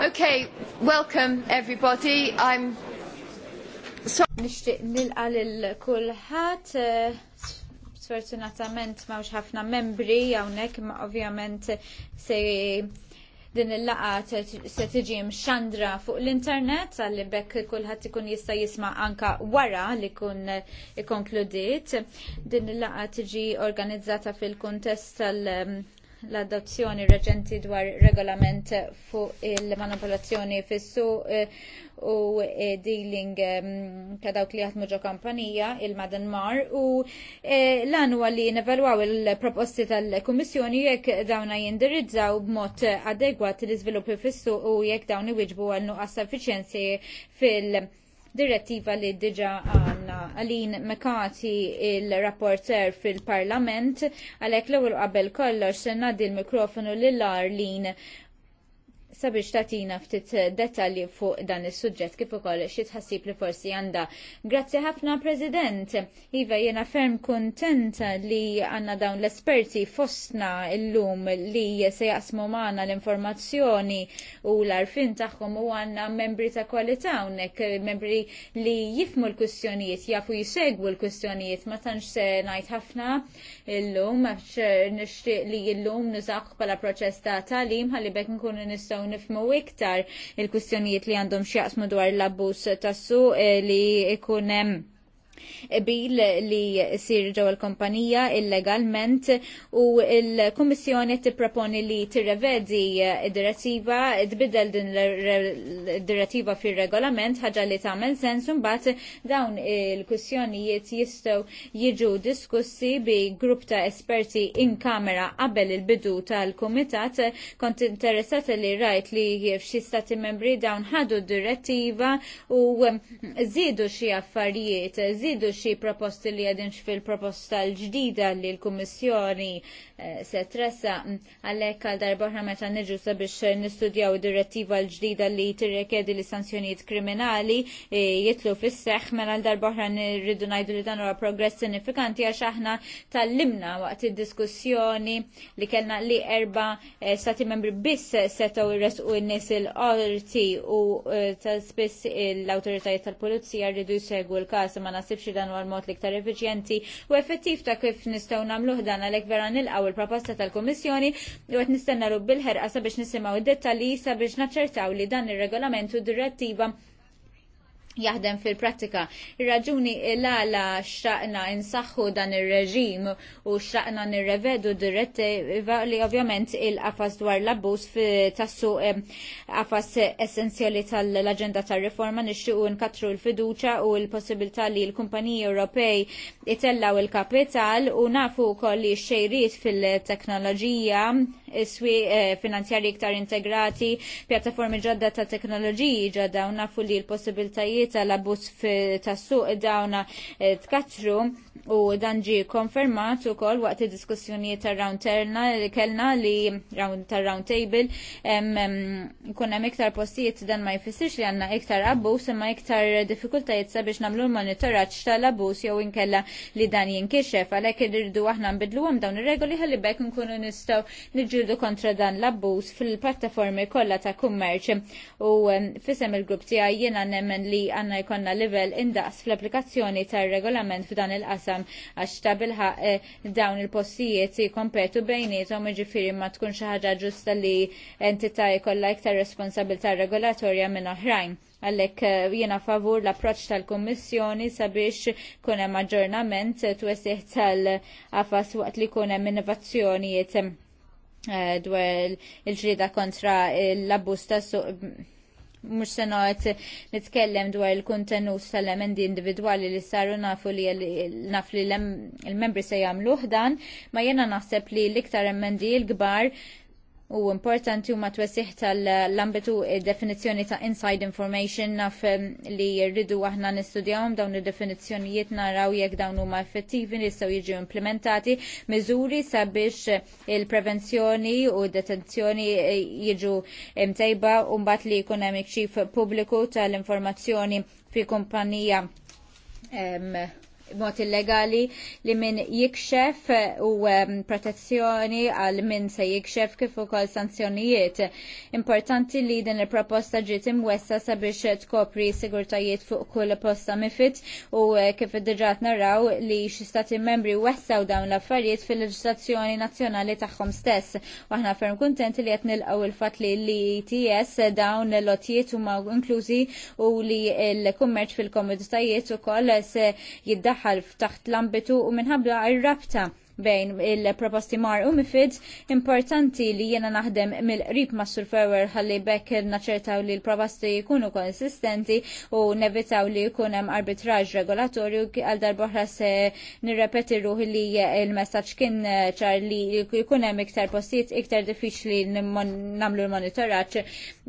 Okay, welcome everybody. I'm so nixtieq nilqa' lil kulħadd. Eh, sfortunatament m'hawnx ħafna membri hawnhekk ma ovvjament se din il-laqa se tiġi mxandra fuq l-internet għalli bekk kullħat ikun jista' jisma' anka wara li kun ikkonkludiet. Din il-laqa tiġi organizzata fil-kuntest tal- l-adozzjoni reċenti dwar regolament fuq il-manipolazzjoni fissu eh, u eh, dealing ehm, ta' dawk li jaħdmu ġo kampanija il Mar, u eh, l-anwa li nevalwaw il-proposti tal-Kummissjoni jekk dawna jindirizzaw b'mod adegwat l fis fissu u jekk dawni wieġbu għal nuqqas effiċjenzi fil- direttiva li diġa għanna għalin mekati il-rapporter fil-parlament għalek l-ewel qabel kollox senna l mikrofonu l-Arlin sabiex tatina ftit dettalji fuq dan is-suġġett kif ukoll xi tħassib li forsi għandha. Grazzi ħafna President. Iva jiena ferm kuntent li għandna dawn l-esperti fostna llum li se jaqsmu magħna l-informazzjoni u l-arfin tagħhom u għandna membri ta' kwalità hawnhekk, membri li jifmu l-kwistjonijiet, jafu jisegwu l-kwistjonijiet, ma tantx se ngħid ħafna illum għax nixtieq li llum nużaw bħala proċess ta' talim ħalli bekk nkunu nistgħu nifmu iktar il-kwistjonijiet li għandhom xjaqsmu dwar l-abbus tassu eh, li ikun hemm bil li sir ġew il-kompanija illegalment u il-Kummissjoni tipproponi li tirrevedi id-direttiva tbidel din id-direttiva fir-regolament ħaġa li tagħmel sens imbagħad dawn il-kwistjonijiet jistgħu jiġu diskussi bi grupp ta' esperti in kamera qabel il-bidu tal-kumitat kont interessat li rajt li f'xi stati membri dawn ħadu d-direttiva u żiedu xi affarijiet, jizidu xi proposti li għedin fil-proposta l-ġdida li l-Kummissjoni Eh, se tressa għalhekk għal darba meta niġu sabiex nistudjaw direttiva l-ġdida li tirrekedi li sanzjonijiet kriminali eh, jitlu fis-seħħ mela għal darba nirridu ngħidu li dan huwa progress sinifikanti għax aħna tallimna waqt id-diskussjoni li kellna li erba eh, stati membri biss setgħu jresqu n-nies il-qorti u tal spiss l-awtoritajiet tal-pulizija rridu jsegwu l-każ ma nasibx dan għal mod l-iktar efficienti u effettiv ta' kif nistgħu nagħmluh dan għalhekk vera nilqgħu nilqaw il-proposta tal-Komissjoni u għet nistenna bil-ħerqa sabiex nisimaw id-dettali sabiex naċċertaw li dan il-regolamentu direttiva jaħdem fil-prattika. Ir-raġuni l-għala xaqna insaxħu dan ir-reġim u xaqna nirrevedu direttiva li ovvjament il-qafas dwar l-abbus tassu qafas essenzjali tal-agenda tal-reforma nixtiequ nkatru l-fiduċa u l-possibilità li l-kumpaniji Ewropej itellaw il-kapital u nafu wkoll li xejriet fil-teknoloġija iswi eh, finanzjari iktar integrati, pjattaformi ġodda ta' teknoloġiji ġodda u nafu li l-possibilitajiet l tal-abus tas-suq dawna eh, tkatru u dan ġi konfermat ukoll waqt id-diskussjonijiet tar-round terna li kellna li tar-round table kun hemm iktar postijiet dan ma jfissirx li għandna iktar abbuz imma iktar diffikultajiet sabiex nagħmlu l-monitoraġġ tal abbuz jew inkella li dan jinkixef għalhekk irridu aħna għam dawn ir-regoli għalli bekk nkunu nistgħu niġġieldu kontra dan l abbuz fil-plattaformi kollha ta' kummerċ u fissem il-grupp tiegħi jiena nemmen li għanna jkonna livell indaqs fl-applikazzjoni tar regolament f'dan il-qasam għax ta' eh, dawn il-postijiet jikompetu bejnietom ġifiri ma tkun xi ħaġa ġusta li entità jkollha iktar responsabilità regolatorja minn oħrajn. Għalhekk eh, jiena favur l approċċ tal kummissjoni sabiex kun hemm aġġornament twessih tal afas waqt li jkun hemm innovazzjonijiet eh, dwar il-ġrida kontra l-abbus ta' suq mux għet nitkellem dwar il kontenus tal-emendi individuali li saru nafu li naf li l-membri se jamluħ dan, ma jena naħseb li l-iktar emendi l-gbar u importanti huma twessiħ tal-ambitu eh, definizzjoni ta' inside information naf li rridu aħna nistudjawhom dawn id-definizzjonijiet naraw jekk dawn huma effettivi li jistgħu jiġu implementati miżuri sabiex eh, il-prevenzjoni u detenzjoni eh, jiġu mtejba u mbagħad li jkun hemm ikxif pubbliku tal-informazzjoni fi kumpanija mod illegali li min jikxef eh, u protezzjoni għal min se jikxef kif ukoll sanzjonijiet. Importanti li din il-proposta ġiet imwessa sabiex tkopri sigurtajiet fuq kull posta mifit u eh, kif diġat naraw li xi stati membri wessaw dawn l-affarijiet fil-leġislazzjoni nazzjonali tagħhom stess. Waħna ferm kuntenti li qed nilqgħu il-fatt li l-ITS eh, dawn l u huma inklużi u li l-kummerċ fil-komoditajiet ukoll se jiddaħ ħalf taħt l-ambitu u minħabba r-rabta bejn il-proposti mar u mifid, importanti li jena naħdem mill-rib ma' surferwer ħalli bekk naċertaw li l-proposti jkunu konsistenti u nevitaw li jkunem arbitraġ regolatorju għal darbohra se nirrepeti ruħi li il-messaċ kien ċar li jkunem iktar postijiet iktar diffiċli namlu l-monitoraċ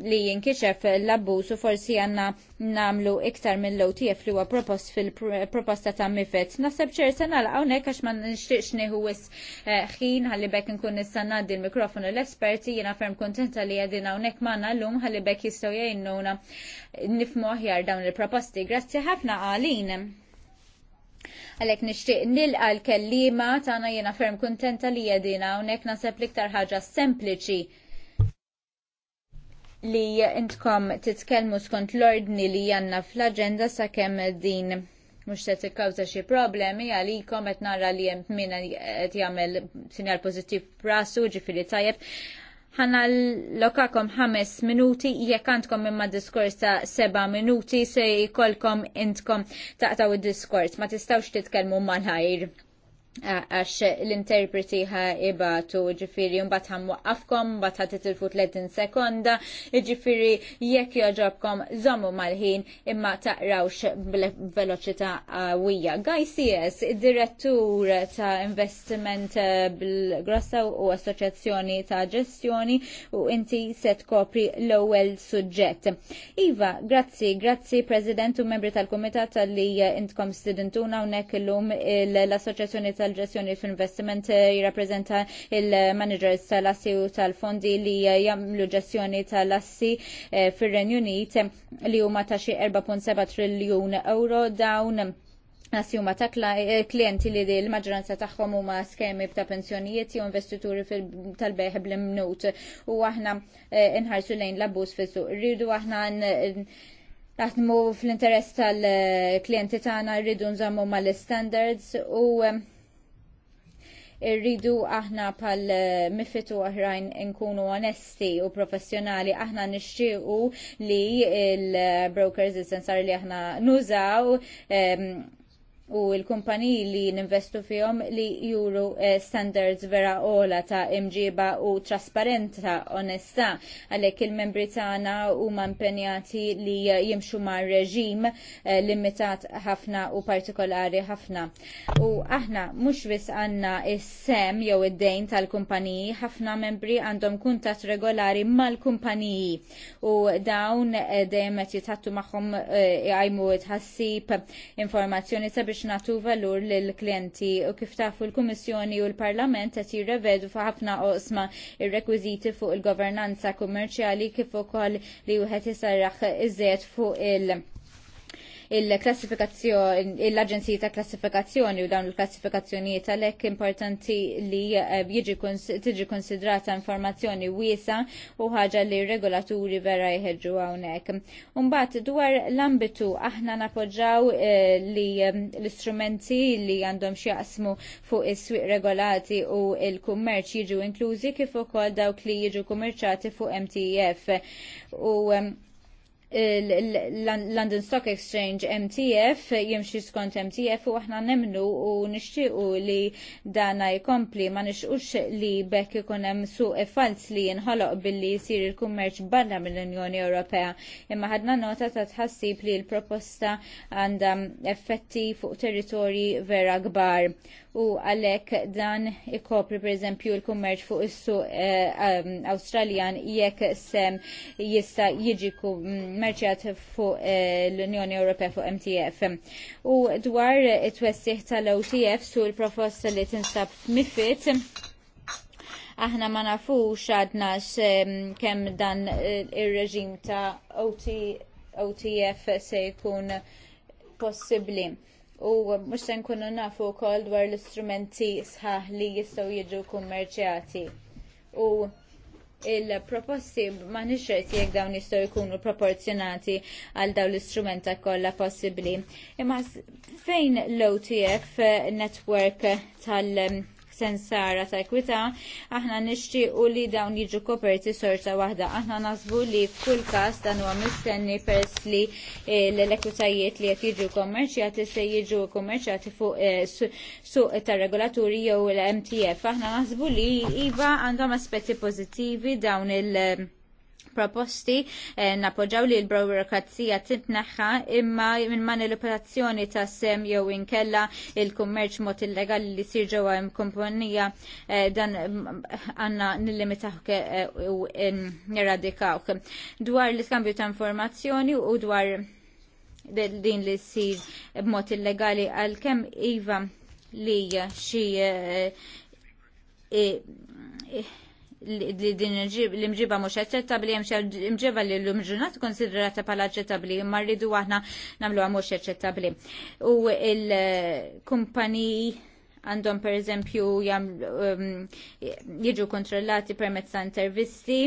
li jinkiċef l-abbuż u forsi għanna namlu iktar mill-OTF li huwa propost fil-proposta ta' mifet. Nasab ċerta nalqawnek għax ma nixtieqx nieħu nieħu wis eh, ħin ħalli bekk nkun nista' ngħaddi l-mikrofonu l-esperti jiena ferm kontenta li għedin hawnhekk magħna llum ħalli bekk jistgħu jgħinuna nifmu aħjar dawn il-proposti. Grazzi ħafna għalin. Għalek nishtiq nilqa l-kellima tagħna jiena ferm kontenta li jedina hawnhekk naseb liktar ħaġa sempliċi li intkom titkellmu skont l-ordni li janna fl-agenda sakemm din mhux se tikkawża xi problemi għalikom qed nara li hemm min qed jagħmel sinjal pożittiv prasu ġifieri tajjeb ħanna lokakom ħames minuti, jekk għandkom imma diskors ta' seba minuti se jkolkom intkom taqtaw id-diskors, ma tistawx titkellmu malħajr għax l-interpreti ibatu, ġifiri mbat ħam waqqafkom, bat ħat titilfu 30 sekonda, ġifiri jekk joġobkom zommu mal-ħin imma taqrawx b'veloċità għawija. Guy CS, direttur ta' investiment eh, bil-grossa u assoċjazzjoni ta' ġestjoni u inti se tkopri l-ewwel suġġett. Iva, grazzi, grazzi President u membri tal-Kumitat li eh, intkom studentuna unek l-lum eh, l-Assoċjazzjoni ta' tal-ġestjoni fil-investiment eh, jirrappreżenta il-managers tal-assi u tal-fondi li eh, jagħmlu ġestjoni tal-assi eh, fir-Renju Unit li huma ta' xi 4.7 triljun euro dawn Nasjuma ta' klienti li l-maġranza tagħhom huma skemi ta' pensjonijiet jew investituri tal-beħ bl-imnut u aħna inħarsu lejn l-abbuż fis-suq. Rridu aħna naħdmu fl-interess tal-klienti tagħna rridu nżammu mal-standards u irridu aħna pal eh, mifitu oħrajn nkunu onesti u professjonali aħna nixtiequ li il-brokers il-sensar li aħna nużaw um, u l-kumpaniji li ninvestu fihom li juru eh, standards vera ola ta' imġiba u trasparenta onesta għalhekk il-membri tagħna huma impenjati li eh, jimxu mar reġim eh, limitat ħafna u partikolari ħafna. U aħna mhux vis għanna il sem jew id-dejn tal-kumpaniji ħafna membri għandhom kuntat regolari mal-kumpaniji u dawn dejjem qed jitħattu magħhom jgħajmu tħassib informazzjoni sabiex biex natu valur lill-klijenti u kif tafu l-Kummissjoni u l-Parlament qed jirrevedu f'ħafna oqsma ir-rekwiżiti fuq il-governanza kummerċjali kif ukoll li wieħed jisarraħ iżjed fuq il- il-klassifikazzjoni, l aġenzija ta' klassifikazzjoni u dawn il-klassifikazzjonijiet għalhekk importanti li eh, tiġi konsidrata informazzjoni wiesa u ħaġa li regolaturi vera jħeġġu hawnhekk. Mbagħad dwar l-ambitu aħna napoġġaw eh, li eh, l-istrumenti li għandhom x'jaqsmu fuq is-swieq regolati u l-kummerċ jiġu inklużi kif ukoll dawk li jiġu kummerċati fuq MTF u um, London Stock Exchange MTF jimxi skont MTF u aħna nemnu u nixtiequ li dana jkompli ma nixqux li bekk ikun hemm suq falz li jinħoloq billi jsir il-kummerċ barra mill-Unjoni Ewropea. Imma ħadna nota ta' tħassib li l-proposta għandha effetti fuq territorji vera kbar u għalhekk dan ikopri pereżempju l-kummerċ fuq is su eh, Awstraljan jekk sem jista' jiġi kummerċjat fuq eh, l-Unjoni Ewropea fuq MTF. U dwar it-twessih tal-OTF su l profost li tinsab f'Mifid aħna ma nafux għadna kemm dan eh, ir-reġim ta' OT, OTF se jkun possibbli u mhux se nkunu nafu wkoll dwar l-istrumenti sħaħ li jistgħu jiġu kummerċjati. U il-proposti ma qed jekk dawn jistgħu jkunu proporzjonati għal dawn l-istrumenta kollha possibbli. Imma fejn l-OTF network tal- sensara ta' ekwita, aħna nixtiequ li dawn jiġu koperti sorta waħda. Aħna nasbu li f'kull każ dan huwa mistenni peress li eh, l-ekwitajiet li qed jiġu kommerċjati se jiġu kommerċjati fuq eh, suq tar regolaturi jew l-MTF. Aħna nasbu li iva għandhom aspetti pożittivi dawn il- proposti eh, napoġaw li l-burokrazija tintneħħa imma minn manipolazzjoni ta' sem jew inkella il-kummerċ mod illegali li sir ġewwa kumpanija eh, dan mm, għandna nillimitawk eh, u nirradikawk. Dwar l-iskambju ta' informazzjoni u dwar din li sir b'mod illegali għal-kem Iva li xie li din l-imġiba mhux aċċettabbli hemm xi imġiba li l-imġunat konsiderata bħala aċċettabbli imma rridu aħna nagħmluha mhux eċċettabli. U il-kumpaniji għandhom pereżempju um, jiġu kontrollati permezz ta' intervisti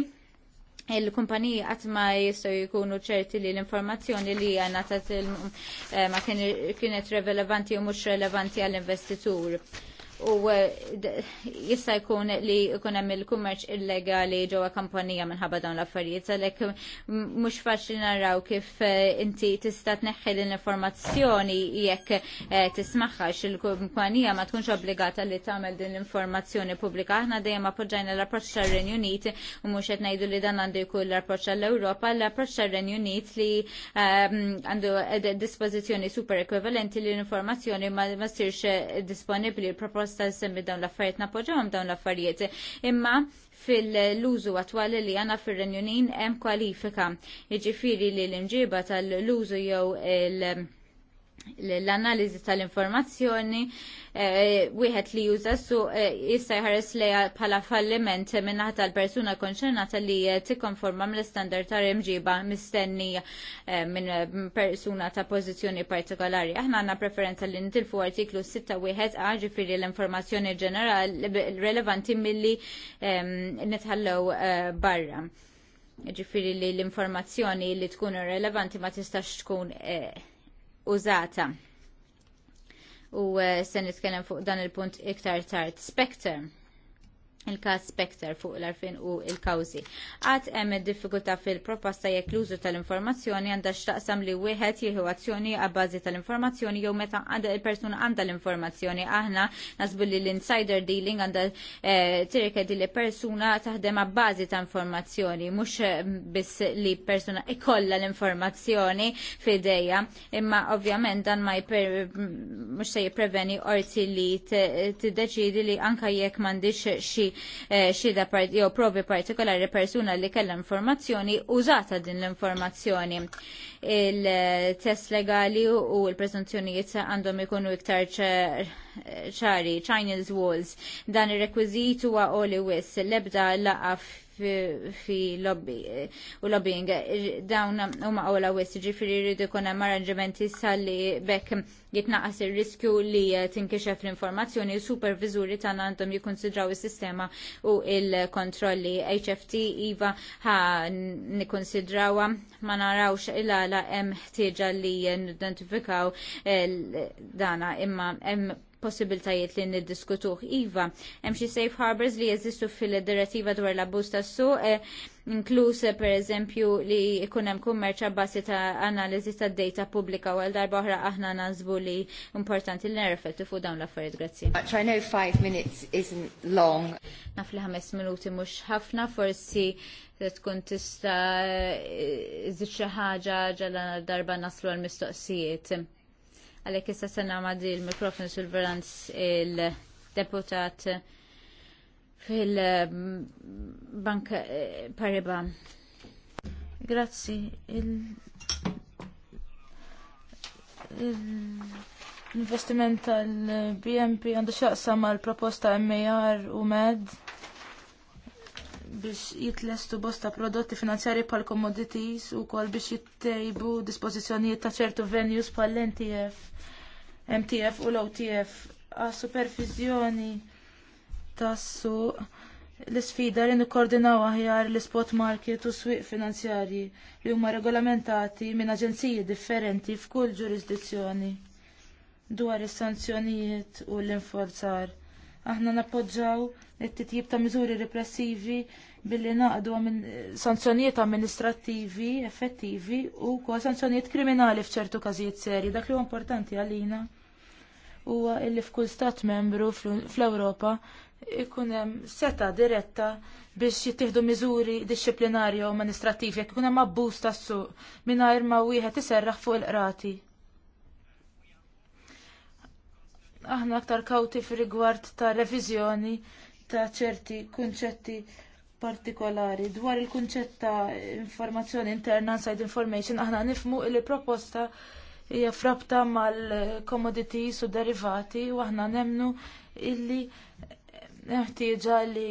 il-kumpaniji għatma ma jistgħu jkunu ċerti li l-informazzjoni li għana ta' eh, ma kienet relevanti u mhux relevanti għall-investitur u eh, jista' jkun li jkun hemm il-kummerċ illegali ġewwa kampanija minħabba dawn l-affarijiet għalhekk mhux faċli naraw kif eh, inti tista' tneħħi l-informazzjoni jekk eh, tismaħħax il-kumpanija ma tkunx obbligata li tagħmel din l-informazzjoni pubblika. Aħna dejjem appoġġajna l-approċċ tar-Renju Unit u mhux qed ngħidu li dan għandu jkun l-approċċ għall-Ewropa, l-approċċ tar-Renju Unit li ehm, għandu dispożizzjoni super ekwivalenti li l-informazzjoni ma ssirx disponibbli proposta bosta semmi dawn l-affarijiet napoġom dawn l-affarijiet. Imma fil-lużu attwali li għana fil-Renjunin hemm kwalifika. Iġifiri li l-imġiba tal-lużu jew il- l-analizi tal-informazzjoni eh, wieħed li juża su jista' eh, jħares lejha bħala falliment minnaħa tal-persuna konċernata li eh, tikkonforma mill-istandard ta' imġiba mistennija minn mm, persuna ta' pożizzjoni partikolari. Aħna għandna preferenza li nitilfu artiklu 6 għal ġifieri l-informazzjoni ġenerali relevanti milli ehm, nitħallew barra. Ġifieri li l-informazzjoni li tkun relevanti ma tistax tkun eh, użata. U eh, se nitkellem fuq dan il-punt iktar tard. Spectre il-kas Specter fuq l-arfin u il-kawzi. Għat hemm diffikultà fil-proposta jekk l-użu tal-informazzjoni għandha x'taqsam li wieħed jieħu azzjoni għabbażi tal-informazzjoni jew meta għandha il-persuna għandha l-informazzjoni. Aħna nasbu li l-insider dealing għandha eh, tirkedi li persuna taħdem għabbażi ta' informazzjoni, mhux mm, biss li persuna ikolla l-informazzjoni f'idejja, imma ovvjament dan ma mm, mhux se jippreveni orti li tiddeċidi li anka jekk m'għandix xi Eh, part jew provi partikolari persuna li kellha informazzjoni użata din l-informazzjoni. Il-test legali u l presunzjonijiet għandhom ikunu iktar ċari, Chinese walls, dan ir-rekwiżit huwa oli wis l-ebda laqaf fi lobby u lobbying dawn huma għola wis jiġifieri jridu jkun hemm arranġamenti salli bekk jitnaqas ir-riskju li tinkixef l-informazzjoni superviżuri tagħna għandhom jikkonsidraw is-sistema u l-kontrolli HFT iva ħa nikkonsidrawha ma narawx il-għala hemm ħtieġa li nidentifikaw eh, dana imma hemm possibiltajiet li niddiskutuh iva. Hemm xi safe harbors li jeżistu fil-direttiva dwar l-abbuż tas-suq, eh, inkluż eh, pereżempju li jkun hemm kummerċ ta' analiżi tad-data pubblika u darba oħra aħna nażbu li importanti li nerfettu fuq dawn l-affarijiet. Grazzi. I know five minutes isn't long. Naf li ħames minuti mhux ħafna, forsi tkun tista' iżid xi ħaġa ġalla darba naslu għall-mistoqsijiet. Għalek issa sena madi il-mikrofon sul verans il-deputat fil banka Pariba. Grazzi. L-investiment tal bnp għandu xaqsa l proposta MAR u MED biex jitlestu bosta prodotti finanzjari pal commodities u kol biex jittejbu dispozizjonijiet ta' ċertu venues pal ntf MTF u l-OTF għas supervizjoni tas-suq l-sfida li nikkoordinaw aħjar l-spot market u swieq finanzjarji li huma regolamentati minn aġenziji differenti f'kull ġurisdizzjoni dwar is-sanzjonijiet u l-inforzar. Aħna nappoġġaw it-titjib ta' miżuri repressivi billi naqdu sanzjonijiet amministrattivi effettivi u kwa sanzjonijiet kriminali f'ċertu każijiet serji. Dak li huwa importanti għalina huwa illi f'kull stat membru fl-Ewropa ikun hemm seta diretta biex jittieħdu miżuri disciplinarji u amministrativi jekk ikun hemm abbuż tas-suq mingħajr ma wieħed iserraħ fuq il-qrati. aħna aktar kawti f'rigward rigward ta' reviżjoni ta' ċerti kunċetti partikolari dwar il-kunċett ta' informazzjoni interna inside information aħna nifmu li proposta hija frabta mal-commodities u derivati u aħna nemnu illi ħtieġa li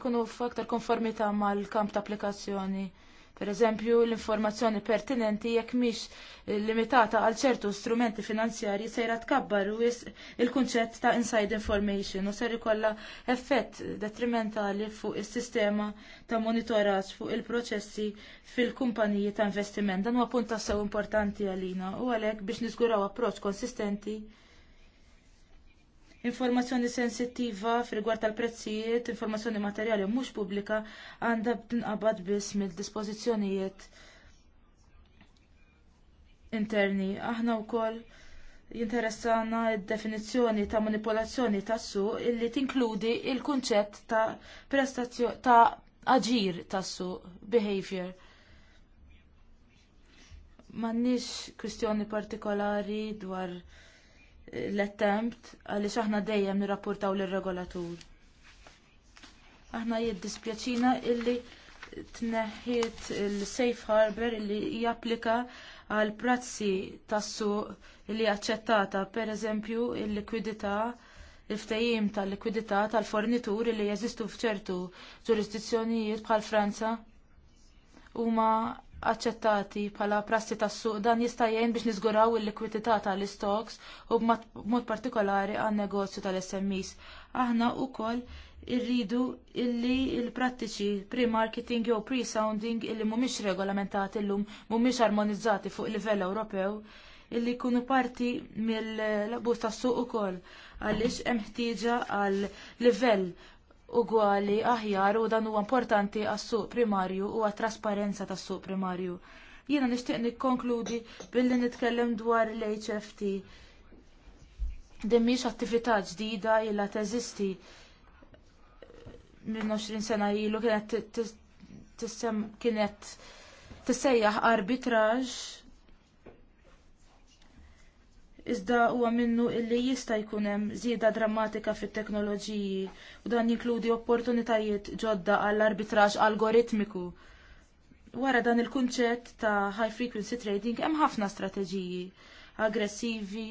nkunu f'aktar konformità mal-kamp ta' applikazzjoni Per eżempju, l-informazzjoni pertinenti jekk mhix limitata għal ċertu strumenti finanzjarji sejra tkabbar u il-kunċett ta' inside information u ser ikollha effett detrimentali fuq is-sistema ta' monitoraġġ fuq il-proċessi fil-kumpaniji ta' investiment. Dan huwa punt sew importanti għalina u għalhekk biex niżguraw approċċ konsistenti Informazzjoni sensittiva fil-gwar tal-prezzijiet, informazzjoni materjali mhux pubblika għandha tinqabad biss mill-dispożizzjonijiet interni. Aħna wkoll jinteressana il definizzjoni ta' manipolazzjoni tas-suq illi tinkludi l il kunċett ta' prestazzjoni ta' aġir tas-suq behavior. M'għandniex kwistjoni partikolari dwar l-attempt għaliex aħna dejjem nirrapportaw lir-regolatur. Aħna jiddispjaċina illi tneħħiet il-safe harbor illi japplika għal prazzi tas-suq li aċċettata, pereżempju l likwidità il-ftejim tal-likwidità tal-fornituri li jeżistu f'ċertu ġurisdizzjonijiet bħal Franza huma aċċettati bħala prassi tas-suq dan jista' jgħin biex niżguraw il-likwidità tal-istoks u b'mod partikolari għan negozju tal-SMEs. Aħna wkoll irridu illi il-prattiċi pre-marketing jew pre-sounding illi mhumiex regolamentati llum mhumiex armonizzati fuq livell Ewropew illi jkunu parti mill-labus tas-suq ukoll għaliex hemm ħtieġa għal livell ugwali aħjar u dan huwa importanti għas-suq primarju u għat-trasparenza tas-suq primarju. Jiena nixtieq nikkonkludi billi nitkellem dwar l-HFT. Din mhix attività ġdida illa teżisti minn 20 sena ilu kienet kienet tissejjaħ arbitraġ iżda huwa minnu illi jista' jkun hemm żieda drammatika fit-teknoloġiji u dan jinkludi opportunitajiet ġodda għall arbitraġġ algoritmiku. Wara dan il-kunċett ta' high frequency trading hemm ħafna strateġiji aggressivi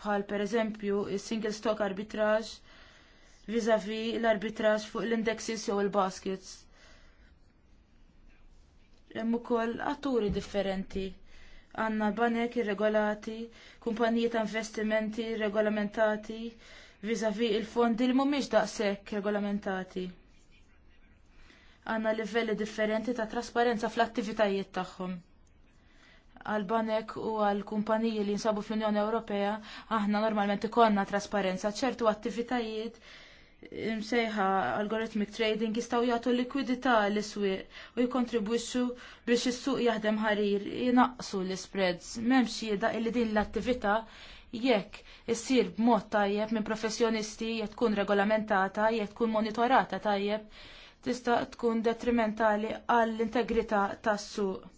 bħal pereżempju s single stock arbitraġġ vis a vis l-arbitraġġ fuq l-indexes jew il-baskets. Hemm ukoll atturi differenti għanna banek irregolati, kumpaniji ta' investimenti regolamentati, vizavi il-fondi li mhumiex daqshekk regolamentati. Għanna livelli differenti ta' trasparenza fl-attivitajiet tagħhom. Għal banek u għal kumpaniji li jinsabu fl-Unjoni Ewropea aħna normalment ikonna trasparenza ċertu attivitajiet msejħa algorithmic trading jistgħu jagħtu likwidità l-iswieq u jikkontribwixxu biex is-suq jaħdem ħarir jinaqsu l-spreads. M'hemmx jieda li din l-attività jekk issir b'mod tajjeb minn professjonisti jekk tkun regolamentata, jekk tkun monitorata tajjeb, tista' tkun detrimentali għall-integrità tas-suq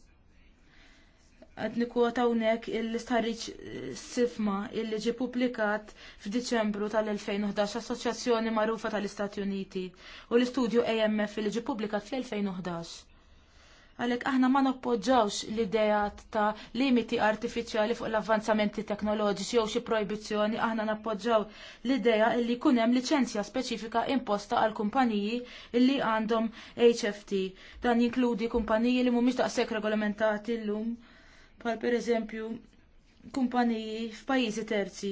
għad nikwota unek il-istħarriċ eh, sifma il-li ġi publikat f'Diċembru tal-2011 Assoċjazzjoni Marufa tal-Istati Uniti u l-istudju AMF il-li ġi publikat fl-2011. Għalek aħna ma noppoġġawx l-idejat ta' limiti artifiċjali fuq l-avvanzamenti teknoloġiċi jew xi projbizzjoni aħna nappoġġaw l-ideja li jkun hemm liċenzja speċifika imposta għal kumpaniji li għandhom HFT. Dan jinkludi kumpaniji li mhumiex daqshekk regolamentati llum. lum per pereżempju kumpaniji f'pajjiżi terzi.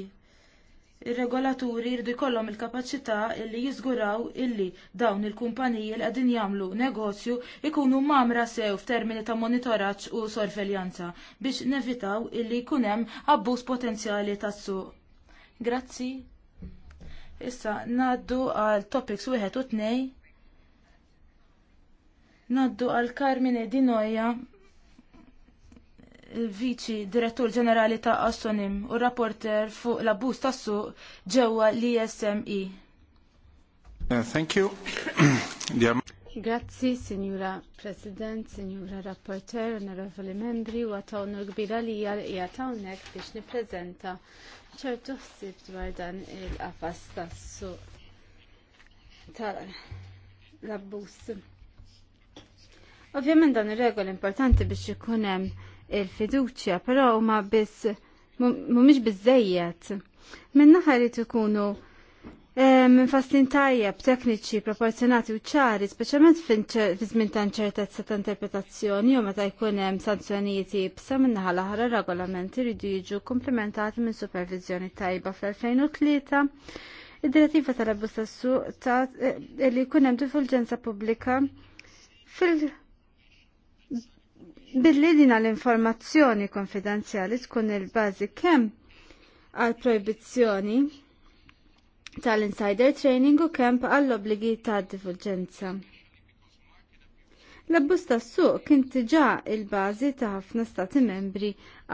Ir-regolaturi jridu jkollhom il-kapaċità li jiżguraw illi dawn il-kumpaniji li qegħdin jagħmlu negozju ikunu mamra sew f'termini ta' monitoraġġ u sorveljanza biex nevitaw illi jkun hemm abbuż potenzjali tas-suq. Grazzi. Issa ngħaddu għal topics wieħed u tnej. Naddu għal Carmine Dinoja il-Viċi Direttur Ġenerali ta' Assonim u rapporter fuq l-abbuż tas-suq ġewwa l-ISMI. Uh, thank you. Grazzi, Signora President, Signora Rapporteur, Onorevoli Membri, u għatawnu l-gbira li għatawnek biex niprezenta ċertu ħsib dwar dan il-qafas tassu tal abbuż Ovvjament dan ir regol importanti biex ikun hemm il-fiduċja, però huma biss mhumiex biżejjed. Min-naħa li ikunu eh, Minn tajjeb, tekniċi, proporzjonati u ċari, speċjalment fiż-żmien ta' ċertezza ta' interpretazzjoni u meta jkun hemm sanzjonijiet ibsa minnaħa l-aħra regolamenti jridu jiġu komplementati minn supervizjoni tajba fl-2003. Id-direttiva tal-abbuż tas ta' eh, li jkun hemm divulġenza pubblika fil- billi dina l-informazzjoni konfidenzjali tkun il-bazi kemm għal proibizzjoni tal-insider training u kemm għall obligi ta' divulġenza. l abbusta suq kien tiġa il-bazi ta' ħafna stati membri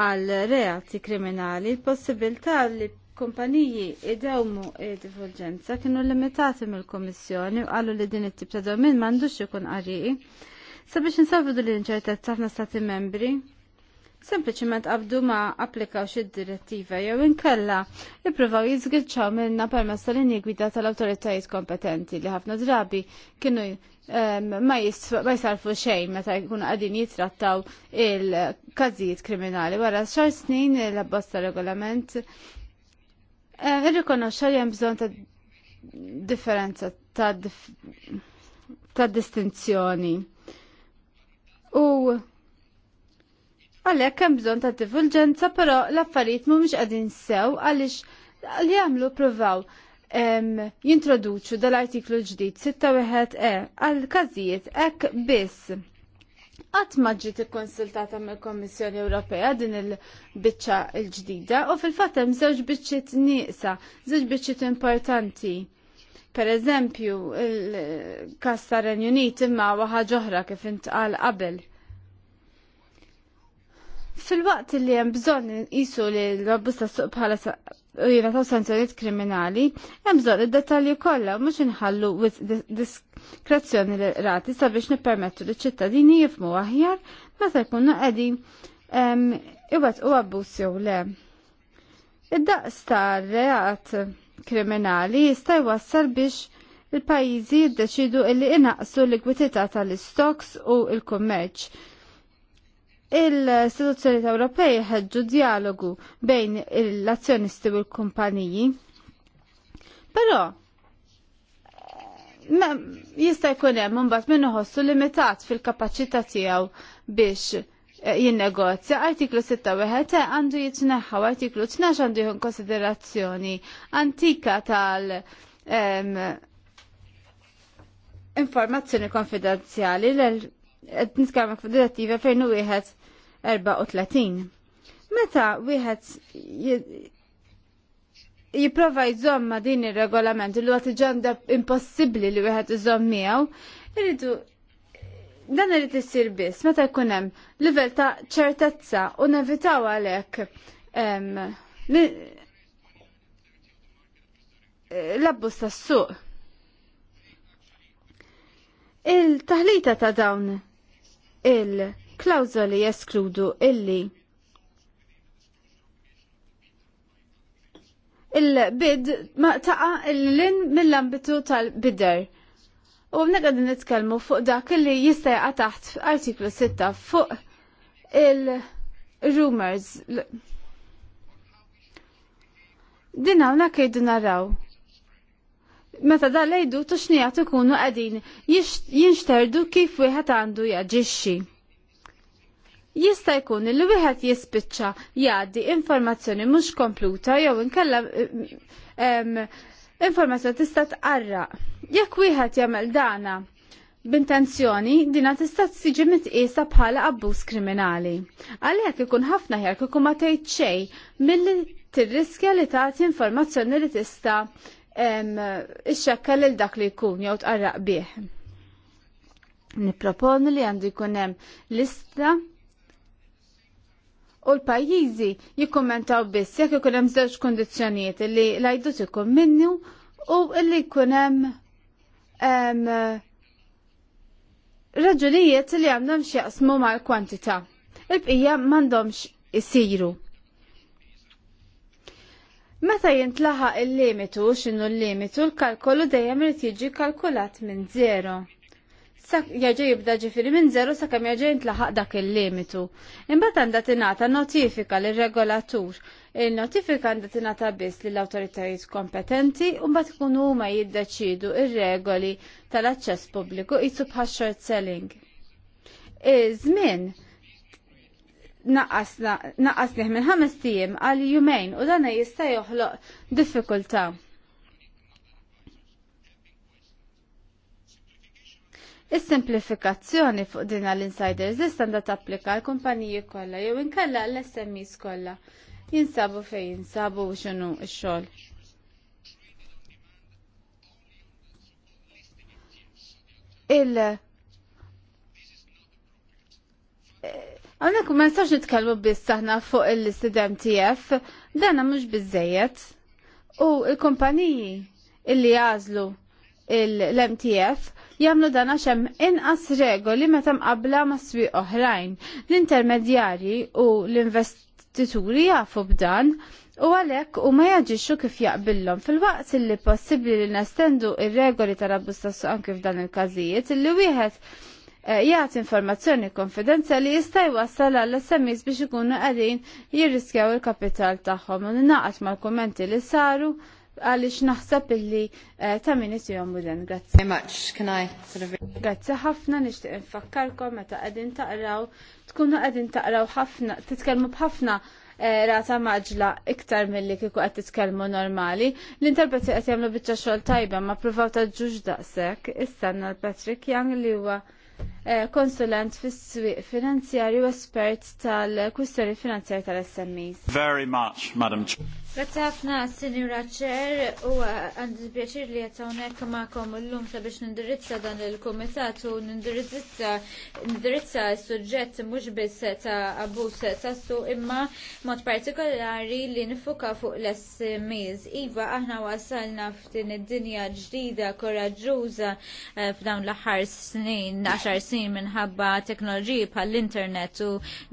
għal reati kriminali, il-possibilità li kumpaniji idewmu id-divulġenza kienu limitati mill-Komissjoni u għallu li din it-tip ta' domin mandux ikun qariqi sabiex insalvu din l-inċertezza ħafna stati membri sempliciment qabdu ma applikawx id-direttiva jew inkella jippruvaw jiżgiċċaw minna permessa tal-linji tal-awtoritajiet kompetenti li ħafna drabi kienu ehm, ma jisarfu xejn meta jkunu għadin jitrattaw il-każijiet kriminali. Wara xar snin l bosta regolament eh, irrikonoxxa li hemm bżonn ta' differenza ta' distinzjoni U għalhekk hemm bżonn ta' divulġenza, però l-affarijiet mhumiex qegħdin sew għaliex li jagħmlu provaw jintroduċu dal-artiklu ġdid 61 e għal każijiet hekk biss. Qatt ma ġiet ikkonsultata mill kommissjoni Ewropea din il-biċċa l-ġdida u fil-fatt hemm żewġ biċċiet nieqsa, żewġ biċċiet importanti. Per eżempju, il kassa Renjunit imma waħa ġoħra kif intqal qabel. Fil-waqt li hemm bżonn isu li l-rabbus suq bħala u ta' sanzjoniet kriminali, hemm bżonn id-dettalji kollha mhux inħallu diskrezzjoni li rati sabiex nippermettu li ċittadini jifmu aħjar meta jkunu qegħdin iwet u abbuż jew le. Id-daqs ta' reat kriminali jista' jwassal biex il-pajjiżi jiddeċidu illi inaqsu l-likwidità tal-istoks u l-kummerċ. Il-istituzzjoni Ewropej ħeġġu dialogu bejn l-azzjonisti u l-kumpaniji. Però jista' jkun hemm imbagħad min iħossu limitat fil-kapaċità tiegħu biex jinnegozja. Artiklu 61 għandu jitneħħa, artiklu 12 għandu jħun konsiderazzjoni antika tal um, informazzjoni konfidenzjali l-nitkellem konfidenzjali fejn u wieħed 34. Meta wieħed jiprofa jizomma din ir-regolament li huwa tiġanda impossibbli li wieħed jħed miegħu, irridu dan irid isir biss meta jkun hemm livell ta' ċertezza u nevitaw għalhekk l-abbuż tas-suq. Il-taħlita ta' dawn il-klawżoli jeskludu illi il-bid ma taqa il lin mill-ambitu tal-bider U b'negħad nitkellmu fuq dak li jistaj taħt artiklu 6 fuq il-rumors. Din hawnhekk jgħidu naraw. Meta dan lejdu tuxnijat ikunu qegħdin jinxterdu kif wieħed għandu jaġixxi. Jista' jkun li wieħed jispiċċa jgħaddi informazzjoni mhux kompluta jew inkella informazzjoni tista' tqarraq Jekk wieħed jagħmel dana b'intenzjoni dina tista' tiġi mitqiesa bħala abbuż kriminali. Għalhekk ikun ħafna ħjar kieku ma tgħid xejn milli tirriskja li tagħti informazzjoni li tista' ixxekka lil dak li jkun jew tqarraq bih. Nipproponu li għandu jkun hemm lista u l-pajjiżi jikkumentaw biss jekk ikun hemm żewġ kundizzjonijiet li l-għajdut ikun minnu u li jkun hemm raġunijiet li għandhom xieqsmu mal-kwantità. Il-bqija m'għandhomx isiru. Meta jintlaħa il-limitu x'inhu l-limitu, l-kalkolu dejjem irid jiġi kalkulat minn zero. Sak jibda ġifiri minn zero sakemm jaġa jintlaħaq dak il-limitu. Imbat għandha tingħata notifika l regolatur Il-notifika għandha tingħata biss lill awtoritajiet kompetenti u mbagħad ikunu huma jiddeċidu ir-regoli tal-aċċess pubbliku qisu bħal short selling. Iż-żmien naqqas neħ minn ħames tiem għal jumejn u dan jista' joħloq diffikultà. Is-simplifikazzjoni fuq din għall insiders tista' tapplika għall kumpaniji kollha jew inkella l-SMEs kollha jinsabu fej jinsabu u xinu xol. Il- Għonek ma nistax nitkellmu biss aħna fuq il sidem TF, dana mhux bizzejet. U l-kumpaniji illi jażlu l-MTF jagħmlu dana xem hemm inqas regoli meta mqabbla ma' swieq oħrajn. L-intermedjarji u l-invest tituri jafu b'dan u għalhekk u ma jaġixxu kif jaqbillhom fil-waqt li possibbli li nestendu il regoli tal rabbu tassu anki f'dan il-każijiet illi wieħed eh, jgħat informazzjoni konfidenza li jista' jwassal għall SMEs biex ikunu qegħdin jirriskjaw il-kapital tagħhom u ma' mal kommenti li saru għaliex naħseb illi eh, ta' min isihom muden. Grazie. Grazzi ħafna nixtieq infakkarkom meta qegħdin taqraw tkunu qegħdin taqraw ħafna, titkellmu b'ħafna eh, rata maġla iktar mill-li kiku għed titkellmu normali. L-interpreti għed jamlu bieċa xol tajba ma provaw taġġuġ daqsek. Istanna l-Patrick Young li huwa Eh, konsulent fis-swieq finanzjarju espert tal-kwistjoni finanzjarju tal-SMEs. Very much, Madam Chair. Grazie ħafna, Sinjura Chair, u għandi pjaċir li jattawnek ma'kom l-lum sabiex nindirizza dan il-komitat u nindirizza s sujġet mux biss ta' abus ta' su imma mod partikolari li nifuka fuq l-SMEs. Iva, aħna wasalna f'din id-dinja ġdida, koraġuża eh, f'dawn l-ħar snin, 10 snin ħażin minħabba teknoloġiji bħall internet u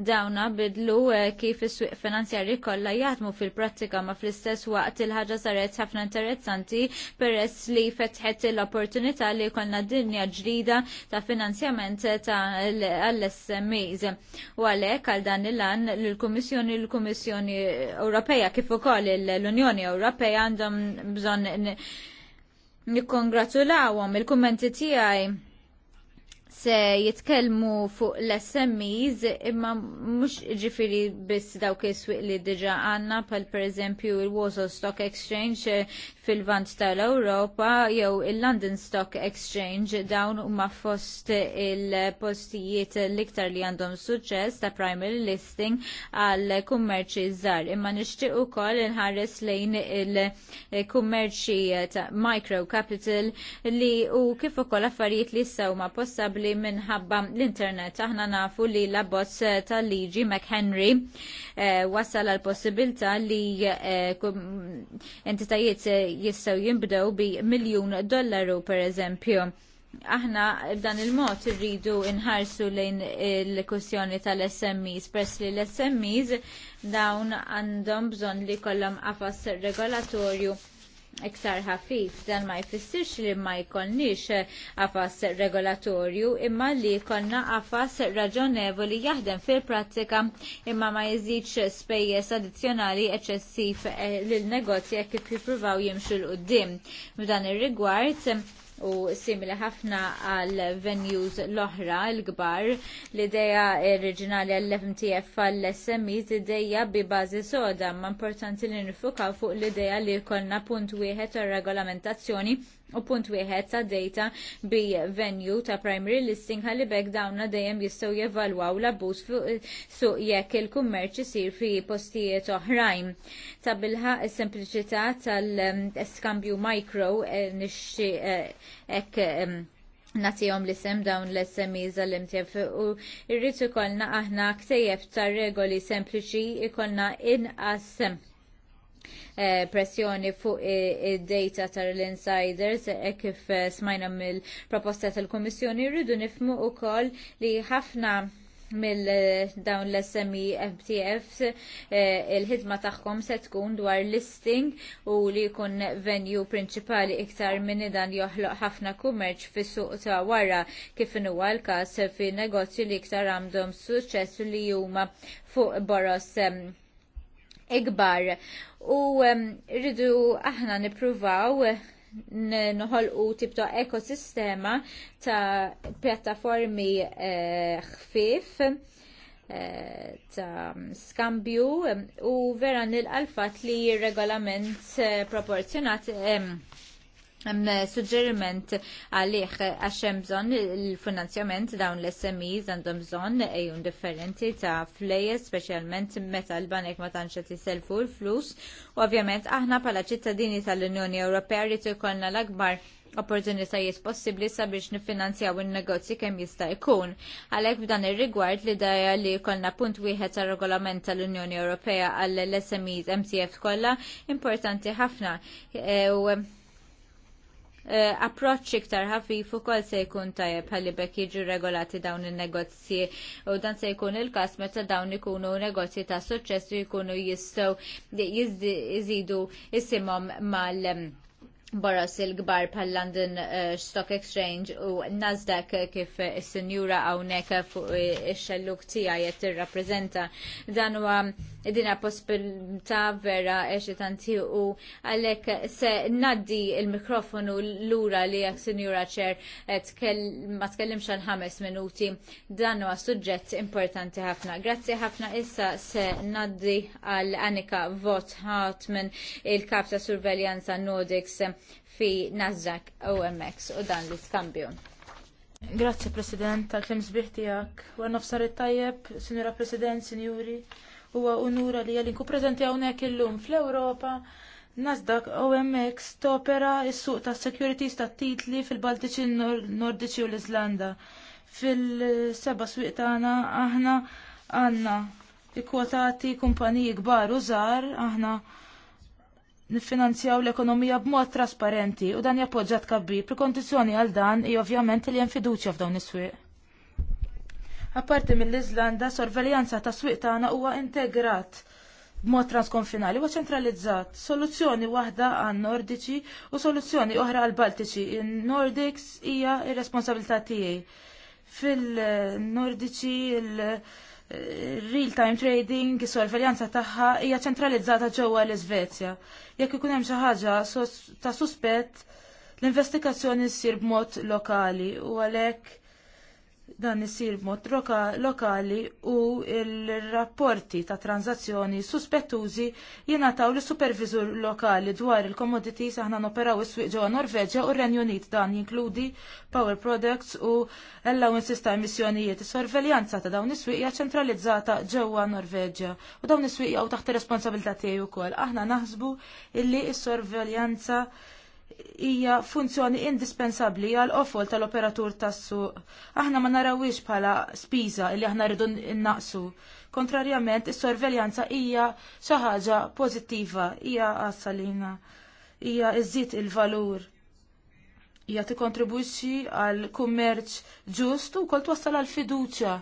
dawna bidlu eh, kif is-swieq finanzjarji kollha jaħdmu fil-prattika ma fl-istess waqt il-ħaġa saret ħafna interessanti peress li fetħet l-opportunità li jkollna dinja ġdida ta' finanzjament ta' għall-SMEs. U għalhekk għal dan il-an l-Kummissjoni l-Kummissjoni Ewropea kif ukoll l-Unjoni Ewropea għandhom bżonn nikkongratulawhom il-kummenti tiegħi se jitkellmu fuq l-SMEs imma mhux ġifiri biss dawk is-swieq li diġà għandna pal pereżempju il-Warsaw Stock Exchange fil-vant tal-Ewropa jew il-London Stock Exchange dawn huma fost il-postijiet l-iktar li għandhom suċċess ta' primary listing għal kummerċi żgħar. Imma nixtieq ukoll inħares lejn il-kummerċi ta' micro capital li u kif ukoll affarijiet li jistgħu ma' possibbli minħabba l-internet. Aħna nafu li l-abbozz eh, tal-liġi McHenry eh, wassal wasal għal possibilità li eh, entitajiet jistgħu jimbdew bi miljun dollaru per eżempju. Aħna b'dan il-mod rridu nħarsu lejn il-kussjoni tal-SMEs, press li l-SMEs dawn għandhom bżonn li kollam għafas regolatorju iktar ħafif dan ma jfissirx li ma jkollniex eh, qafas regolatorju imma li jkollna qafas raġonevoli jaħdem fil-prattika imma ma jiżidx spejjeż addizzjonali eċessiv eh, lil negozji jekk jippruvaw jimxu l-qudiem. F'dan ir-rigward u simili ħafna għal venues l-oħra l-kbar l-ideja oriġinali għall fmtf għall smis ideja bi bażi soda ma importanti li nifukaw fuq l-ideja li jkollna punt wieħed tar regolamentazzjoni U punt wieħed ta' data bi venue ta' primary listing ħalli bekk dawn dejjem jistgħu jevalwaw l-abbuż suq jekk il-kummerċ isir fi postijiet oħrajn. Ta' bilħa s-sempliċità tal skambju micro eh, nixxi hekk eh, nagħtihom l-isem dawn l-SMEs għal-MTF u irrit ikollna aħna ktejjeb tar regoli sempliċi jkollna inqas Eh, pressjoni fuq id-data tal-insiders e kif eh, smajna mill-proposta tal-Komissjoni rridu nifmu u koll li ħafna mill-dawn eh, l-SMI e, FTF il-ħidma tagħhom se tkun dwar listing u li jkun venju prinċipali iktar minn dan joħloq ħafna kummerċ fis-suq ta' wara kif huwa l-każ fi negozju li iktar għandhom suċċess li huma fuq boros ikbar u rridu aħna nippruvaw nħolqu tip ta' ekosistema ta' pjattaformi eh, ħfif eh, ta' skambju u vera nil-alfat li regolament eh, proporzjonat Hemm eh, suġġeriment għalih eh, għax hemm bżonn il-finanzjament dawn l-SMEs għandhom bżonn ejjun differenti ta' flejes speċjalment meta l-banek ma tantx qed iselfu l-flus. U ovvjament aħna bħala ċittadini tal-Unjoni Ewropea rrid ikollna l-akbar opportunitajiet possibbli sabiex nifinanzjaw in-negozji kemm jista' jkun. Għalhekk f'dan ir-rigward l-idea li jkollna punt wieħed tar regolament tal-Unjoni Ewropea għall-SMEs MTF kollha importanti ħafna. E, Eh, approċċ iktar ħafif ukoll se jkun tajjeb ħalli bekk jiġu regolati dawn in-negozji u dan se jkun il-każ meta dawn ikunu negozji ta' suċċess u jkunu jistgħu jiżidu isimhom mal- Boras il-gbar pal London eh, Stock Exchange u Nasdaq eh, kif eh, is-sinjura hawnhekk fuq ix-xelluk tiegħi qed tirrappreżenta dan huwa dina possibilità vera eċitanti u għalhekk se naddi il-mikrofonu lura li jekk sinjura ċer ma tkellimx għal ħames minuti dan huwa suġġett importanti ħafna. Grazzi ħafna issa se naddi għal Annika Vot Hartman il-kap Surveljanza Nordics fi Nasdaq OMX u dan l-iskambju. Grazzi President, tal-klim sbiħ tijak. U għannafsar it-tajjeb, Sinjora President, Sinjuri, u unura li ku prezenti għawnek il-lum fl-Europa. Nasdaq OMX topera il suq ta' securities ta' titli fil-Baltiċi Nordiċi u l izlanda Fil-seba swieq tagħna aħna għandna ikkwotati kumpaniji kbar u żgħar aħna nifinanzjaw l-ekonomija b'mod trasparenti u dan jappoġġa tkabbi kondizjoni għal dan i ovvjament li hemm fiduċja f'dawn is-swieq. Apparti mill-Iżlanda, sorveljanza ta' swieq tagħna huwa integrat b'mod transkonfinali u ċentralizzat. Soluzzjoni waħda għan nordiċi u soluzzjoni oħra għal baltiċi. In-Nordiks hija ir-responsabilità tiegħi. Fil-Nordiċi il-, -Nordici, il real-time trading, is-sorveljanza tagħha hija ċentralizzata ġewwa l-Iżvezja. Jekk ikun hemm xi ħaġa ta' suspett, l-investigazzjoni ssir b'mod lokali u għalhekk dan isir b'mod lokali u r rapporti ta' tranzazzjoni suspettużi jingħataw lis supervizur lokali dwar il-commodities aħna noperaw is-swieq ġewwa Norveġġja u r-Renju Unit dan jinkludi power products u allowances ta' emissjonijiet. Is-sorveljanza ta' dawn is-swieq hija ċentralizzata ġewwa Norveġġja u dawn is-swieq u taħt ir-responsabilità tiegħi wkoll. Aħna naħsbu illi s-sorveljanza il hija funzjoni indispensabbli għal ofol tal-operatur tas-suq. Aħna ma narawix bħala spiża li aħna rridu innaqsu. Kontrarjament, is-sorveljanza hija xi ħaġa pożittiva, hija għassalina, hija iżid il-valur. Hija tikkontribwixxi għal kummerċ ġust u kol twassal għal fiduċja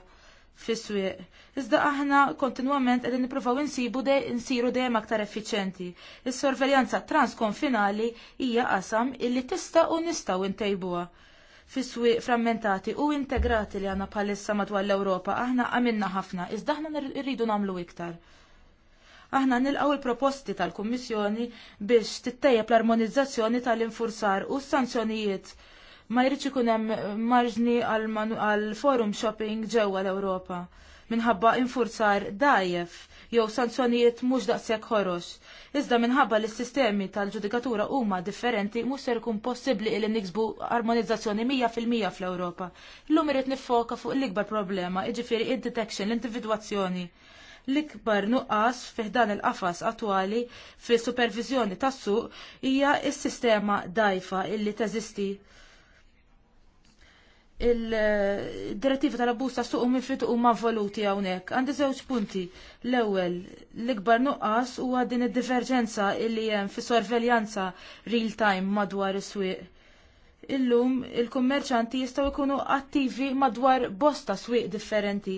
fis-swieq. Iżda aħna kontinwament qegħdin nippruvaw insibu de insiru dejjem aktar effiċjenti. Is-sorveljanza transkonfinali hija qasam illi tista' u nistgħu ntejbuha. Fis-swieq frammentati u integrati li għandna bħalissa madwar l-Ewropa aħna għamilna ħafna, iżda aħna rridu nagħmlu iktar. Aħna nilqgħu il-proposti tal-Kummissjoni biex tittejjeb l-armonizzazzjoni tal-infursar u s-sanzjonijiet ma jridx ikun hemm marġni għal forum shopping ġewwa l-Ewropa minħabba infurzar dajef jew sanzjonijiet mhux daqshekk ħorox. Iżda minħabba li s-sistemi tal-ġudikatura huma differenti mhux se jkun possibbli li niksbu armonizzazzjoni mija fil-mija fl-Ewropa. Illum irid niffoka fuq l-ikbar problema, jiġifieri id-detection, l-individwazzjoni. L-ikbar nuqqas fiħdan il-qafas attwali fis supervizjoni tas-suq hija s-sistema dajfa illi teżisti il-direttiva tal-abbuż ta' suq mifrit u ma' voluti hawnhekk. Għandi żewġ punti. L-ewwel, l-ikbar nuqqas huwa din id-diverġenza illi hemm fi sorveljanza real time madwar is-swieq. Illum il-kummerċanti jistgħu jkunu attivi madwar bosta swieq differenti.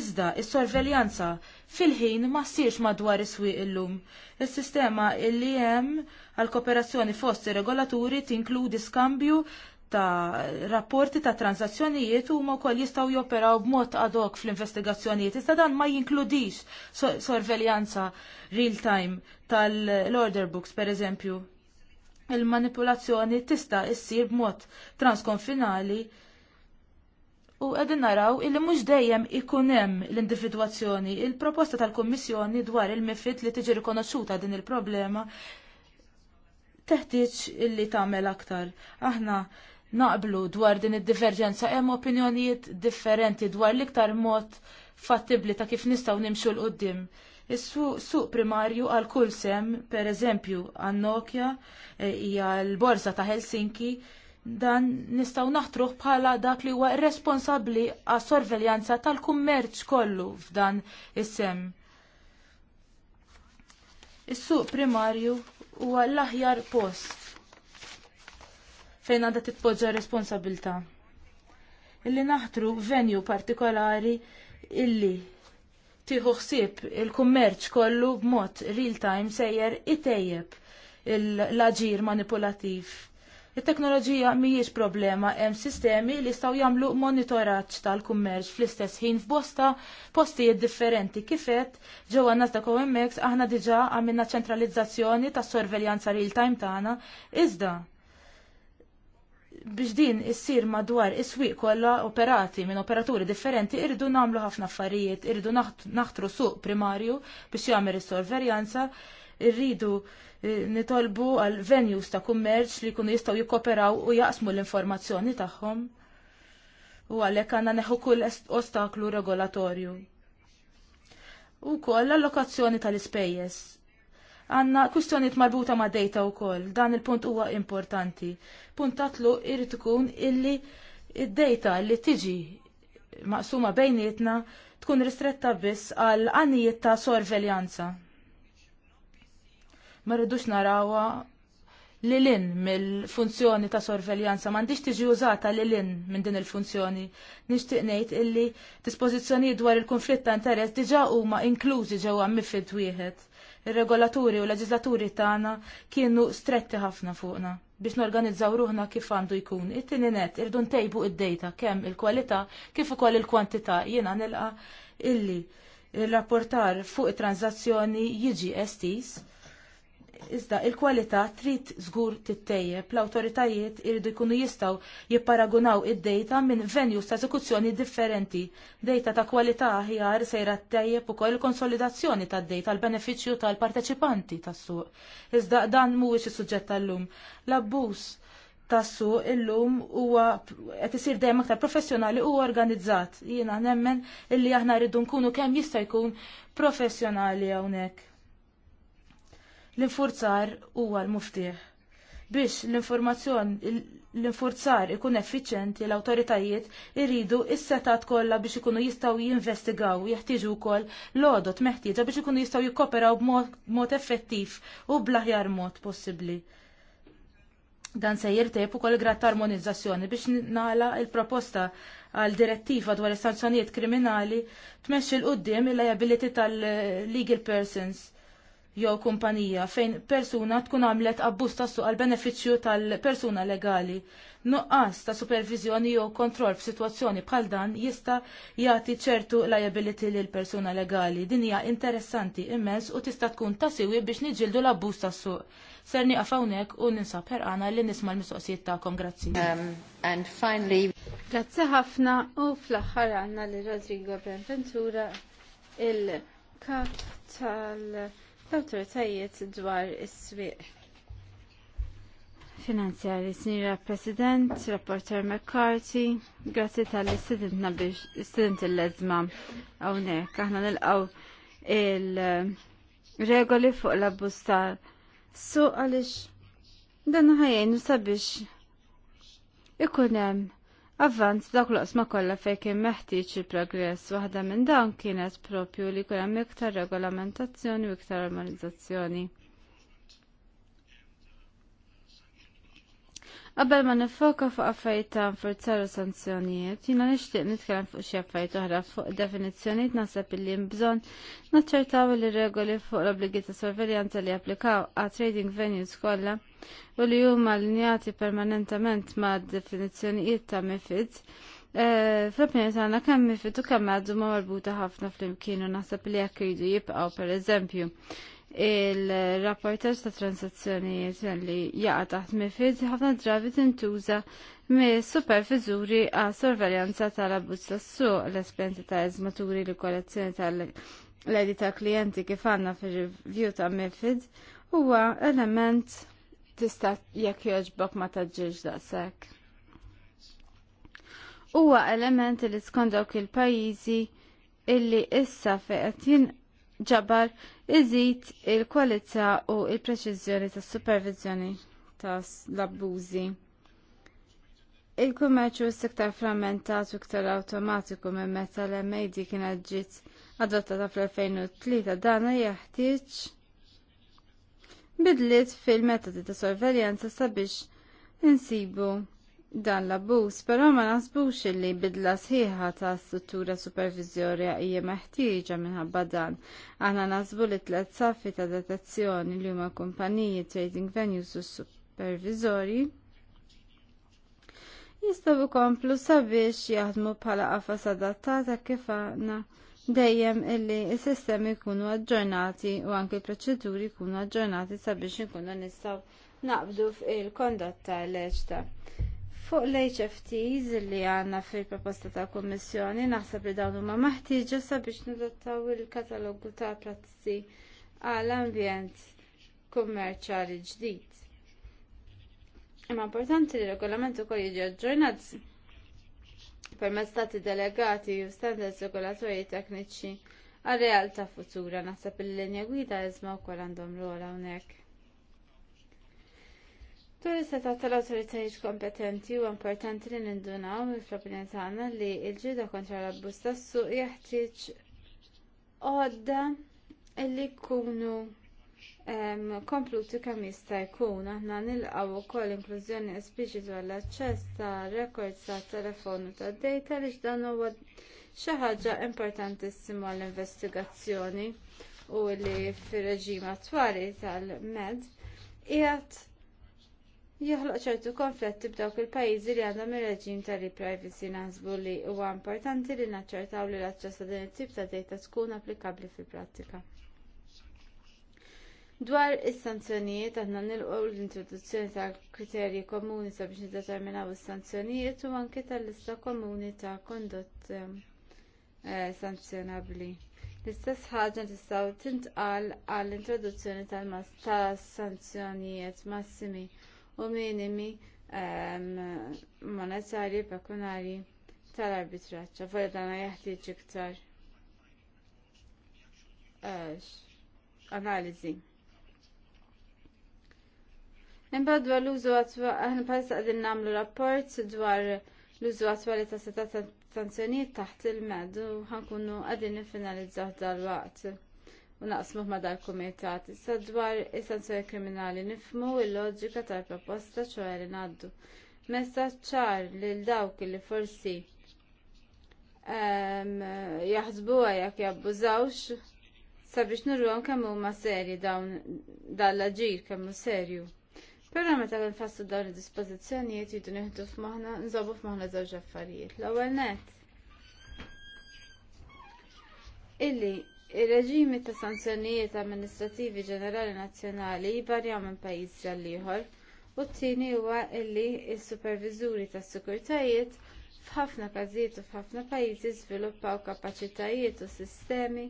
Iżda il sorveljanza fil-ħin ma ssirx madwar is-swieq illum. Is-sistema illi hemm għal kooperazzjoni fost ir-regolaturi tinkludi skambju ta' rapporti ta' transazzjonijiet huma wkoll jistgħu joperaw b'mod ad hoc fl-investigazzjonijiet. Iżda dan ma jinkludix sorveljanza real-time tal-order books, pereżempju. Il-manipulazzjoni tista' issir b'mod transkonfinali u qegħdin naraw illi mhux dejjem ikun hemm l-individwazzjoni. Il-proposta tal-Kummissjoni dwar il-mifid li tiġi rikonoxxuta din il-problema teħtieġ illi tagħmel aktar. Aħna naqblu dwar din id-diverġenza hemm opinjonijiet differenti dwar l-iktar mod fattibli ta' kif nistgħu nimxu l qudiem Is-suq primarju għal kull sem, per eżempju, għan Nokia, eh, hija l-borsa ta' Helsinki, dan nistgħu naħtruh bħala dak li huwa responsabbli għas sorveljanza tal-kummerċ kollu f'dan is-sem. Is-suq primarju huwa l-aħjar post fejn għandha titpoġġa responsabilta. Illi naħtru venju partikolari illi tieħu ħsieb il-kummerċ kollu b'mod real time sejjer itejjeb l-aġir manipulattiv. Il-teknoloġija mhijiex problema hemm sistemi li jistgħu jagħmlu monitoraġġ tal-kummerċ fl-istess ħin f'bosta postijiet differenti kifet ġewwa Nasdaq OMX aħna diġà għamilna ċentralizzazzjoni tas-sorveljanza real time tagħna iżda biex din issir madwar is-swieq kollha operati minn operaturi differenti irridu nagħmlu ħafna affarijiet, irridu naħtru suq primarju biex jagħmel is-sorverjanza, irridu eh, nitolbu għal venues ta' kummerċ li jkunu jistgħu jikkoperaw u jaqsmu l-informazzjoni tagħhom. U għalhekk għandna neħu kull ostaklu regolatorju. U koll l-allokazzjoni tal-ispejjeż Għanna kustjoniet marbuta ma' data u koll, dan il-punt huwa importanti. Punt tatlu irrit ikun illi id-data li tiġi maqsuma bejnietna tkun ristretta biss għal għannijiet ta' sorveljanza. Ma rridux narawa lilin lin mill-funzjoni ta' sorveljanza m'għandix tiġi użata lilin lin minn din il-funzjoni. Nixtieq ngħid illi dispożizzjonijiet dwar il-konflitt ta' interess diġà huma inklużi ġewwa mifid wieħed. Ir-regolaturi u l-leġislaturi tagħna kienu stretti ħafna fuqna biex norganizzaw ruħna kif għandu jkun. It-tieni net irdu ntejbu id-dejta kemm il-kwalità kif ukoll il-kwantità jiena nilqa illi il-rapportar fuq it-tranzazzjoni jiġi estis Iżda il-kwalità trid żgur tittejjeb l-awtoritajiet iridu jkunu jistgħu jipparagunaw id-dejta minn venues ta' eżekuzzjoni differenti. Dejta ta' kwalità aħjar sejra ttejjeb ukoll il-konsolidazzjoni tad-dejta għal benefiċċju tal-parteċipanti tas-suq. Iżda dan mhuwiex is-suġġett tal-lum. L-abbuż tassu illum huwa qed isir dejjem aktar professjonali u organizzat. Jiena nemmen illi aħna rridu nkunu kemm jista' jkun professjonali hawnhekk. L-infurzar huwa l-muftiħ. Biex l-informazzjoni l-infurzar ikun effiċenti l-autoritajiet irridu is-setat kollha biex ikunu jistgħu jinvestigaw jeħtieġu wkoll l-għodot meħtieġa biex ikunu jistgħu jikkoperaw b'mod effettiv u bl-aħjar mod possibbli. Dan se jirtejb ukoll grat armonizzazzjoni biex nala il-proposta għal direttiva dwar is-sanzjonijiet kriminali tmexxi l qudiem il-liability tal-legal persons jew kumpanija fejn persuna tkun għamlet abbuż tas-suq għal benefiċċju tal-persuna legali. Nuqqas ta' supervizjoni jew kontroll f'sitwazzjoni bħal dan jista' jagħti ċertu liability lil persuna legali. Din hija interessanti immens u tista' tkun ta' siwi biex niġildu l-abbuż tas-suq. Ser nieqaf hawnhekk u ninsab ħerqana li nisma' l-mistoqsijiet tagħkom grazzi. Um, and finally Grazzi ħafna u fl-aħħar għandna li Rodrigo Benventura il-kap tal- l-autoritajiet dwar is-swieq. Finanzjari, Sinjura President, Rapporter McCarthy, grazzi tal-istudentna biex student il-lezma għawnek, aħna nilqaw il-regoli fuq l-abbus ta' su għalix dan ħajjenu sabiex ikunem avvanz dak l-qsma kollha fejn kien meħtieġ il-progress waħda minn dan kienet propju li kien hemm iktar regolamentazzjoni u iktar armonizzazzjoni. Qabel ma nifoka fuq affarijiet ta' nfurzaru sanzjonijiet, jiena nixtieq nitkellem fuq xi affarijiet oħra fuq definizzjonijiet naħseb illi hemm bżonn naċċertaw li regoli fuq l-obbligi ta' sorveljanza li applikaw għat trading venues kollha u li huma allinjati permanentament ma' definizzjonijiet ta' MIFID e, Fl-opinjoni tagħna kemm u kemm għadu ma marbuta ħafna fl-imkien u naħseb li jekk jridu jibqgħu pereżempju il-rapportaġ ta' transazzjonijiet li jaqa taħt mifid ħafna drabi tintuża me supervizuri għal sorveljanza tal-abbuż tas-suq l-esperienza ta' eżmaturi li kollezzjoni tal-ledi ta' klijenti kif għandna fir-review ta' mifid huwa element tista' jekk jogħġbok ma taġġilx daqshekk. Huwa element li skont il-pajjiżi illi issa fejn qed ġabar iżid il-kwalità u l preċiżjoni tas-supervizjoni l abbużi Il-kummerċu s-sektar frammentat u iktar awtomatiku minn meta l-MAD kien ġiet adottata fl-2003 dana jeħtieġ bidliet fil-metodi ta' sorveljanza sabiex insibu dan l-abbuż, però ma nasbux illi bidla sħiħa ta' struttura supervizjorja hija meħtieġa minħabba dan. Aħna nasbu li tliet saffi ta' detezzjoni li huma kumpaniji trading venues u supervizori Jistgħu komplu sabiex jaħdmu bħala qafas adattata kif għandna dejjem illi s-sistemi jkunu aġġornati u anke l-proċeduri jkunu aġġornati sabiex nkunu nistgħu naqbdu fil-kondotta leġta. Fuq l-HFTs li għanna fil-proposta ta' kommissjoni, naħseb li dawn huma maħtieġa sabiex nidottaw il-katalogu ta' pratizi għal ambjent kummerċali ġdid. Imma importanti li regolament ukoll jiġi aġġornat permezz tagħti delegati u standards regolatorji tekniċi għal realtà futura naħseb il-linja gwida iżma wkoll għandhom rola hawnhekk. Tur is-seta tal-awtoritajiet kompetenti huwa importanti li nindunaw mill-opinjoni tagħna li l-ġida kontra l-abbuż tas-suq jeħtieġ għodda li jkunu kompluti kemm jista' jkun aħna nilqgħu wkoll inklużjoni espliċitu għall aċċess ta' records tat telefonu tad data li dan huwa xi ħaġa importantissima għall investigazzjoni u li fir-reġim attwali tal-med qiegħed joħloq ċertu konfletti b'dawk il-pajjiżi li għandhom ir-reġim tal-privacy naħsbu li huwa importanti li naċċertaw li l-aċċess ta' din it-tip ta' dejta tkun applikabbli fil-prattika. Dwar is-sanzjonijiet għandna nilqgħu l-introduzzjoni ta' kriterji komuni sabiex niddeterminaw is-sanzjonijiet u anke tal-lista komuni ta' kondott eh, sanzjonabbli. L-istess ħaġa tistgħu tintqal għall introduzzjoni ta' sanzjonijiet massimi u minimi ehm, monetarji pekunari tal-arbitraċċa, forri dan jeħtieġ iktar analiżi. Imbagħad dwar l-użu aħna bħalissa għadin nagħmlu rapport dwar l-użu attwali ta' seta' tanzjonijiet taħt il-med u ħankunu qegħdin nifinalizzaw dal-waqt u naqsmuh ma dal-kumitat. Issa dwar is-sanzjoni kriminali nifmu il-loġika tal-proposta ċoħe li ngħaddu. Messaġġ ċar lil dawk li forsi ehm, jaħsbuha jekk jabbużawx sabiex nuruhom kemm huma serji dawn dal-aġir kemm hu serju. Però meta nfassu dawn id-dispożizzjonijiet jidu nieħdu f'moħħna nżobu f'moħħna żewġ affarijiet. L-ewwel nett. Illi Ir-reġimi ta' sanzjonijiet amministrativi ġenerali nazzjonali jibarjaw minn pajjiż għal ieħor u t-tieni huwa li s-superviżuri tas sigurtajiet f'ħafna każijiet u f'ħafna pajjiżi żviluppaw kapaċitajiet u sistemi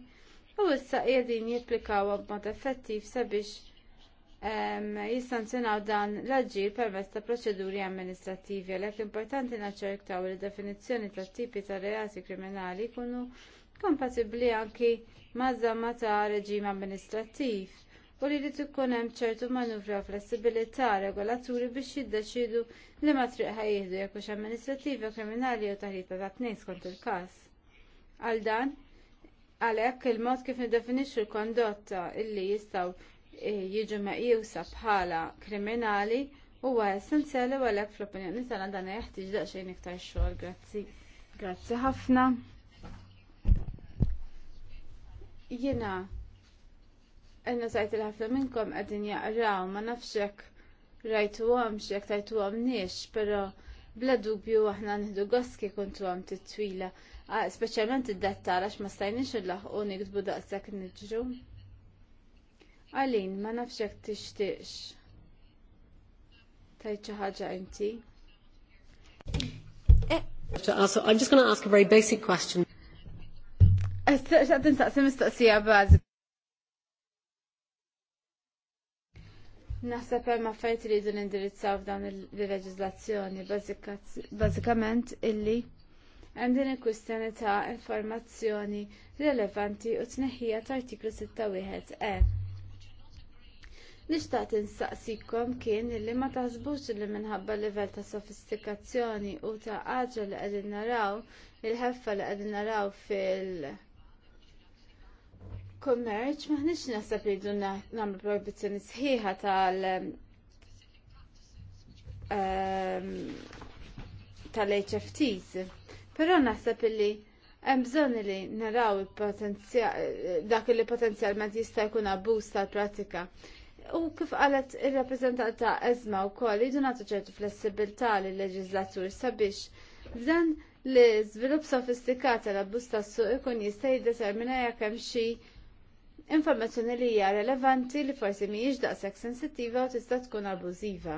u issa qegħdin jipplikawha b'mod effettiv sabiex ehm, jissanzjonaw dan l-aġir permezz ta' proċeduri amministrativi għalhekk importanti naċċertaw li definizzjoni tat tipi ta' reati kriminali jkunu kompatibbli anki maż ta' reġim amministrattiv u li li tkun hemm ċertu manuvra flessibilità regolaturi biex jiddeċidu li ma triq ħajjieħdu jekk hux amministrattivi u kriminali jew taħlita ta' tnejn skont il-każ. Għal dan, għalhekk il-mod kif niddefinixxu l-kondotta illi jistgħu eh, jiġu meqjusa bħala kriminali huwa essenzjali għalhekk fl-opinjoni tagħna dan jeħtieġ daqsxejn iktar xogħol. Grazzi. Grazzi ħafna jina għanna sajt il-ħafna minnkom għadin jaqraw, ma nafxek rajtu għom xek tajtu għom nix, pero bla dubju aħna nħidu għoski kontu għom titwila, specialment id-detta għax ma stajnix il-laħ u nikdbu daqsak nġru. Għalin, ma nafxek t-ixtiqx xi ħaġa inti. Eh, I'm just going to ask a very basic question. Għad nistaqsi mistaqsija Naħseb hemm affarijiet li jridu nindirizzaw f'dawn il-leġiżlazzjoni bażikament illi hemm din il-kwistjoni ta' informazzjoni rilevanti u tneħħija ta' artiklu 61 e. Nixtaq instaqsikom kien illi ma taħsbux li minħabba livell ta' sofistikazzjoni u ta' għaġa li qegħdin naraw il-ħeffa li qegħdin naraw fil- kummerċ maħniex naħseb li jdu nagħmlu proibizzjoni sħiħa tal ehm, tal-HFTs. Però naħseb li hemm bżonn li naraw il-potenzjal dak li potenzjalment jista' jkun abbuż tal-pratika. U kif qalet ir-rappreżentant ta' eżma wkoll jdu nagħtu ċertu flessibilità lill leġislatur sabiex bżonn li żvilupp sofistikat tal-abbuż tas-suq ikun jista' jiddetermina jekk hemm xi informazzjoni li hija relevanti li forsi mhijiex daqshekk sensittiva u tista' tkun abbużiva.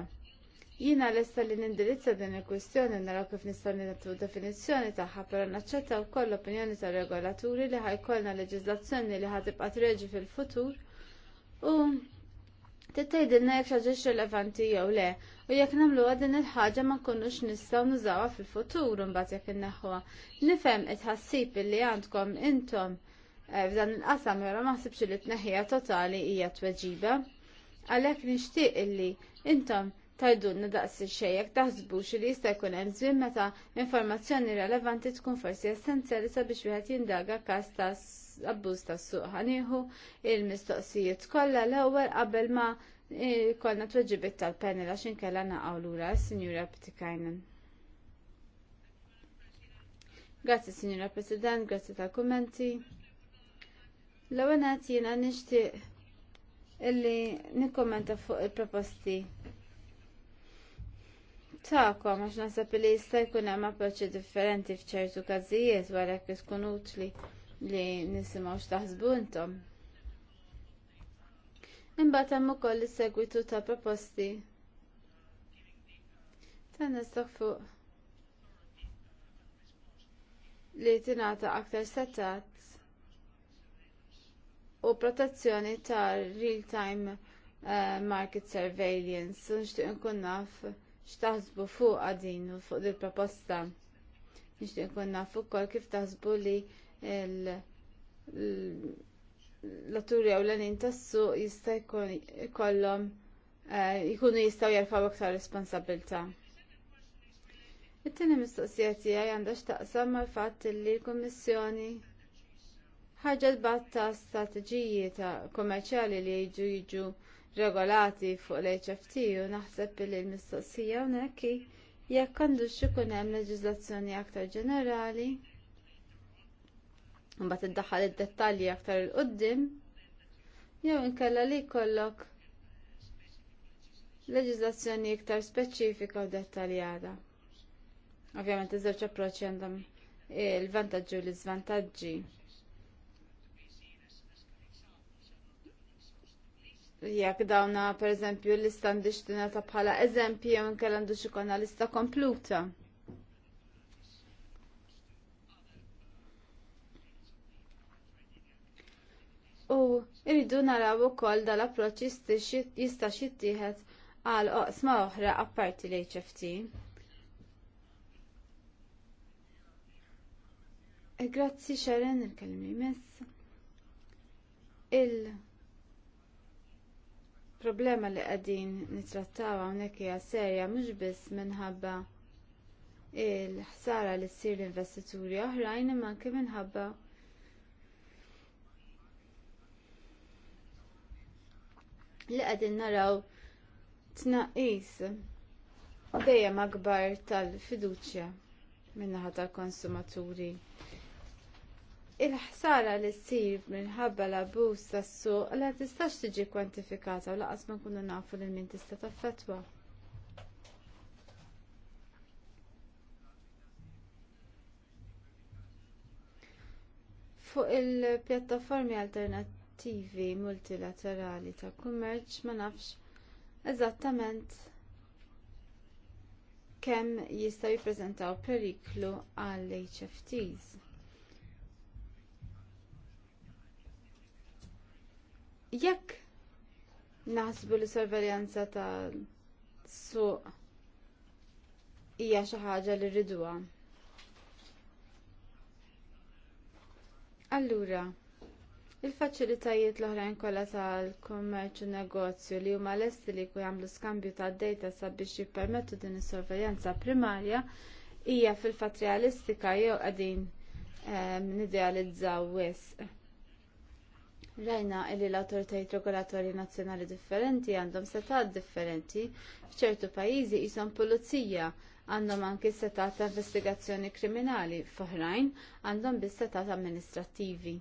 Jiena lesta li nindirizza din il-kwistjoni naraw kif nistgħu nagħtu definizzjoni tagħha però naċċetta wkoll l-opinjoni tar-regolaturi li ħajkollna leġiżlazzjoni li ħatibqa' treġi fil-futur u tittejdilna jekk xaġiex relevanti jew le u jekk nagħmlu din il-ħaġa ma nkunux nistgħu nużawha fil-futur imbagħad jekk inneħħuha. Nifhem it-ħassib li għandkom intom Eh, f'dan il-qasam ma maħsibx li t-neħija totali hija tweġiba. Għalhekk nixtieq illi intom tajdunna daqs il-xejjek taħsbux li jista' jkun hemm żmien meta informazzjoni relevanti tkun forsi essenzjali sabiex wieħed jindaga każ ta' abbuż tas-suq ħanieħu il-mistoqsijiet kollha l-ewwel qabel ma eh, Kolna tweġibit tal-panel għax inkella naqgħu lura s-Sinjura Ptikajnen. Grazzi Sinjura President, grazzi tal-kummenti. L-għanat jena nishtiq illi nikkommenta fuq il-proposti ta'kom għax nasab li jista' jkun hemm approċċi differenti f'ċertu każijiet wara jekk tkun utli li nisimgħu x'taħsbu Imbagħad hemm ukoll is-segwitu ta' proposti ta' nistaħ fuq li tingħata aktar setat u protezzjoni ta' real-time eh, market surveillance. Nixtieq nkun naf x'taħsbu fuq għadin u fuq il proposta. Nixtieq nkun naf ukoll kif taħsbu li l-atturi jew l-għanin tassu jista' jkollhom eh, jkunu jistgħu jarfaw aktar responsabilta. It-tieni mistoqsija tiegħi għandha x'taqsam mal-fatt li l-Kummissjoni ħaġa ta' strateġiji ta' kommerċjali li jiġu jiġu regolati fuq l-HFT u naħseb li l-mistoqsija hawnhekk jekk għandux ikun hemm leġiżlazzjoni aktar ġenerali mbagħad iddaħħal id-dettalji aktar il qudiem jew inkella li jkollok leġiżlazzjoni iktar speċifika u dettaljata. Ovvjament iż-żewġ approċċi għandhom il-vantaġġi u l-iżvantaġġi. jekk dawna per eżempju lista ndixtina ta' bħala eżempju jew inkella ndux ikonna lista kompluta. U irridu naraw ukoll dal-approċċ jista' jittieħed għal oqsma oħra apparti l-HFT. E grazzi Sharon il-kelmi miss il problema li qegħdin nittrattaw hawnhekk hija serja mhux biss minħabba l ħsara li ssir l-investituri oħrajn imma anke minħabba li qegħdin naraw tnaqqis dejjem akbar tal-fiduċja min-naħa tal-konsumaturi il-ħsara li ssir minħabba l-abuż tas-suq la tistax tiġi kwantifikata u laqas ma nkunu nafu li min tista' taffettwa. Fuq il-pjattaformi alternattivi multilaterali ta' kummerċ ma nafx eżattament kemm jistgħu jippreżentaw periklu għall-HFTs. Jekk naħsbu li sorveljanza ta' suq hija xi ħaġa li rriduha. Allura, il-faċilitajiet l-oħrajn kollha tal-kummerċ u negozju li huma lesti li jkun jagħmlu skambju ta' dejta sabiex jippermettu din is-sorveljanza primarja hija fil-fatt realistika jew qegħdin eh, nidealizzaw wisq. Rajna illi l awtoritajiet regolatorji nazzjonali differenti għandhom setat differenti f'ċertu pajjiżi jisom pulizija għandhom anki setat ta' investigazzjoni kriminali f'oħrajn għandhom biss setat amministrattivi.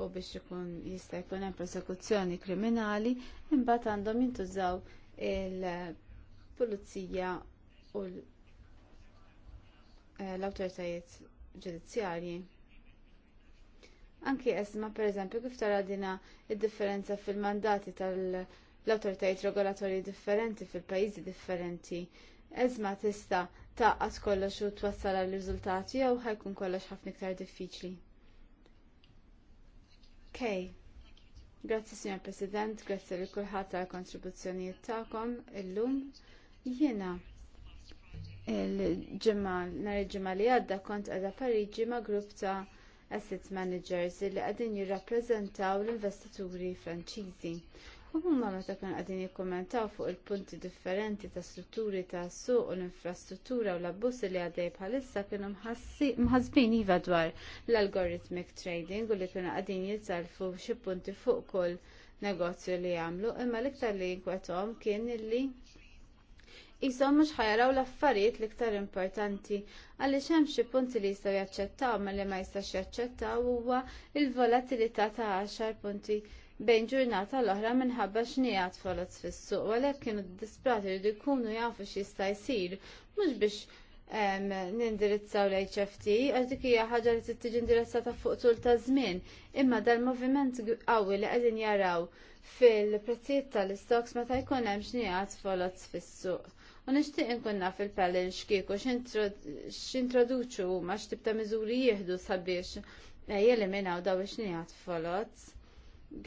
u biex ikun jista' jkun hemm prosekuzzjoni kriminali, imbagħad għandhom jintużaw il-pulizija u eh, l-awtoritajiet ġudizzjarji. Anki esma per eżempju kif tara dina id-differenza fil-mandati tal-autoritajiet regolatorji differenti fil-pajjiżi differenti. Ezma tista taqqas kollox u twassal għal riżultati jew ħajkun kollox ħafna iktar diffiċli. Kej. Grazie, Signor President, grazzi li kulħadd għal kontribuzzjonijiet tagħkom illum. Jiena il-ġimma, nhar il-ġimma li għadda kont għadha Pariġi ma' grupp ta' asset managers li qegħdin jirrappreżentaw l-investituri franċiżi. U huma meta kienu qegħdin jikkumentaw fuq il-punti differenti ta' strutturi ta' suq u l-infrastruttura u l-abbus li għaddej bħalissa kienu mħazbin iva dwar l-algorithmic trading u li kienu qegħdin jitalfu xi punti fuq kull negozju li jagħmlu, imma l-iktar li jinkwetahom kien illi jisom mhux ħajaraw l-affarijiet l-iktar importanti għaliex hemm xi punti li jistgħu jaċċettaw ma li ma jistax jaċċettaw huwa il-volatilità ta' 10 punti bejn ġurnata l-oħra minħabba xnijat foloz fis-suq, għalhekk kienu disprati li jkunu jafu x'jista' jsir, mhux biex nindirizzaw l-HFT, għax dik hija ħaġa li tiġi indirizzata fuq tul ta' żmien, imma dal-moviment qawwi li qegħdin jaraw fil-prezzijiet tal-istoks meta jkun hemm xnijat foloz fis-suq. U nixtieq inkun naf il-panel xkieku x'introduċu huma x'tib ta' miżuri jieħdu sabiex eh, jeliminaw daw ix-xnijat folot.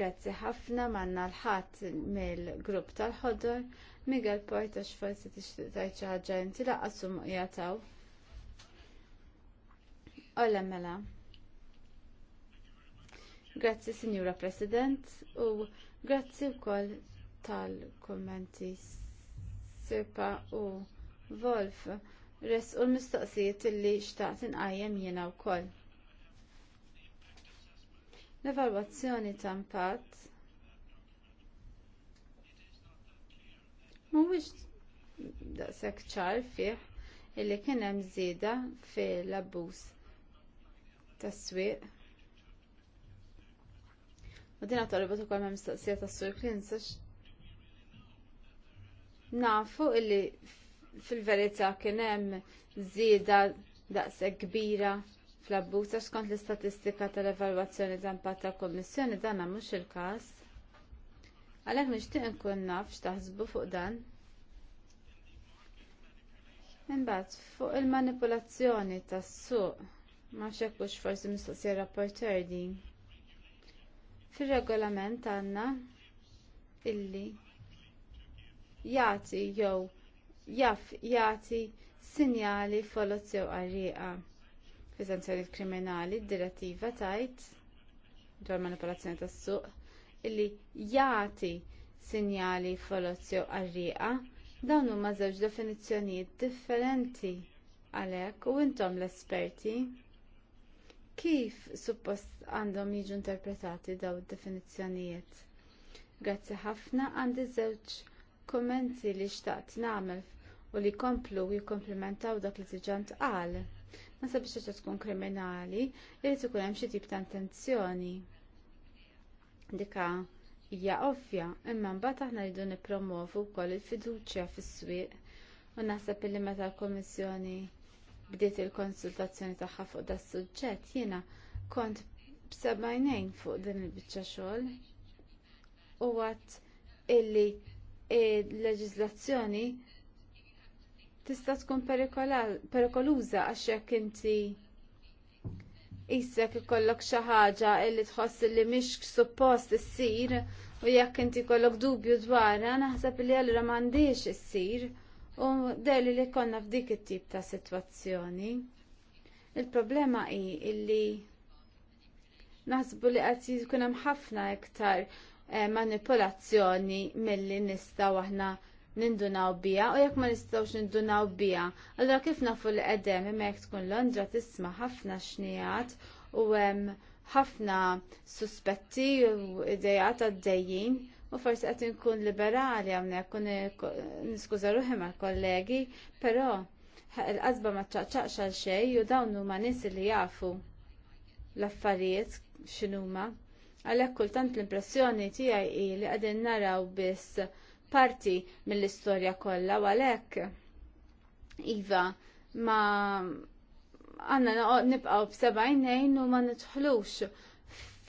Grazzi ħafna manna l-ħadd mill-grupp tal-ħodor Miguel Porta x'forsi t tgħid xi ħaġa inti laqqasum jataw. Ola mela. Grazzi, Signora President, u grazzi wkoll tal-kommenti Sirpa u Wolf resqu l-mistoqsijiet illi xtaqt inqajjem jiena wkoll. L-evalwazzjoni ta' impatt mhuwiex daqshekk ċar fih illi kien hemm żieda fil-abbuż tas-swieq. U din għatolbot ukoll ma' mistoqsija tas-sur Klinsax nafu illi fil-verità kien hemm żieda daqshekk kbira fl-abbuż għax skont l-istatistika tal-evalwazzjoni ta' impatt tal kummissjoni dan mhux il-każ. Għalhekk nixtieq inkun naf x'taħsbu fuq dan. Imbagħad fuq il-manipulazzjoni tas-suq ma xekk mhux forsi mistoqsija rapporter din. Fir-regolament għandna illi jagħti jew jaf jagħti sinjali folot jew qarrieqa. Fiżenzjoni kriminali d-direttiva tajt dwar manipolazzjoni tas-suq illi jagħti sinjali folot jew qarrieqa dawn huma żewġ definizzjonijiet differenti għalhekk u intom l-esperti kif suppost għandhom jiġu interpretati dawn id-definizzjonijiet. Grazzi ħafna għandi żewġ kummenti li xtaqt nagħmel u li jkomplu jikkomplimentaw dak li tiġant qal. Nasa biex tkun kriminali, jrid ikun hemm xi tip ta' intenzjoni. Dika hija ovvja, imma mbagħad aħna rridu nippromovu wkoll il-fiduċja fis-swieq u naħseb illi meta l-Kommissjoni bdiet il-konsultazzjoni tagħha fuq da' suġġett jiena kont b'sebajnejn fuq din il-biċċa xogħol u għat illi il-leġizlazzjoni tista' tkun perikoluża għax jekk inti Issek ikollok xi ħaġa li tħoss li mhix suppost issir u jekk inti kollok dubju dwarha naħseb li allura m'għandix issir u deli li konna f'dik it-tip ta' sitwazzjoni. Il-problema hi li naħsbu li qed jkun hemm ħafna iktar Eh, manipolazzjoni milli nistgħu aħna nindunaw bija u jekk ma nistgħux nindunaw bija. Allura kif nafu l qedem imma jekk tkun Londra tisma' ħafna xnijat u ħafna suspetti u idejat għaddejjin u forsi qed inkun liberali hawnhekk u niskuża ruħi mal-kollegi, però l-qasba ma ċaqċaqx għal xejn u dawn huma nies li jafu l-affarijiet x'inhuma. Għalhekk kultant l-impressjoni tiegħi hi li qegħdin naraw biss parti mill-istorja kollha u għalhekk iva ma għandna nibqgħu b'sebgħin nejn u ma nidħlux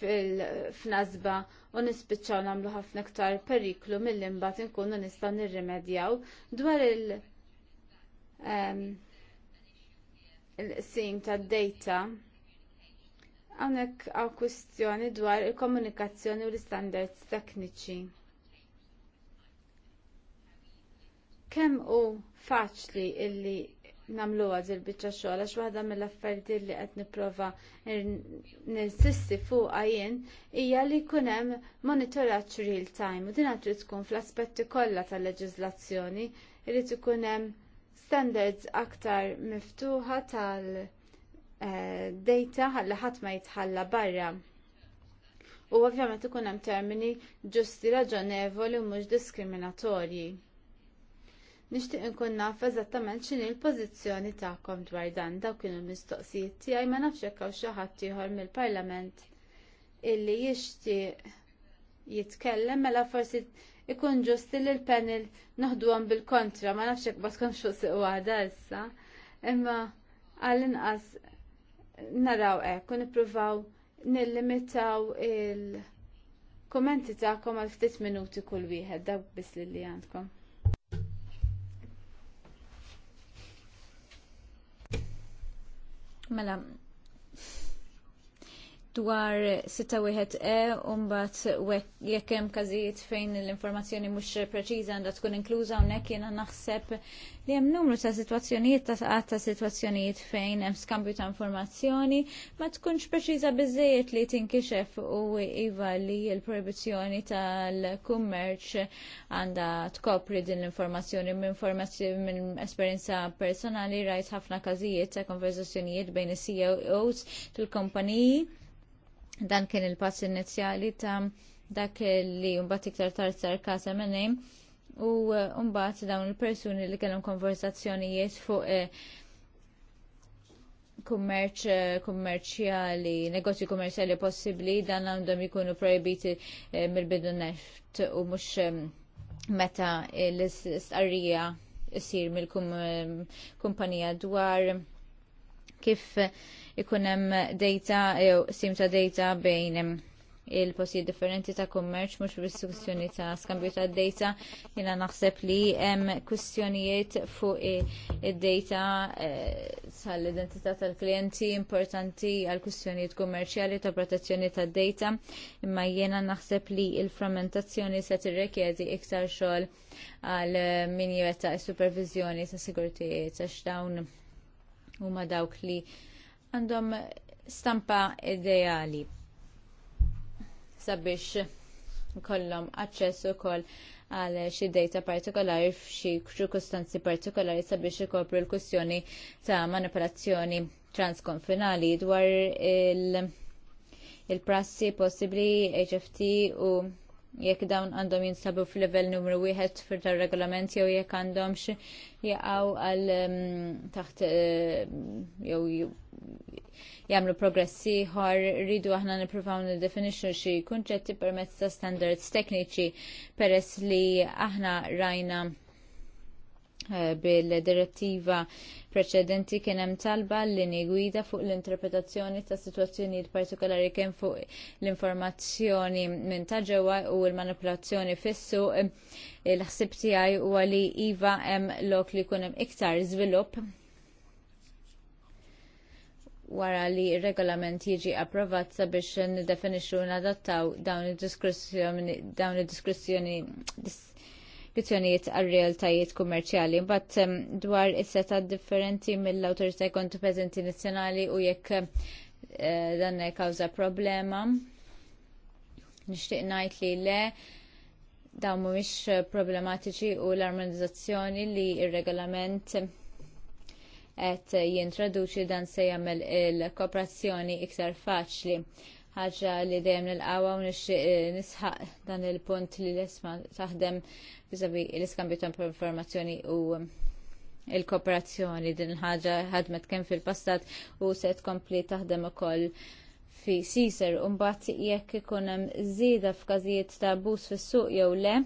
f'nazba u nispiċċaw nagħmlu ħafna ktar periklu milli mbagħad inkunu nista' nirrimedjaw dwar il- ehm, sim tad data Hawnhekk għaw kwistjoni dwar il-komunikazzjoni u l-istandards tekniċi. Kemm hu faċli illi namlu dil biċċa xogħol għax waħda mill-affarijiet li qed nipprova ninsisti fuqha jien hija li jkun hemm real time u din għad tkun fl-aspetti kollha tal-leġiżlazzjoni irid ikun hemm standards aktar miftuħa tal- Eh, data ħalla ħadd ma jitħalla barra. U ovvjament ikun hemm termini ġusti raġonevoli u mhux diskriminatorji. Nixtieq inkun naf eżattament x'inhi l-pożizzjoni tagħkom dwar dan dawk kienu mistoqsijiet tiegħi ma nafx hekk hawn xi ħadd ieħor mill-Parlament illi jixtieq jitkellem mela forsi ikun ġusti li l-panel noħduhom bil-kontra ma nafx hekk tkunx fuq siqwa issa. Imma għall-inqas naraw hekk u nippruvaw nillimitaw il-kommenti tagħkom għal ftit minuti kull wieħed dawk biss li li għandkom. Mela, dwar 61E umbat jekk hemm każijiet fejn l-informazzjoni mhux preċiża għandha tkun inkluża hawnhekk jiena naħseb li hemm numru ta' sitwazzjonijiet ta' qatt ta' sitwazzjonijiet fejn hemm skambju ta' informazzjoni ma tkunx preċiża biżejjed li tinkixef u iva li l-proibizzjoni tal-kummerċ għandha tkopri din l-informazzjoni minn minn esperjenza personali rajt ħafna każijiet ta' konverzazzjonijiet bejn is-CEOs tal kumpaniji Dan kien il-pass inizjali ta' dak li mbagħad iktar tard sar minnejn u eh, mbagħad dawn il-persuni li kellhom konversazzjonijiet fuq eh, kummerċ eh, kummerċjali, negozju kummerċjali possibbli dan għandhom ikunu projbiti mill-bidu neft u mhux meta l-istqarrija issir mill-kumpanija dwar kif ikun hemm data jew sim ta' data bejn il-postijiet differenti ta' kummerċ mux bis ta' skambju ta' data jiena naħseb li hemm kwistjonijiet fuq id-data eh, tal-identità tal-klijenti importanti għal kwistjonijiet kummerċjali ta' protezzjoni ta' data imma jiena naħseb li l-frammentazzjoni se tirrekjedi iktar xogħol għal min jewettaq supervizjoni ta' sigurtijiet ta' dawn huma dawk li għandhom stampa ideali sabiex kollom aċċess ukoll għal xi data partikolari f'xi ċirkustanzi partikolari sabiex ikopru l-kwistjoni ta' manipolazzjoni transkonfinali dwar il-prassi possibbli HFT u jekk dawn għandhom jinsabu fil-level numru wieħed fir tar regolament jew jekk għandhomx jaqgħu għal um, taħt uh, jew jagħmlu progress ieħor rridu aħna nippruvaw niddefinixxu xi kunċetti permezz ta' standards tekniċi peress li aħna rajna Eh, bil-direttiva preċedenti kien hemm talba li gwida fuq l-interpretazzjoni ta' situazzjonijiet partikolari kemm fuq l-informazzjoni minn ta' ġewwa u l-manipolazzjoni fissu il-ħsib eh, tiegħi huwa li iva hemm lok li jkun hemm iktar żvilupp wara li r regolament jiġi approvat sabiex nidefinixxu nadattaw dawn id-diskussjoni dawn id-diskussjoni lezzjonijiet għal-realtajiet kummerċjali. Mbagħad dwar is-seta differenti mill-awtorità kompetenti nazzjonali u jekk eh, dan kawża problema. Nixtieq ngħid li le dawn mhumiex problematiċi u l-armonizzazzjoni li r regolament qed jintroduċi dan se jagħmel il-kooperazzjoni iktar faċli ħaġa li dejjem nilqawa u eh, nisħaq dan il-punt li l-isma taħdem bizabi l-iskambju ta' informazzjoni u eh, il-kooperazzjoni din ħaġa ħadmet kemm fil-passat u se tkompli taħdem ukoll fi Caesar u mbagħad jekk ikun hemm żieda f'każijiet ta' abbuż fis-suq jew le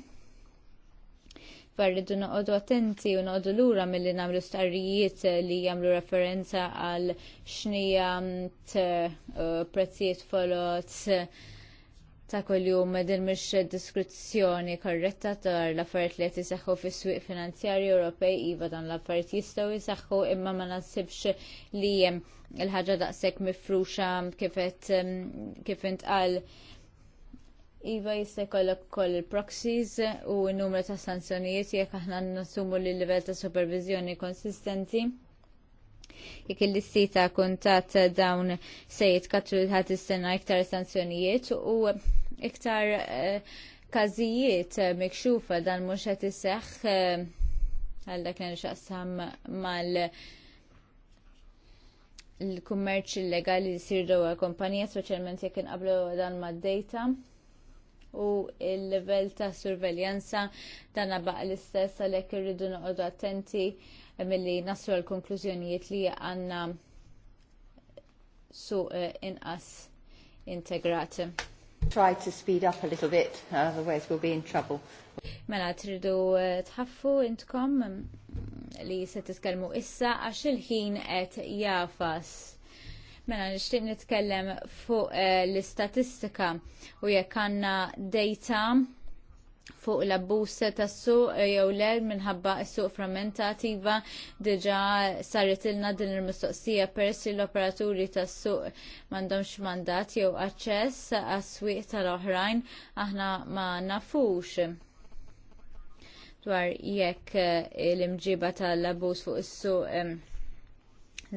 akbar rridu noqogħdu attenti u noqogħdu lura milli nagħmlu starijiet li jagħmlu referenza għal xnija uh, prezzijiet folot ta' kuljum din mhix diskrizzjoni korretta dwar l-affarijiet li qed isaħħu fis-swieq finanzjarji Ewropej iva dan l-affarijiet jistgħu jisaħħu imma ma naħsibx li um, l ħaġa daqshekk mifruxa kif qed um, kif intqal Iva jista' jkollok ukoll il-proxies u n-numru ta' sanzjonijiet jekk aħna nassumu li livell ta' supervizjoni konsistenti. Jekk il sita kuntat dawn se jitkatru ħadd istenna iktar sanzjonijiet u iktar kazijiet eh, każijiet mikxufa dan mhux qed iseħħ eh, għal dak xaqsam mal l-kummerċ illegali li jsir għal kompanija, specialment jekk inqablu dan mad-data u il-level ta' surveljanza tagħna baqa l-istess għalhekk irridu noqogħdu attenti milli naslu l-konklużjonijiet li għandna suq eh, inqas integrat. Try to speed up a little bit, otherwise we'll be in trouble. Mela tridu eh, tħaffu intkom mm, li se titkellmu issa għax il-ħin qed jafas. Mela nixtieq nitkellem fuq eh, l-istatistika u jekk għandna data fuq l-abbuż tas-suq eh, jew le minħabba s-suq frammentativa diġa' saret ilna din il-mistoqsija persi l-operaturi tas-suq m'għandhomx mandat jew aċċess għas-swieq tal-oħrajn aħna ma nafux dwar jekk eh, l-imġiba tal-abbuż fuq is-suq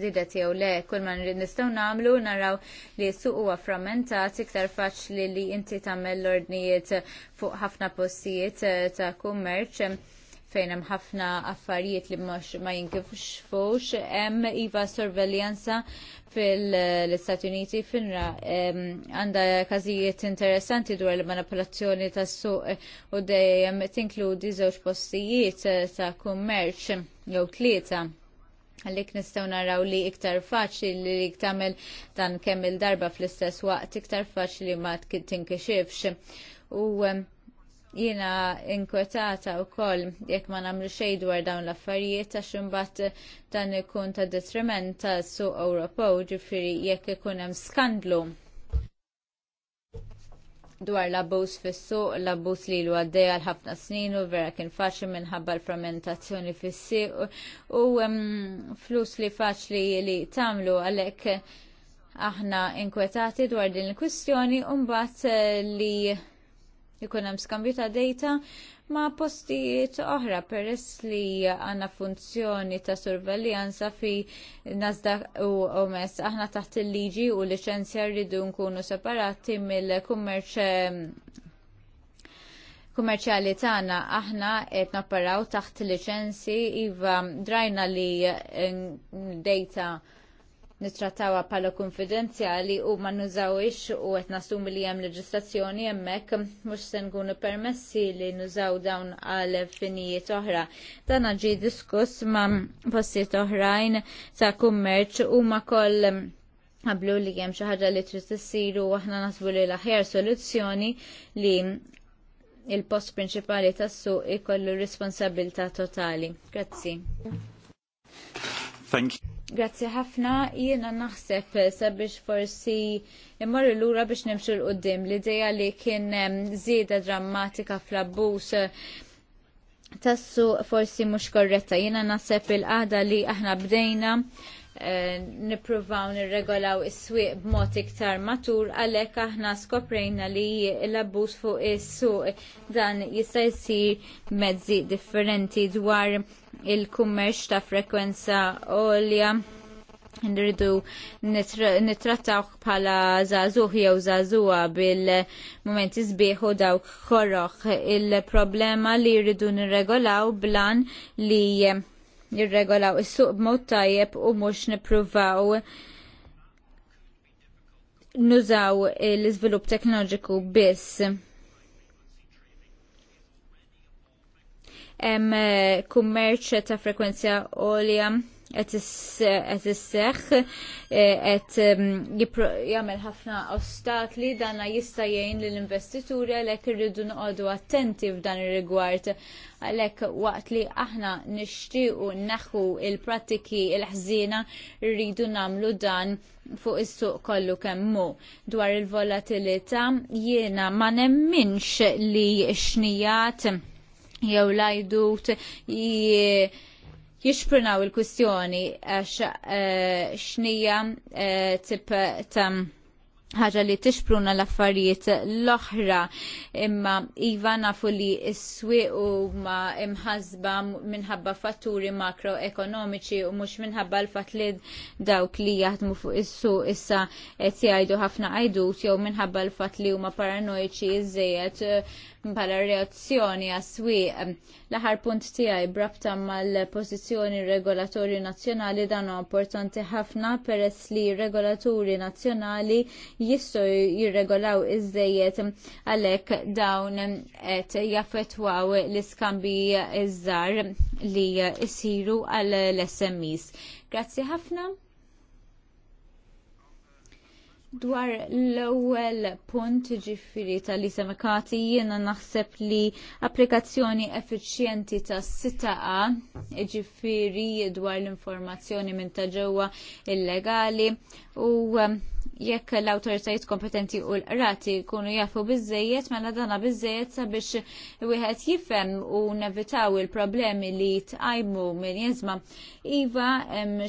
zidet jew le, kull man nrid nistgħu nagħmlu naraw li s-suq huwa frammentat iktar faċli li inti tagħmel l-ordnijiet fuq ħafna postijiet eh, ta' kummerċ fejn hemm ħafna affarijiet li mhux ma jinkifux hemm iva sorveljanza fil-Istati Uniti finra għandha każijiet interessanti dwar il-manipolazzjoni tas-suq eh, u dejjem tinkludi żewġ postijiet eh, ta' kummerċ jew tlieta għallik nistaw naraw li iktar faċli li iktamel dan kemm il-darba fl-istess waqt iktar faċli ma tinkixifx. U jina inkwetata u kol jek ma namlu xej dwar dawn l-affarijiet għax imbagħad dan ikun ta' detriment su suq u ġifiri jekk ikun hemm skandlu dwar l-abbuż fis-suq, l-abbuż li lu għaddej għal ħafna snin u vera kien faċli minħabba l-fermentazzjoni fis-suq u flus li faċli li tagħmlu għalhekk aħna inkwetati dwar din il-kwistjoni u mbagħad eh, li Ikun hemm skambju ta' data ma' postijiet oħra peress li għandna funzjoni ta' surveljanza fi Nasdaq u OMS. Aħna taħt il-liġi u liċenzja rridu nkunu separati mill-kummerċ ehm, kummerċjali tagħna aħna qed napparaw taħt liċenzji, iva drajna li eh, data nitrattawa pala konfidenzjali u ma nużawix u għet nasum li jem leġislazzjoni jemmek mux sen gunu permessi li nużaw dawn għal finijiet oħra. Dan ġi diskuss ma postijiet oħrajn ta' kummerċ u ma koll għablu li jem xaħġa li trid tissiru u aħna nasbu li l-aħjar soluzzjoni li il-post prinċipali tas-suq ikollu responsabilta totali. Grazzi. Thank you. Grazzi ħafna, jiena naħseb sabiex forsi l lura biex nimxu l-qoddim. L-ideja li kien zieda drammatika fl-abbus tassu forsi mhux korretta. Jiena naħseb il-qada li aħna bdejna Eh, nippruvaw nirregolaw is-swieq b'mod iktar matur għalhekk aħna skoprejna li l-abbuż fuq is-suq dan jista' jsir mezzi differenti dwar il-kummerċ ta' frekwenza għolja nridu nittrattawh bħala zazuħ jew zazuwa bil-momenti u dawk korroħ il-problema li rridu nirregolaw blan li nirregolaw is-suq b'mod tajjeb u mhux nippruvaw nużaw l-iżvilupp teknoloġiku biss. Hemm eh, kummerċ ta' frekwenzja għolja qed isseħħ qed jagħmel ħafna ostakli danna jista' jgħin lill-investituri għalhekk irridu noqogħdu attenti f'dan ir-rigward għalhekk waqt li aħna nixtiequ naħu il-prattiki il-ħżiena rridu nagħmlu dan fuq is-suq kollu kemmu dwar il-volatilità jiena ma nemminx li xnijat jew lajdut jixprunaw il-kwistjoni għax eh, xnija eh, tip ta' ħaġa li tixpruna l-affarijiet l-oħra imma iva nafu li s swieq u ma imħazba minħabba fatturi makroekonomiċi u mux minħabba l-fat li dawk li jaħdmu fuq issu issa qed ħafna għajdut jew minħabba l-fat li huma paranoiċi iżejjed bħala reazzjoni għaswi l-aħar punt tiegħi brabta mal-pożizzjoni r-regolatori nazzjonali dan importanti ħafna peress li regolaturi nazzjonali jistgħu jirregolaw iżejjed għalhekk dawn qed jaffetwaw l-iskambi iż-żar li jsiru għall smes Grazzi ħafna. Dwar l-ewwel punt ġifiri tal-isemikati jiena naħseb li applikazzjoni effiċjenti tas sitaqa ġifiri dwar l-informazzjoni minn ta' ġewwa illegali u um, jekk l-autoritajiet kompetenti u l-rati kunu jafu biżejjed mela dana biżejjed sabiex wieħed jifem u nevitaw il-problemi li tqajmu minn jeżma. Iva,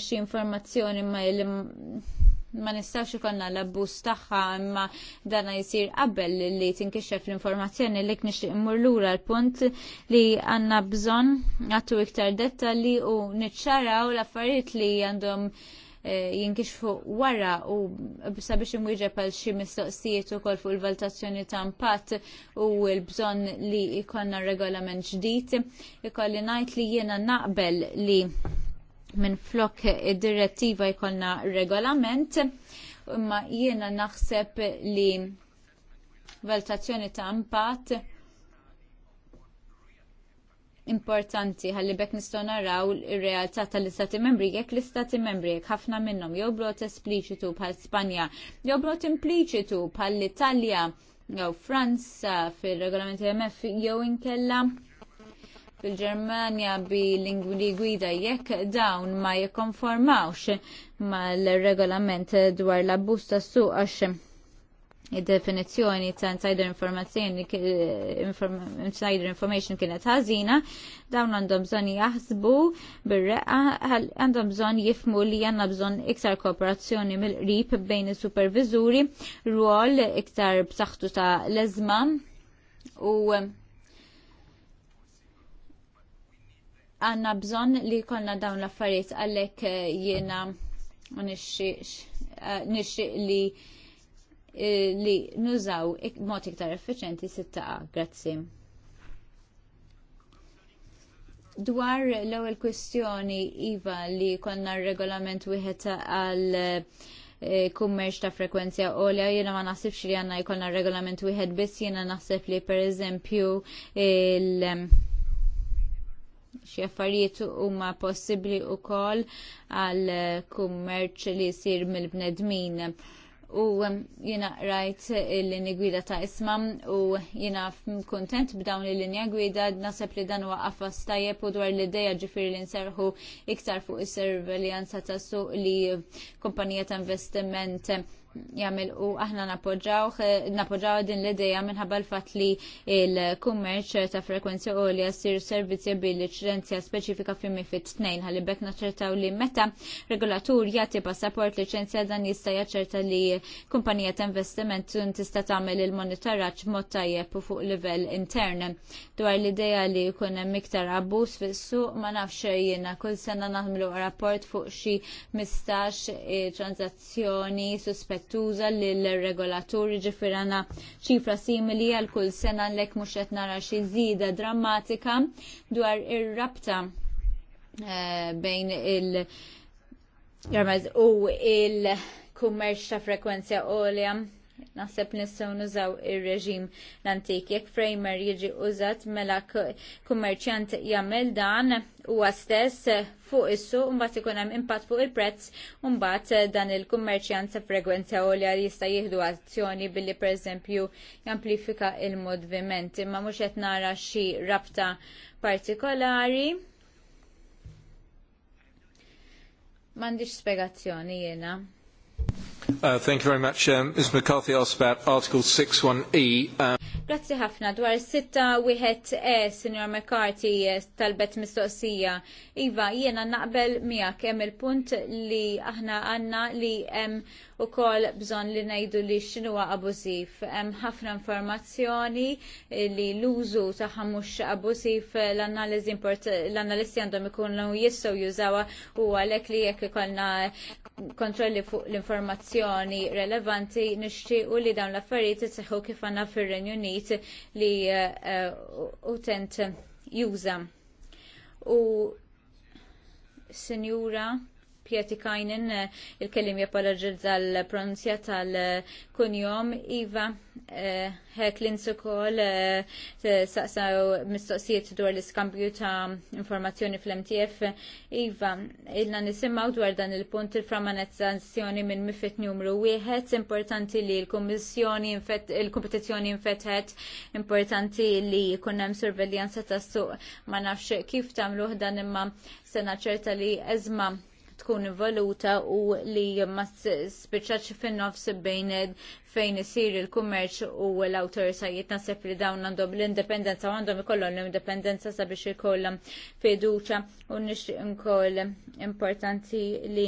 xi informazzjoni ma ma nistax ikonna l abbus tagħha imma dana jsir qabel li tinkixxef l-informazzjoni li nixtieq immur lura l-punt li għandna bżonn għattu iktar dettalji u niċċaraw l-affarijiet li għandhom eh, fuq wara u sabiex imwieġeb għal xi mistoqsijiet ukoll fuq il-valutazzjoni ta' impatt u l-bżonn li jkollna regolament ġdid. Ikolli ngħid li jiena naqbel li minn flok id-direttiva jkollna regolament imma jiena naħseb li valutazzjoni ta' impatt importanti ħalli bekk nistgħu naraw ir-realtà tal-istati membri jekk l-istati membri jekk ħafna minnhom jew brot espliċitu bħal Spanja, jew impliċitu bħal Italja jew Franza fir-regolament IMF e jew inkella fil-Ġermanja bi lingwi gwida jekk dawn ma jikkonformawx mal-regolament dwar l busta tas għax id-definizjoni ta' insider informazzjoni insider information kienet ħażina, dawn għandhom bżonn jaħsbu bir-reqqa għandhom bżonn jifmu li għandna bżonn iktar kooperazzjoni mill-qrib bejn is-supervizuri, rwol iktar b'saħħtu ta' leżma u għanna bżon li konna dawn l-affarijiet għalek eh, jena nixxieq eh, li eh, li nużaw mod iktar effiċenti sittaqa. Grazzi. Dwar l-ewwel kwistjoni iva li konna regolament wieħed għal kummerċ ta' frekwenzja olja, jena ma naħsibx li għanna jkollna regolament wieħed biss, jena naħseb li per eżempju il- xi affarijiet huma possibbli wkoll għal kummerċ li jsir mill-bnedmin. U um, jiena rajt il-linja gwida ta' ismam u jiena kontent b'dawn il-linja gwida nasab li dan huwa affas tajjeb u dwar l-ideja ġifieri li nserħu iktar fuq is surveljanza ta' suq li kumpanija ta' investiment jagħmel u aħna napoġġaw napoġġaw din l-idea minħabba l-fatt li l-kummerċ ta' frekwenzja u li servizja servizzi bil-liċenzja speċifika fi mifid tnejn ħalibek bekk naċċertaw li meta regolatur jagħti passaport liċenzja dan jista' jaċċerta li kumpanija ta' investiment tista' tagħmel il-monitoraġġ mod tajjeb u fuq livell intern. Dwar l-idea li jkun hemm iktar abbuż fis-suq ma nafx jiena kull sena naħmlu rapport fuq xi mistax eh, transazzjoni suspett tuża lill-regolaturi ġifirana ċifra simili għal kull sena l ek muxet qed nara xi żida drammatika dwar ir-rabta eh, bejn il- u il-kummerċ ta' frekwenzja olja Naħseb nistgħu nużaw ir-reġim l-antik. Jekk framer jiġi użat mela kummerċjant jagħmel dan huwa stess fuq issu mbagħad ikun hemm impatt fuq il-prezz u mbagħad dan il-kummerċjant ta' frekwenza li jista' jieħdu azzjoni billi pereżempju jamplifika il-moviment imma mhux qed nara xi rabta partikolari. M'għandix spjegazzjoni jiena. Uh, thank you very much. Um, Ms. McCarthy asked about Article 61E. Grazie um, Grazzi ħafna dwar sitta wieħed e, Sinjor McCarthy talbet mistoqsija. Iva, jiena naqbel miegħek hemm il-punt li aħna għandna li hemm ukoll bżonn li ngħidu li x'inhuwa abużiv. Hemm ħafna informazzjoni li l-użu tagħha mhux abużiv l-analiżi l-analisti għandhom ikunu jistgħu jużawha u għalhekk li jekk ikollna kontrolli fuq l-informazzjoni kwistjoni relevanti nixtiequ li dawn l-affarijiet isseħħu kif għandna fir-Renju Unit li uh, utent juża. U Sinjura Pieti Kajnen eh, il-kellim japologġil l pronunzja tal-kunjom Iva eh, Heklins ukoll eh, saqsaw mistoqsijiet dwar l-iskambju ta' informazzjoni fl-MTF Iva ilna nisimaw dwar dan il-punt il-framanizzazzjoni minn mifet numru wieħed importanti li l-Kummissjoni il-kompetizzjoni infetħet importanti li jkun hemm surveljanza tas suq ma nafx kif tagħmluh dan imma sena ċerta li eżma' tkun involuta u li ma spiċċaċ fin-nofs bejn fejn isir il-kummerċ u l-autorizajiet nasib li dawn għandhom l-indipendenza u għandhom ikollhom l-indipendenza sabiex ikollhom fiduċa u nixtieq inkoll importanti li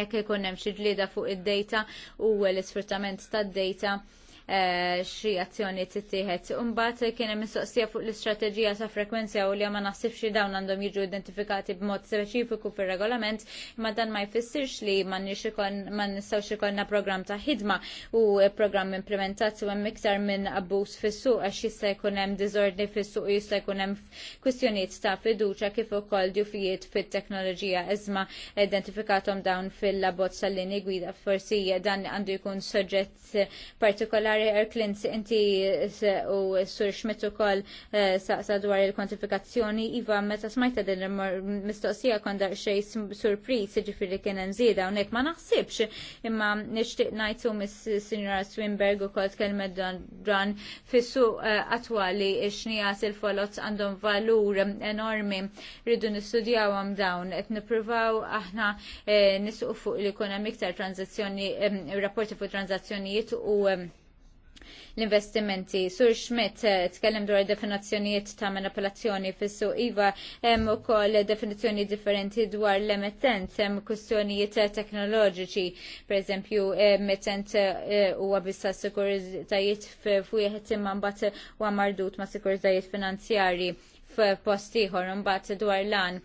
jekk ikun hemm xi ġlieda fuq id-data u l-isfruttament tad-data Eh, xi azzjoni tittieħed. Imbagħad kien hemm mistoqsija fuq l-istrateġija ta' frekwenzja u li ma naħsibx li dawn għandhom jiġu identifikati b'mod speċifiku fir-regolament, imma dan ma jfissirx li ma nistgħux ikollna programm ta' ħidma u programm implementat u hemm iktar minn abbuż fis-suq għax jista' jkun hemm diżordni fis-suq u jista' jkun hemm kwistjonijiet ta' fiduċja kif ukoll djufijiet fit-teknoloġija iżma identifikatom dawn fil-labbozz tal-lini gwida forsi dan għandu jkun soġġett partikolari dwar Erklins inti u Sur Schmidt ukoll eh, saqsa dwar il-kwantifikazzjoni iva meta smajta din mistoqsija konda xej surpriz ġifiri kien hemm u hawnhekk ma naħsibx imma nixtieq ngħid u Miss-Sinjora Swinberg ukoll kelmed dan fis-suq eh, attwali x'nijas il-folot għandhom valur enormi rridu nistudjawhom dawn qed nippruvaw aħna eh, nisqu fuq li jkun hemm iktar tranzazzjoni rapporti fuq tranzazzjonijiet u L-investimenti. Sur Schmidt eh, tkellem dwar definizzjonijiet ta' manipolazzjoni fissu iva hemm ukoll definizzjoni differenti dwar l-emittent hemm kwistjonijiet teknoloġiċi. Pereżempju, emittent eh, huwa bissa sikuritajiet f'wieħed imma mbagħad huwa mardut ma' sikurizzajiet finanzjarji f'post ieħor imbagħad dwar lan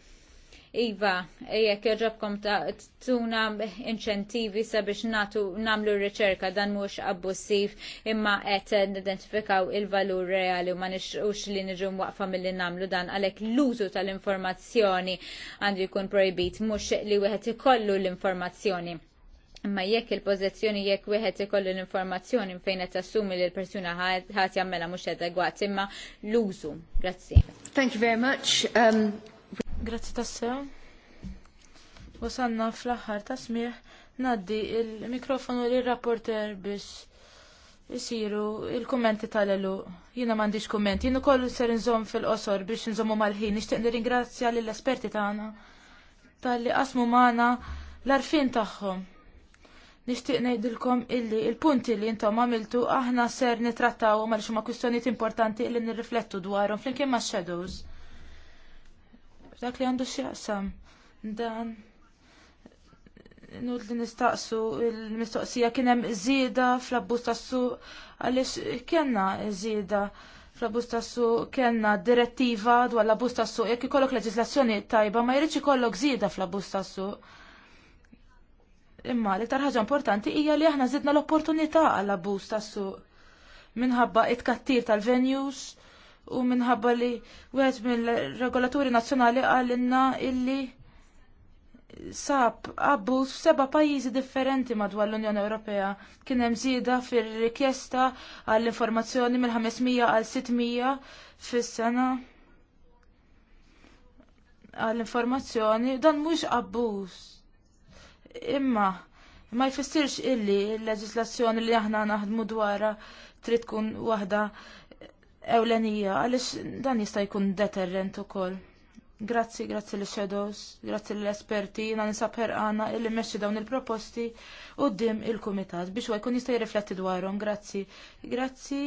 Iva, jekk kħerġabkom ta' tuna inċentivi sabiex natu namlu riċerka dan mhux abbussiv imma qed nidentifikaw il-valur reali u ma nixqux li niġu waqfa milli namlu dan għalhekk l-użu tal-informazzjoni għandu jkun projbit mhux li wieħed ikollu l-informazzjoni. Imma jekk il-pożizzjoni jekk wieħed ikollu l-informazzjoni fejn qed tassumi li l-persuna ħadd jagħmilha mhux adegwat imma l-użu. Grazzi. Thank you very much. Um... Grazzi tassew. Wasanna fl-aħħar ta' smieħ naddi il-mikrofonu lir rapporter biex isiru il-kummenti tal-elu. Jina m'għandix kummenti, jien ukoll ser nżomm fil-qosor biex nżommu mal-ħin. Nixtieq nirringrazzja lill-esperti tagħna tal-li qasmu magħna l-arfin tagħhom. Nixtieq ngħidilkom illi il-punti li intom għamiltu aħna ser nitrattaw mal xuma kwistjonijiet importanti illi nirriflettu dwarhom flimkien ma' shadows. Dak li għandu x'jaqsam dan nud li nistaqsu il-mistoqsija kien hemm żieda fl abbus tas-suq għaliex kellna żieda fl abbus tassu, kienna kellna direttiva dwar l abbus tas-suq jekk ikollok leġislazzjoni tajba ma jirriċi ikollok żieda fl abbus tas-suq. Imma l-iktar ħaġa importanti hija li aħna żidna l-opportunità għall abbus tas-suq minħabba it-kattir tal-venues u minħabba li wieħed mill-regolaturi nazzjonali għallinna illi sab abbuż f'seba' pajjiżi differenti madwar l-Unjoni Ewropea kien hemm żieda fir-rikjesta għall informazzjoni mill 500 għal 600 fis-sena għall informazzjoni dan mhux abbuż. Imma ma jfissirx illi l-leġislazzjoni li aħna naħdmu dwarha trid tkun waħda ewlenija għaliex dan jista' jkun deterrent ukoll. Grazzi, grazzi l shadows grazzi l-esperti, jina nisab ħerqana illi meċi dawn il-proposti u d-dim il-komitat biex għajkun jkun jista' jirrifletti dwarhom. Grazzi, grazzi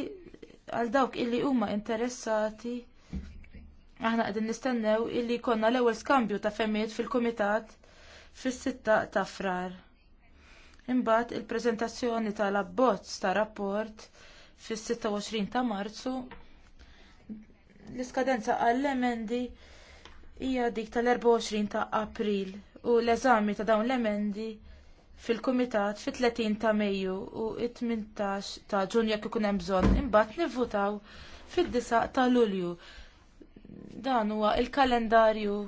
għal dawk illi huma interessati. Aħna qegħdin nistennew illi jkollna l-ewwel skambju ta' femmiet fil-kumitat fis-sitta ta' frar. Imbagħad il-preżentazzjoni tal-abbozz ta' rapport fis-26 ta' Marzu L-iskadenza għall-emendi hija dik tal-24 ta' April u l-eżami ta' dawn l-emendi fil-Kumitat fit-30 ta' Mejju u 18 ta' Ġunju jekk ikun hemm bżonn imbagħad nivvutaw fid-9 ta' Lulju. Dan huwa il-kalendarju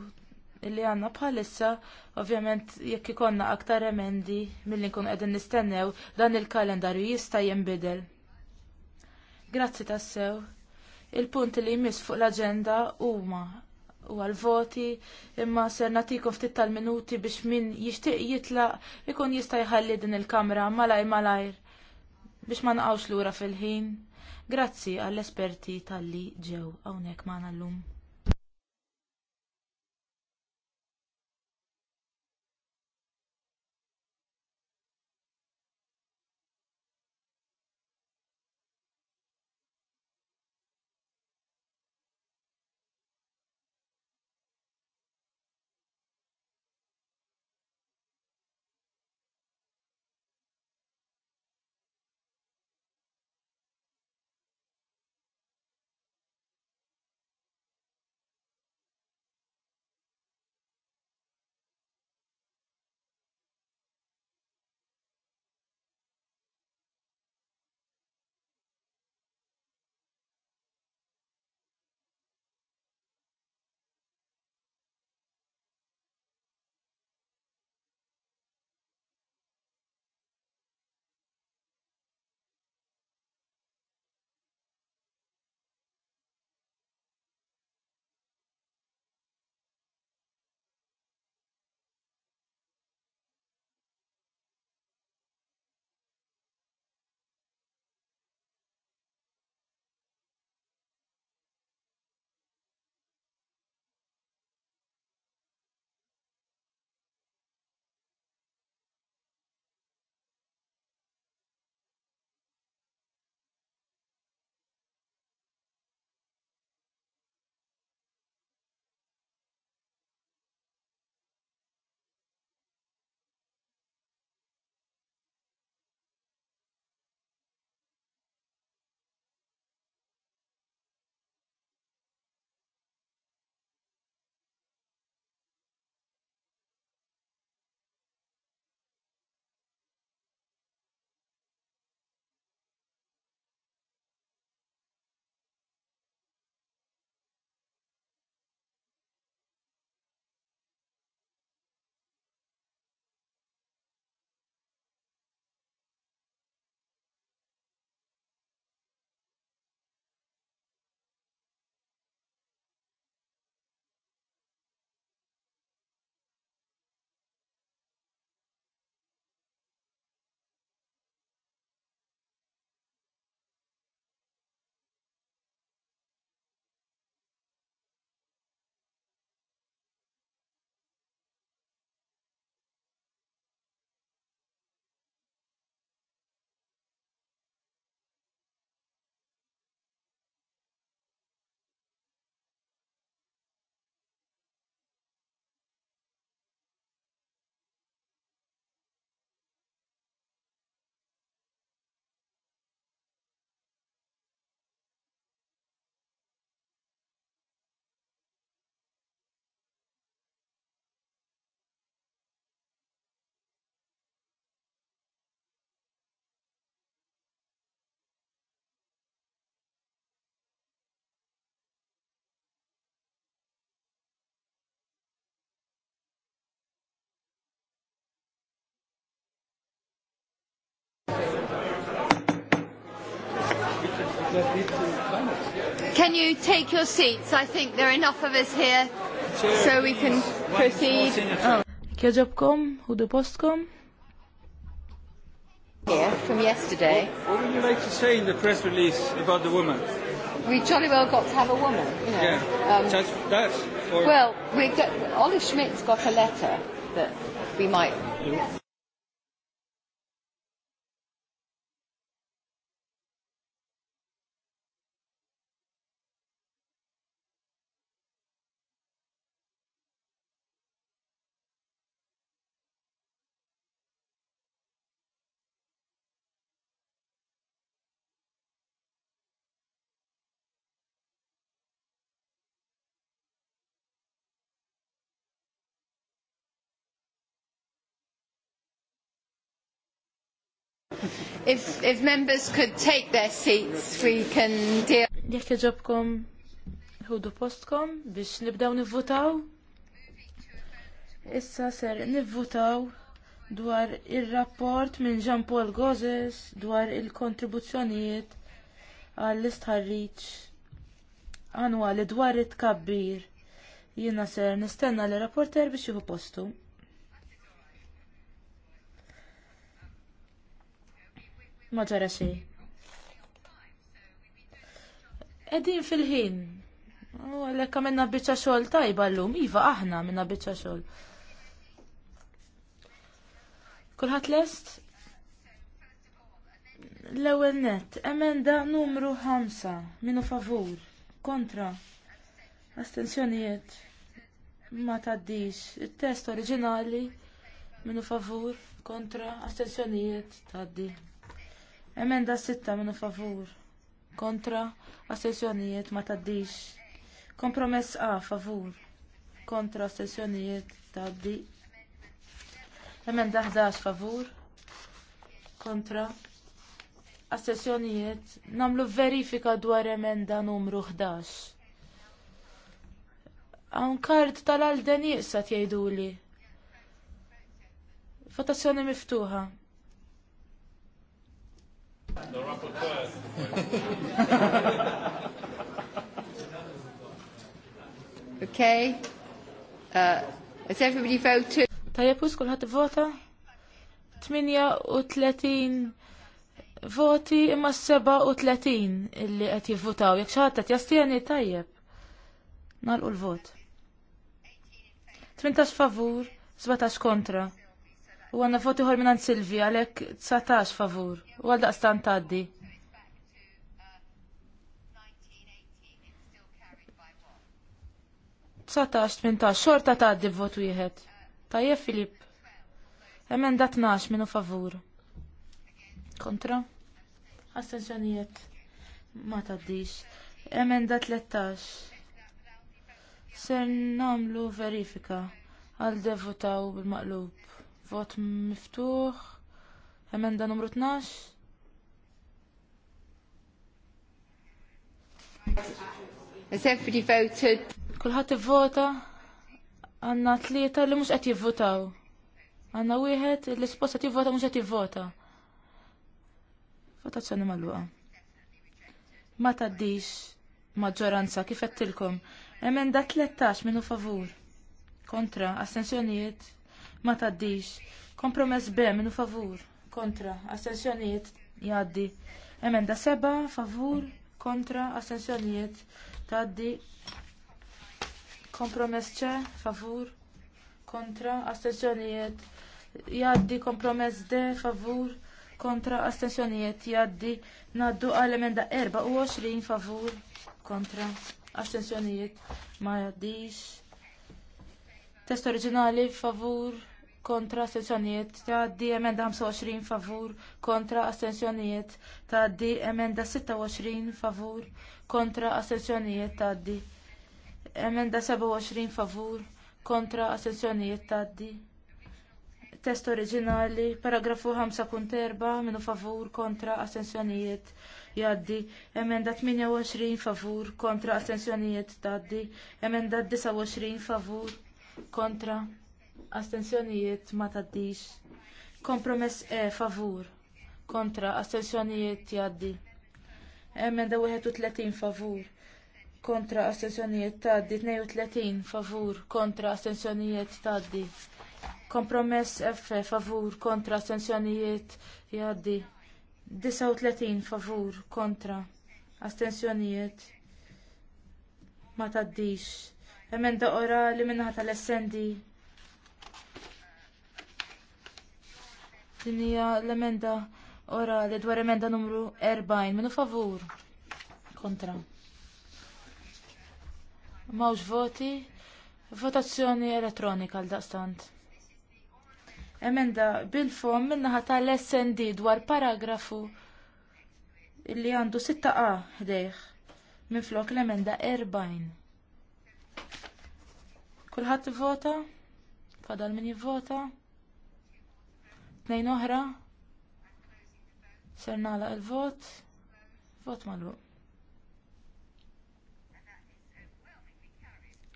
li għandna bħalissa, ovvjament jekk ikonna aktar emendi milli nkunu qegħdin nistennew, dan il-kalendarju jista' jinbidel. Grazzi tassew il punti li jmiss fuq l-agenda huma u għal-voti imma ser natikom ftit tal-minuti biex min jixtieq jitlaq ikun jista' jħalli din il-kamra malaj malajr biex ma nqawx lura fil-ħin. Grazzi għall-esperti tal-li ġew hawnhekk magħna llum. Can you take your seats? I think there are enough of us here so we can proceed. Kieġobkom, u postkom? Here from yesterday. What would you like to say in the press release about the woman? We jolly well got to have a woman, you know. Yeah. Um, that's, that's or... Well, we got, Ollie Schmidt's got a letter that we might. If, if members could take their seats, we can deal. Jekk iġobkom ħudu postkom biex nibdaw nivvutaw. Issa ser nivvutaw dwar ir-rapport minn Jean Paul Gozes dwar il-kontribuzzjonijiet għall-istħarriċ annwali dwar it-kabbir. Jiena ser nistenna l-rapporter biex jieħu postu. Ma ġara xej. Edin fil-ħin. U għalek għamilna bieċa xol tajba l-lum. Iva, aħna minna bieċa xol. Kulħat lest? L-ewel net, emenda numru 5, minu favur, kontra, astensjonijiet, ma taddix, il-test oriġinali, minu favur, kontra, astensjonijiet, taddi. Emenda sitta minu favur. Kontra. assessjonijiet ma taddix. Kompromess A favur. Kontra assessjonijiet taddi. Emenda 11 favur. Kontra. assessjonijiet Namlu verifika dwar emenda numru 11. Għan kart tal-għalden jiqsat jgħiduli. Votazzjoni miftuħa okay. Uh, is everybody voted? Tajja pus kullħat vota? 38 voti imma 37 illi qed jivvotaw. Jekk xi ħadd qed jastieni tajjeb. Nagħlqu l-vot. 18 favur, 17 kontra. U għanna foti ħor minnant Silvi, għalek 19 favur. U għal daqstan taddi. Tsatax, tmintax, xorta taddi votu jihet. jie Filip. Emenda 12 minu favur. Kontra? Astenzjonijiet. Ma taddix. Emenda 13. Ser namlu verifika għal devutaw bil-maqlub. Vot miftuħ. Emenda numru 12. Is everybody voted? Kulħadd ivvota. Għandna tlieta li mhux qed jivvotaw. Għandna wieħed li suppost qed jivvota mhux qed jivvota. Votazzjoni magħluqa. Ma tgħaddix maġġoranza kif tilkom. Emenda 13 minu favur. Kontra, astensjonijiet ma taddix. Kompromess B minu favur kontra astensjonijiet jaddi. Emenda seba' favur kontra astensjonijiet taddi. Kompromess C favur kontra astensjonijiet jaddi. Kompromess D favur kontra astensjonijiet jaddi. Naddu għal emenda 24 favur kontra astensjonijiet ma jaddix. Test oriġinali favur kontra astensjonijiet ta' di emenda 25 favur kontra astensjonijiet ta' di emenda 26 favur kontra astensjonijiet ta' di emenda 27 favur kontra astensjonijiet ta' test oriġinali paragrafu 5.4 minu favur kontra astensjonijiet jaddi emenda 28 favur kontra astensjonijiet taddi emenda 29 favur kontra astensjonijiet ma taddix. Kompromess E favur kontra astensjonijiet jaddi. Emenda 31 favur kontra astensjonijiet taddi, 32 favur kontra astensjonijiet taddi. Kompromess F favur kontra astensjonijiet jaddi. 39 favur kontra astensjonijiet ma taddix. Emenda orali minnaħa tal-essendi din hija l-emenda orali dwar emenda numru 40. Minu favur? Kontra. Mawx voti? Votazzjoni elettronika għal daqstant. Emenda bil-fom minnaħa tal-SND dwar paragrafu illi għandu 6A ħdejħ minn flok l-emenda 40. Kulħadd vota? Fadal min jivvota? Tnejn oħra. Ser nagħlaq il-vot. Vot magħluq.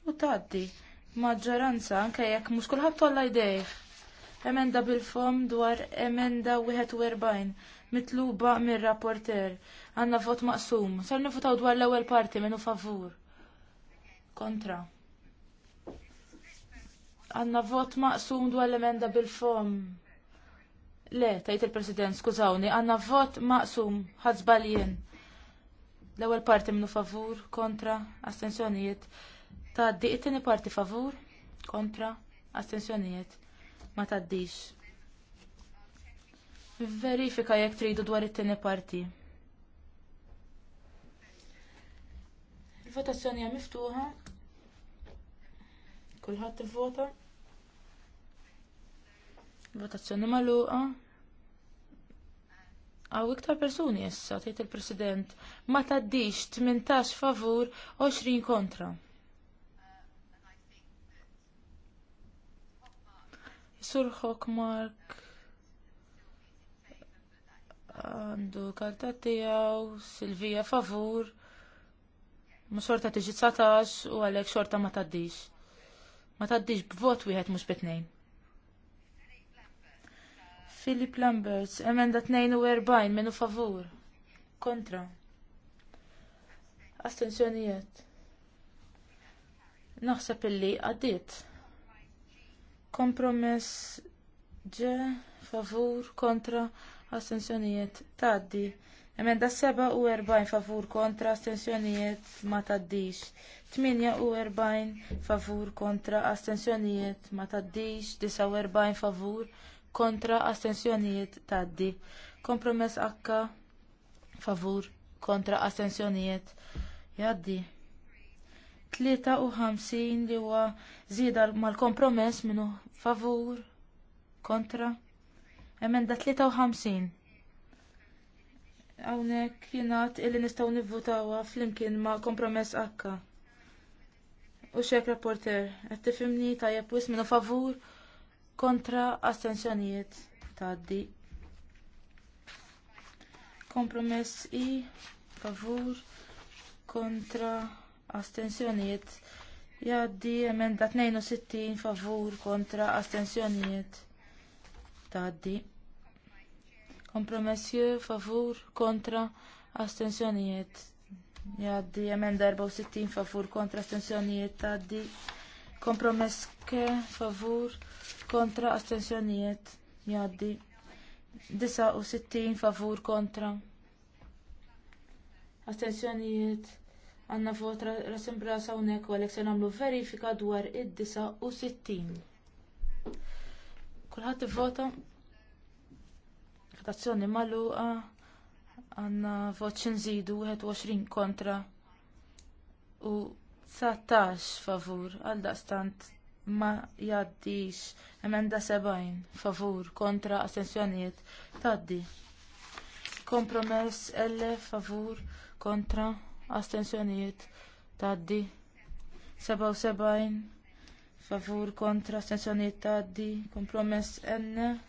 U tgħaddi maġġoranza anke jekk mhux kulħadd tolla jdejh. Emenda bil-fom dwar emenda 41 mitluba mir-rapporter. Għandna vot maqsum. Ser nifutaw dwar l-ewwel parti minnu favur. Kontra. Għandna vot maqsum dwar l-emenda bil-fom. Le, tajt il-President, skużawni, għanna vot maqsum, ħazbaljen. L-ewel parti minnu favur, kontra, astensjonijiet. Ta' it-tini parti favur, kontra, astensjonijiet. Ma taddix. Verifika jek tridu dwar it-tini parti. Il-votazzjoni hija miftuħa. Kulħadd ivvota. vota Votazzjoni magħluqa. Għaw iktar persuni issa, tgħid il-President, ma taddix 18 favur 20 kontra. Sur Hockmark għandu karta tiegħu, Silvija favur, ma xorta tiġi 19 u għalhekk xorta ma taddix. Ma taddix b'vot wieħed mhux bitnejn. Philip Lamberts, emenda 42, menu favur. Kontra. Astenzjonijiet. Naħseb illi għaddit. Kompromess ġe, favur, kontra, astenzjonijiet. Taddi. Emenda 47 favur kontra, astenzjonijiet ma taddix. 48 favur kontra, astenzjonijiet ma taddix. 49 favur kontra astensjonijiet taddi. Kompromess akka favur kontra astensjonijiet jaddi. 53 li huwa żieda mal-kompromess minnu favur kontra. Emenda 53. Hawnhekk jingħad illi nistgħu nivvutawha flimkien ma' kompromess akka. U xek rapporter, qed tifhimni tajjeb wis minnu favur kontra astensjonijiet tgħaddi. Kompromess i favur kontra astensjonijiet jgħaddi emenda 62 favur kontra astensjonijiet tgħaddi. Kompromess i favur kontra astensjonijiet jgħaddi emenda 64 favur kontra astensjonijiet tgħaddi kompromess ke favur kontra astensjonijiet jaddi 69 favur kontra astensjonijiet għanna vot rasimbrasa ra sawnek u għalek se namlu verifika dwar id-69. Kulħadd ivvota votazzjoni magħluqa għandna vot xinżidu 21 kontra u 19 favur għal daqstant ma jaddix. Emenda 70, favur, kontra, astensjonijiet, taddi. Kompromess L, favur, kontra, astensjonijiet, taddi. 77, favur, kontra, astensjonijiet, taddi. Kompromess N,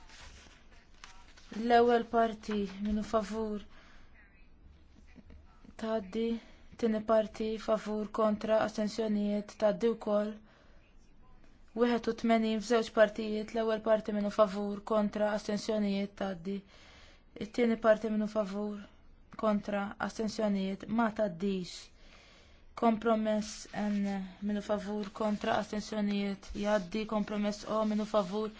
l-ewwel parti minu favur, taddi. Tieni parti, favur, kontra, astensjonijiet, taddi wkoll 81 f'żewġ partijiet l-ewwel parti minnu favur kontra astensjonijiet tgħaddi. It-tieni parti minnu favur kontra astensjonijiet ma tgħaddix. Kompromess N minnu favur kontra astensjonijiet jgħaddi, kompromess O minnu favur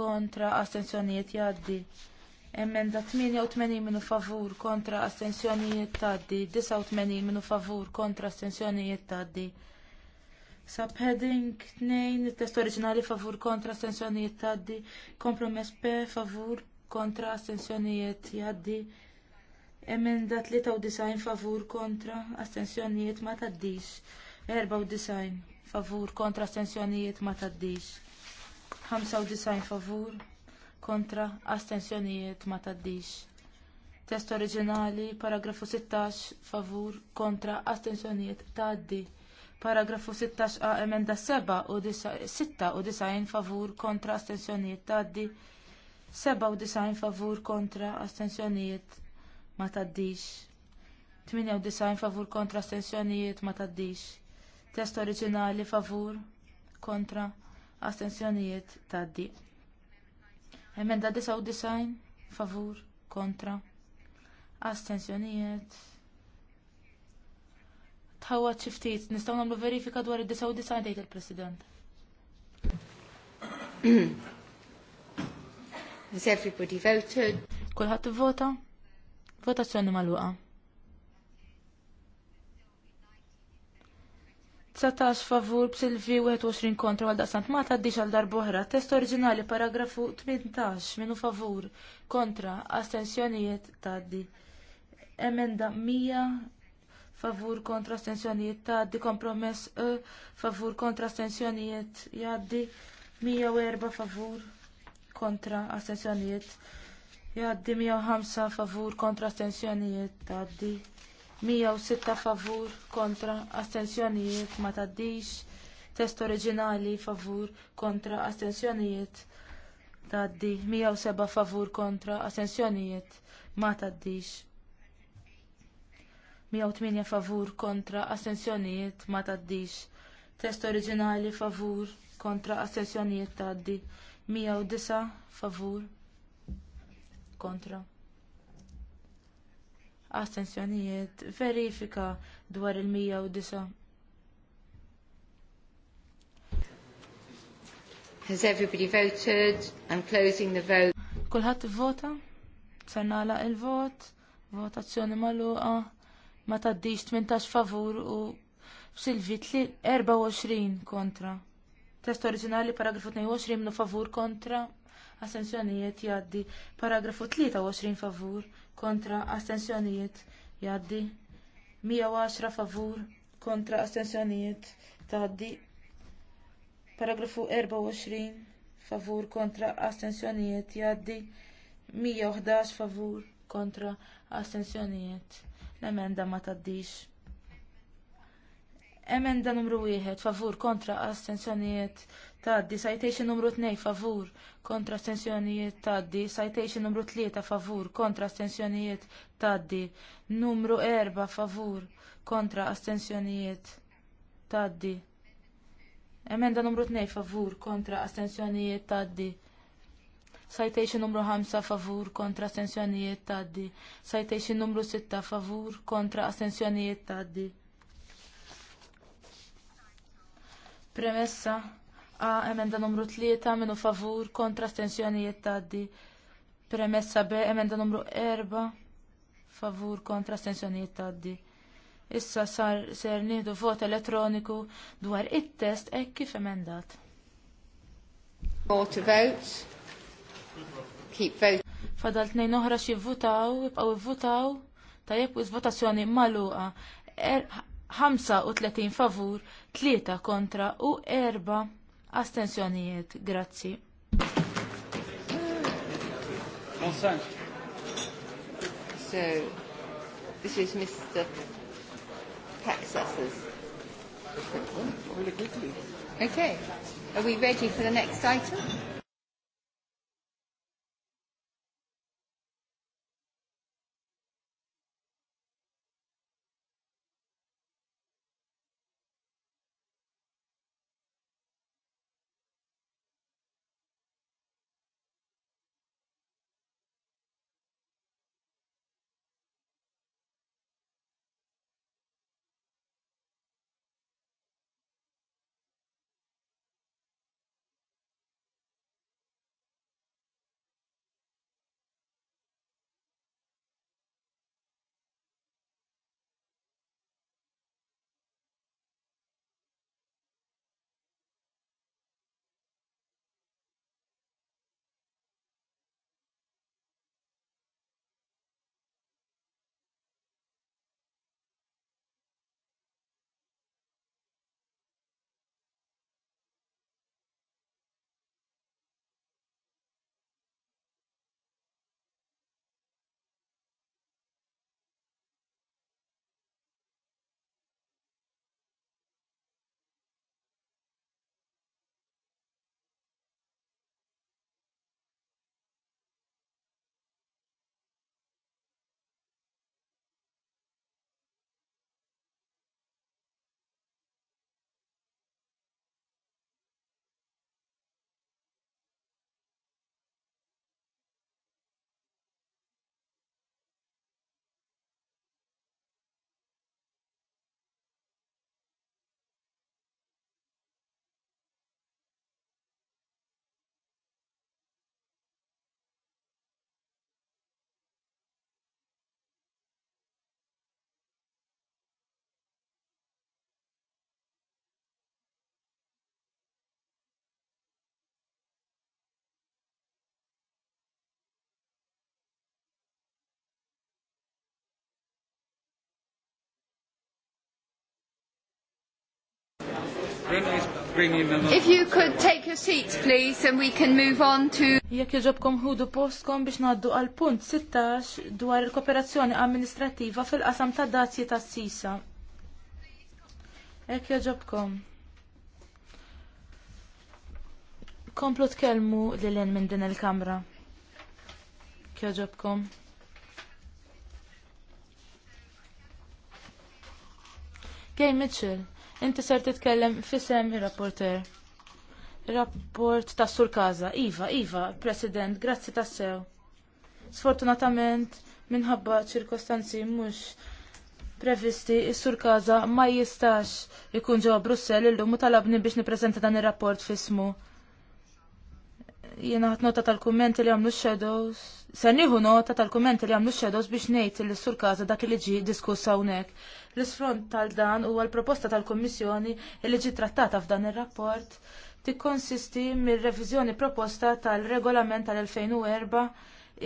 kontra astensjonijiet jgħaddi. Emenda 88 minu favur kontra astensjonijiet tgħaddi, 89 minnu favur kontra astensjonijiet tgħaddi. Subheading 2, test oriġinali favur kontra astensjonijiet taddi, kompromess P favur kontra astensjonijiet jaddi, emenda 93 favur kontra astensjonijiet ma taddix, 94 favur kontra astensjonijiet ma taddix, 95 favur kontra astensjonijiet ma taddix. Test oriġinali, paragrafu 16, favur kontra astensjonijiet taddi. Paragrafu 16 a emenda 7 u 6 u 90 favur kontra astensjonijiet taddi. 7 u 90 favur kontra astensjonijiet ma taddix. 98 favur kontra astensjonijiet ma taddix. Test oriġinali favur kontra astensjonijiet taddi. Emenda 99 favur kontra astensjonijiet tħawat xi ftit nistgħu nagħmlu verifika dwar id disa tgħid il-President. Has everybody voted? Kulħadd ivvota? Votazzjoni mal Satax 19 favur b'Silvi 21 kontra għal daqsant ma tgħaddix għal oħra. Test oriġinali paragrafu 18 minu favur kontra astensjonijiet tgħaddi. Emenda 100 favur kontra astensjonijiet tgħaddi, kompromess E, favur kontra astensjonijiet jgħaddi, 104 favur kontra astensjonijiet jgħaddi, 105 favur kontra astensjonijiet tgħaddi, 106 favur kontra astensjonijiet ma tgħaddix, test oriġinali favur kontra astensjonijiet tgħaddi, 107 favur kontra astensjonijiet ma tgħaddix. 108 favur kontra astensjonijiet ma taddix. Test oriġinali favur kontra astensjonijiet taddi. 109 favur kontra. Astensjonijiet verifika dwar il-109. Has everybody voted? I'm closing the vote. Kulħadd ivvota? Sar nagħlaq il-vot, votazzjoni magħluqa ma taddix 18 favur u li 24 kontra. Test oriġinali paragrafu 22 minu favur kontra astensjonijiet jaddi. Paragrafu 23 favur kontra astensjonijiet jaddi. 110 favur kontra astensjonijiet taddi. Paragrafu 24 favur kontra astensjonijiet jaddi. 111 favur kontra astensjonijiet L-emenda ma taddix. Emenda numru 1, favur kontra astensjonijiet taddi. Citation numru 2, favur kontra astensjonijiet taddi. Citation numru 3, favur kontra astensjonijiet taddi. Numru 4, favur kontra astensjonijiet taddi. Emenda numru 2, favur kontra astensjonijiet taddi. Citation numru 5 favur kontra astensjonijiet taddi. Citation numru 6 favur kontra astensjonijiet taddi. Premessa A emenda numru 3 minu favur kontra astensjonijiet taddi. Premessa B emenda numru 4 favur kontra astensjonijiet taddi. Issa sar ser nidu vot elettroniku dwar it-test hekk kif emendat. Vote keep voting. Fadal tnejn oħra xi votaw, jibqgħu votaw, tajjeb u votazzjoni magħluqa. 35 er, favur, 3 kontra u 4 astensjonijiet. Grazzi. So, this is Mr. Taxus's. Really Okay. Are we ready for the next item? bring in another... If you could take your seats, please, and we can move on to... Jekk jġobkom ħudu postkom biex naddu għal punt 16 dwar il-kooperazzjoni amministrativa fil-qasam ta' dazji ta' sisa. Jekk jġobkom. Komplu tkellmu l-len minn din il-kamra. Kjoġobkom. Gay Mitchell. Inti ser titkellem fisem ir-rapporter. Rapport ta' sur kaza. Iva, Iva, President, grazzi ta' sew. Sfortunatament, minħabba ċirkostanzi mhux previsti, is-sur kaza ma jistax ikun ġewwa Brussell illum u talabni biex nippreżenta dan ir-rapport fismu. Jiena ħadd nota tal-kummenti li għamlu shadows. Ser nieħu nota tal-kummenti li għamlu shadows biex ngħid li sur kaza dak li ġie diskuss hawnhekk. L-isfront tal-dan huwa l-proposta tal-Kummissjoni li ġi trattata f'dan ir-rapport tikkonsisti mir-reviżjoni proposta tal-regolament tal-2004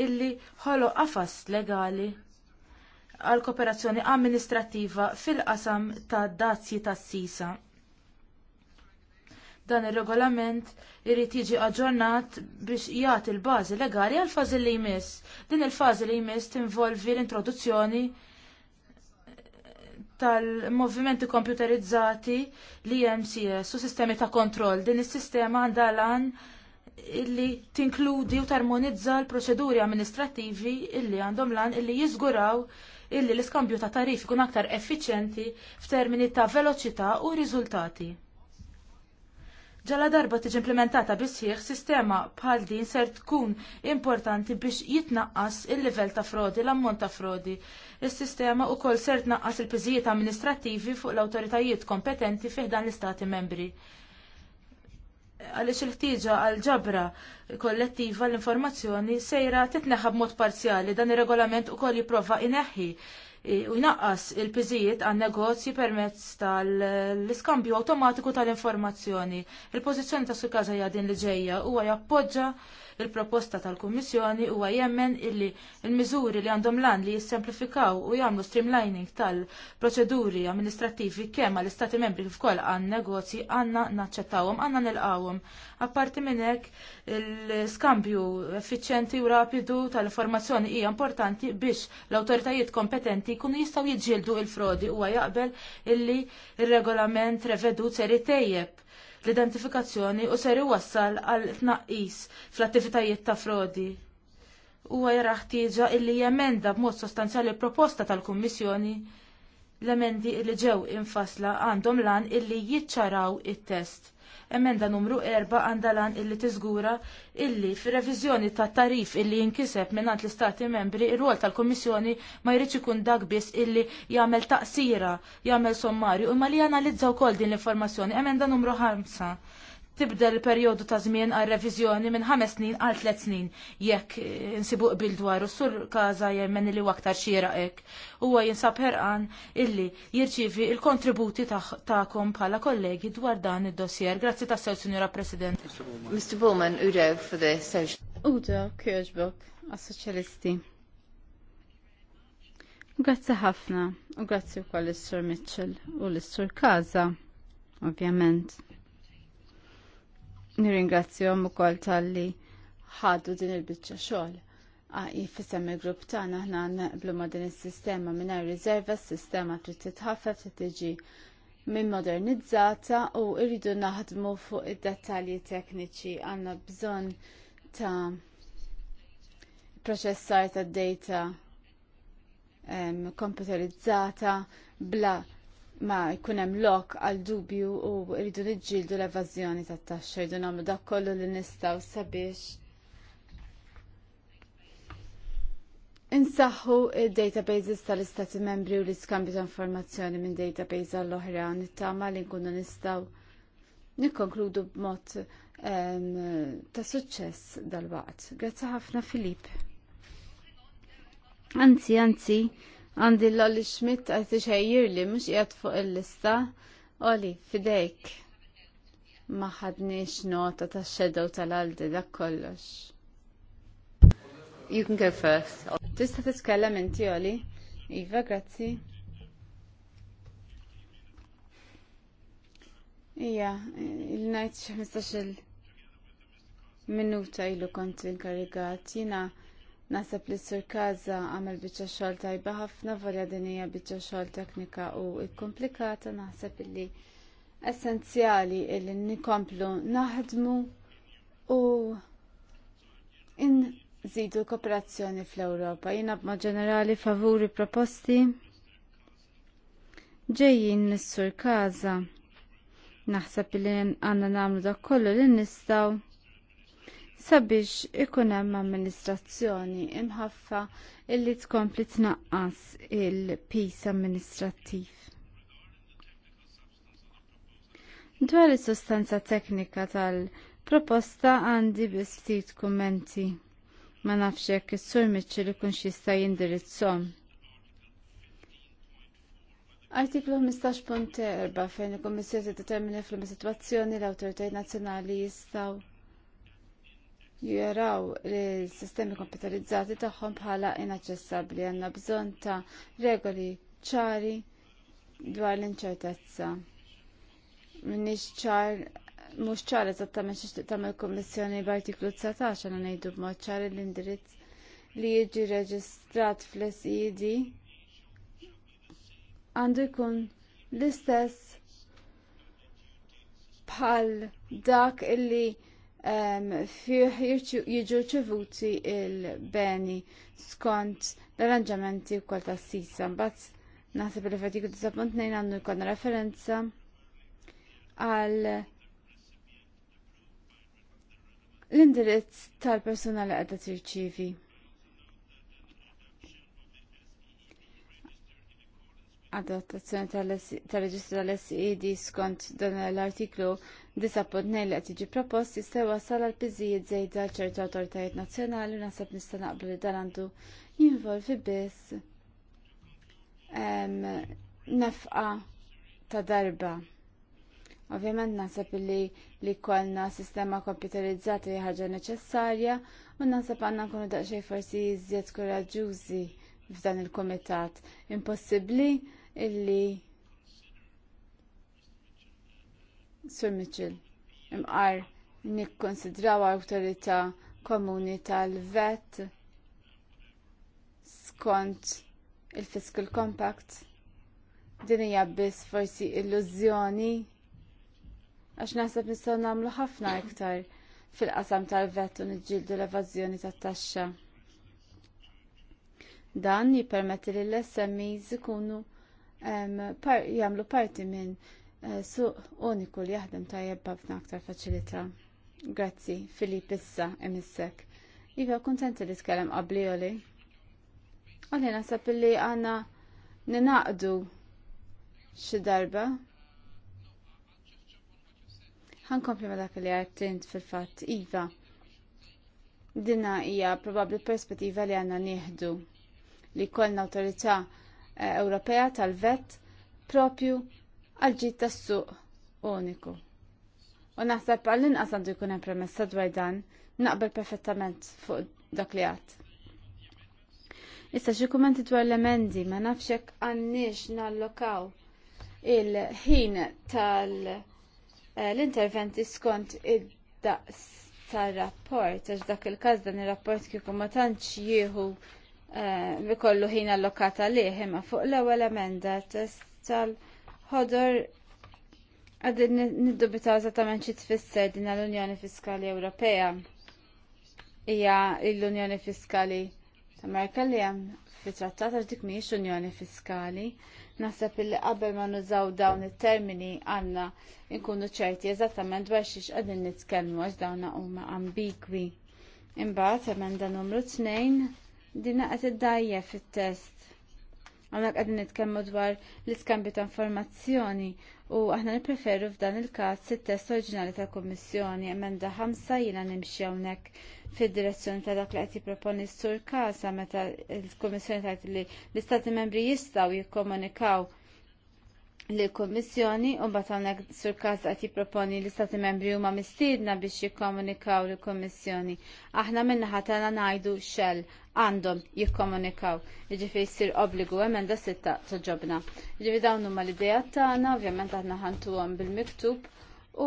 illi ħolo qafas legali għal kooperazzjoni amministrattiva fil-qasam ta' dazji tas-sisa dan ir-regolament irid jiġi aġġornat biex jagħti l-bażi legali għal fażi li jmiss. Din il-fażi li jmiss tinvolvi l-introduzzjoni tal-movimenti kompjuterizzati li MCS u sistemi ta' kontroll. Din is-sistema għandha lan illi tinkludi u tarmonizza l-proċeduri amministrativi illi għandhom lan illi jiżguraw illi l-iskambju ta' tarif kun aktar effiċjenti f'termini ta' veloċità u riżultati ġala darba tiġi implementata sħiħ sistema bħal din ser tkun importanti biex jitnaqqas il-livell ta' frodi, l-ammont ta' frodi. Is-sistema wkoll ser tnaqqas il-piżijiet amministrattivi fuq l-awtoritajiet kompetenti fih dan l-istati membri. Għaliex il-ħtieġa għal ġabra kollettiva l-informazzjoni sejra titneħab mod parzjali dan ir-regolament ukoll jipprova ineħħi u jnaqqas il-piżijiet għan negozji permezz tal-iskambju automatiku tal-informazzjoni. Il-pożizzjoni ta' sukaza hija din li ġejja huwa jappoġġa il-proposta tal-Kummissjoni huwa jemmen illi il-miżuri li għandhom lan li jissemplifikaw u jagħmlu streamlining tal-proċeduri amministrattivi kemm għall istati membri kif ukoll għan negozji għandna naċċettawhom, għandna nilqawhom. Apparti minn hekk il-skambju effiċjenti u rapidu tal-informazzjoni hija importanti biex l-awtoritajiet kompetenti jkunu jistgħu jiġġieldu il-frodi huwa jaqbel illi il regolament revedut ser tejjeb l-identifikazzjoni u ser iwassal għal tnaqqis fl-attivitajiet ta' frodi. Huwa jara ħtieġa illi jemenda b'mod sostanzjali proposta tal-Kummissjoni L-emendi li ġew infasla għandhom lan illi jiċċaraw it-test. Emenda numru 4 għandha lan illi tiżgura illi fir-reviżjoni tat tarif illi jinkiseb mingħand l-Istati membri ir-rwol tal-Kummissjoni ma jridx ikun dak biss illi jagħmel taqsira, jagħmel sommarju imma li janalizza wkoll din l-informazzjoni. Emenda numru 5 tibdel perjodu ta' żmien għal reviżjoni minn ħames snin għal tliet snin jekk eh, insibu qbil u sur każa jemmen li aktar xieraq hekk. Huwa jinsab ħerqan illi jirċievi il-kontributi tagħkom bħala kollegi dwar dan id-dossier. Grazzi ta' sew, Sinjora President. Mr. Bowman, Udo for the social. Udo, Kirchbrook, għas-Soċjalisti. Grazzi ħafna u grazzi wkoll is-Sur Mitchell u l-Sur Kaza, ovvjament nirringrazzjom ukoll talli ħadu din il-biċċa xogħol. Jifisem il-grupp tagħna aħna naqblu ma' din is-sistema mingħajr riserva, s-sistema trid titħaffef trid tiġi minn modernizzata u rridu naħdmu fuq id-dettalji tekniċi għandna bżonn ta' proċessar ta' data um, komputerizzata bla ma jkun hemm lok għal dubju u rridu niġġieldu l-evażjoni tat-taxxa rridu nagħmlu dak kollu li nistgħu sabiex Insaħħu il-databases tal-istati membri u l-iskambju ta' informazzjoni minn database għall-oħra nittama li nkunu nistgħu nikkonkludu b'mod ta' suċċess dal-waqt. Grazzi ħafna Filip. Anzi, anzi, Għandi l-Oli Schmidt għajti xajjir li mux jgħat fuq il-lista. Oli, fidejk. Maħadniex nota ta' xedow tal-għaldi dak kollox. You can go first. Tista titkellem inti, Oli. Iva, grazzi. Ija, il-najt xie minuta ilu kont inkarigat. Jina, Nasab li s-sur Kaza għamel bieċa xol tajba ħafna volja dinija bieċa xol teknika u komplikata naħseb li essenzjali illi nikomplu naħdmu u inżidu kooperazzjoni fl-Ewropa. Jina b'ma ġenerali favuri proposti ġejjin mis-sur Kaza. Naħseb li għanna namlu dak kollu li nistaw sabiex ikun hemm amministrazzjoni imħaffa illi tkompli tnaqqas il-pis amministrattiv. Dwar is-sostanza teknika tal-proposta għandi biss ftit kummenti. Ma nafx jekk is-sur Miċċel ikun jista' jindirizzhom. Artiklu 15.4 fejn il-Kummissjoni determina fl-situazzjoni l-awtoritajiet nazzjonali jistgħu jaraw li sistemi kompjuterizzati tagħhom bħala inaċċessabbli għandna bżonn ta' regoli ċari dwar l-inċertezza. Mnix ċar mhux ċar eżattament xi tagħmel kummissjoni b'artiklu 19 għandna ngħidu b'mod ċar l-indirizz li jiġi reġistrat fl-SID e għandu jkun l-istess bħal dak illi fih jiġu rċevuti il-beni skont l-arranġamenti u kol tas-sisa. Mbagħad naħseb li fatiku disappunt nejn għandu jkollna referenza għal l-indirizz tal-persuna li qiegħda tirċivi. Adottazzjoni tal-reġistru tal-SED skont dan l-artiklu Disappuntnej li qed propost jistewa wasal l piżijiet żejda għal ċertu awtoritajiet nazzjonali naħseb nista' naqblu li dan għandu jinvolvi biss nefqa ta' darba. Ovvjament naħseb li li kolna sistema komputerizzata hija ħaġa neċessarja u naħseb għandna nkunu daqsxejn forsi iżjed koraġġużi f'dan il-kumitat. Impossibbli illi Sur Mitchell, imqar nikkonsidraw awtorità komuni tal-vet skont il-Fiscal Compact. Din hija biss forsi illużjoni għax naħseb nistgħu nagħmlu ħafna iktar fil-qasam tal-vet u niġġieldu l-evażjoni tat-taxxa. Dan jippermetti lill SMEs ikunu jagħmlu parti minn Eh, suq uniku li jaħdem tajjeb b'ħafna aktar faċilità. Grazzi, Filip issa emissek. Iva kuntenti li tkellem qabli oli. Oli nasab li għanna ninaqdu xi darba. Ħankompli ma dak li għartint fil-fatt, Iva. Dina hija probabbli perspettiva li għanna nieħdu li kollna autorita eh, Ewropea tal-vet propju għal ġid tas-suq uniku. U naħseb għallin inqas għandu jkun hemm premessa dwar dan naqbel perfettament fuq dak li għad. Issa xi kumenti dwar l-emendi ma nafx hekk għandniex nallokaw il-ħin tal-interventi eh, skont id-daqs tar-rapport għax dak il-każ dan ir-rapport kieku ma tantx jieħu eh, kollu ħin allokata lih imma fuq l-ewwel emenda test tal- -rapport, ħodor għadin niddubitaw eżattament xi tfisser din l-Unjoni Fiskali Ewropea. Hija l-Unjoni Fiskali ta' Merkel li hemm fit-trattat għax dik mhijiex Unjoni Fiskali. Naħseb illi qabel ma nużaw dawn it-termini għandna nkunu ċerti eżattament dwar xiex qegħdin nitkellmu għax dawn huma ambigwi. Imbagħad emenda numru tnejn din qed iddajja fit-test Għamlek għadin nitkellmu dwar l-iskambju ta' informazzjoni u aħna nipreferu f'dan il-każ sit test oriġinali tal-Kummissjoni emenda ħamsa jiena nimxi hawnhekk fid-direzzjoni ta' dak li qed jipproponi s-sur kasa meta l-Kummissjoni tgħid li l-Istati Membri jistgħu jikkomunikaw li l-Kommissjoni u batanek sur kas għati proponi li stati membri huma mistiedna biex jikkomunikaw lill kommissjoni Aħna minna ħatana najdu xell għandhom jikkomunikaw. Iġifi jissir obbligu emenda sitta toġobna. Iġifi dawn huma l-ideja tagħna, ovvjament aħna ħantu bil-miktub.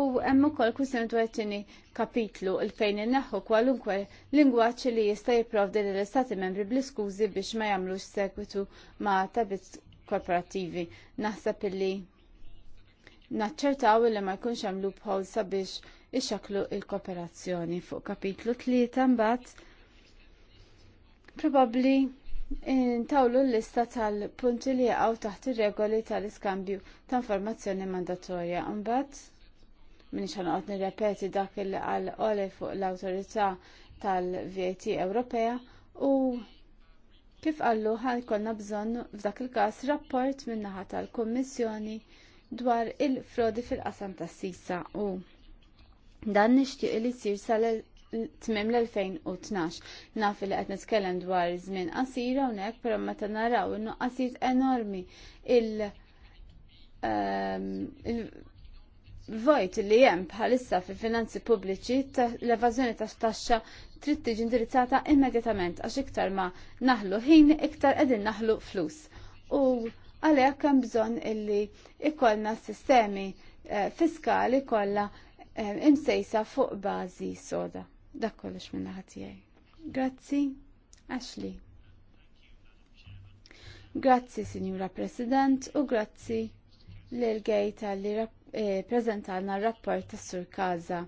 U hemm ukoll kusin dwar kapitlu il fejn inneħħu kwalunkwe lingwaġġ li jista' jipprovdi lill istati membri bl-iskużi biex ma jagħmlux segwitu ma' tabit korporattivi. Naħseb illi naċċertaw illi ma jkunx hemm loophole sabiex ixaklu il-kooperazzjoni fuq kapitlu tlieta mbagħad probabbli Intawlu l-lista tal-punti li jaqgħu taħt ir-regoli tal-iskambju ta' informazzjoni mandatorja. Imbagħad minix ħanqod nirrepeti dak il qal fuq l-awtorità tal-VAT Ewropea u Kif għallu ħajkonna bżonn f'dak il-każ rapport min-naħa tal-Kummissjoni dwar il-frodi fil-qasam tas-sisa u dan nixtieq li jsir sal tmim l-2012. Naf li qed nitkellem dwar żmien qasir hawnhekk, però meta naraw in-nuqqasijiet enormi il- ehm, vojt li jem bħalissa fil finanzi pubbliċi l-evażjoni ta' taxxa trid tiġi indirizzata immedjatament għax iktar ma naħlu ħin iktar qegħdin naħlu flus. U għalhekk hemm bżonn illi ikollna sistemi eh, fiskali kollha eh, imsejsa fuq bażi soda. Dak kollox minn naħa tiegħi. Grazzi, Ashley. Grazzi, sinjura President, u grazzi lil gejta li eh, prezentalna r-rapport tas-Sur Kaza.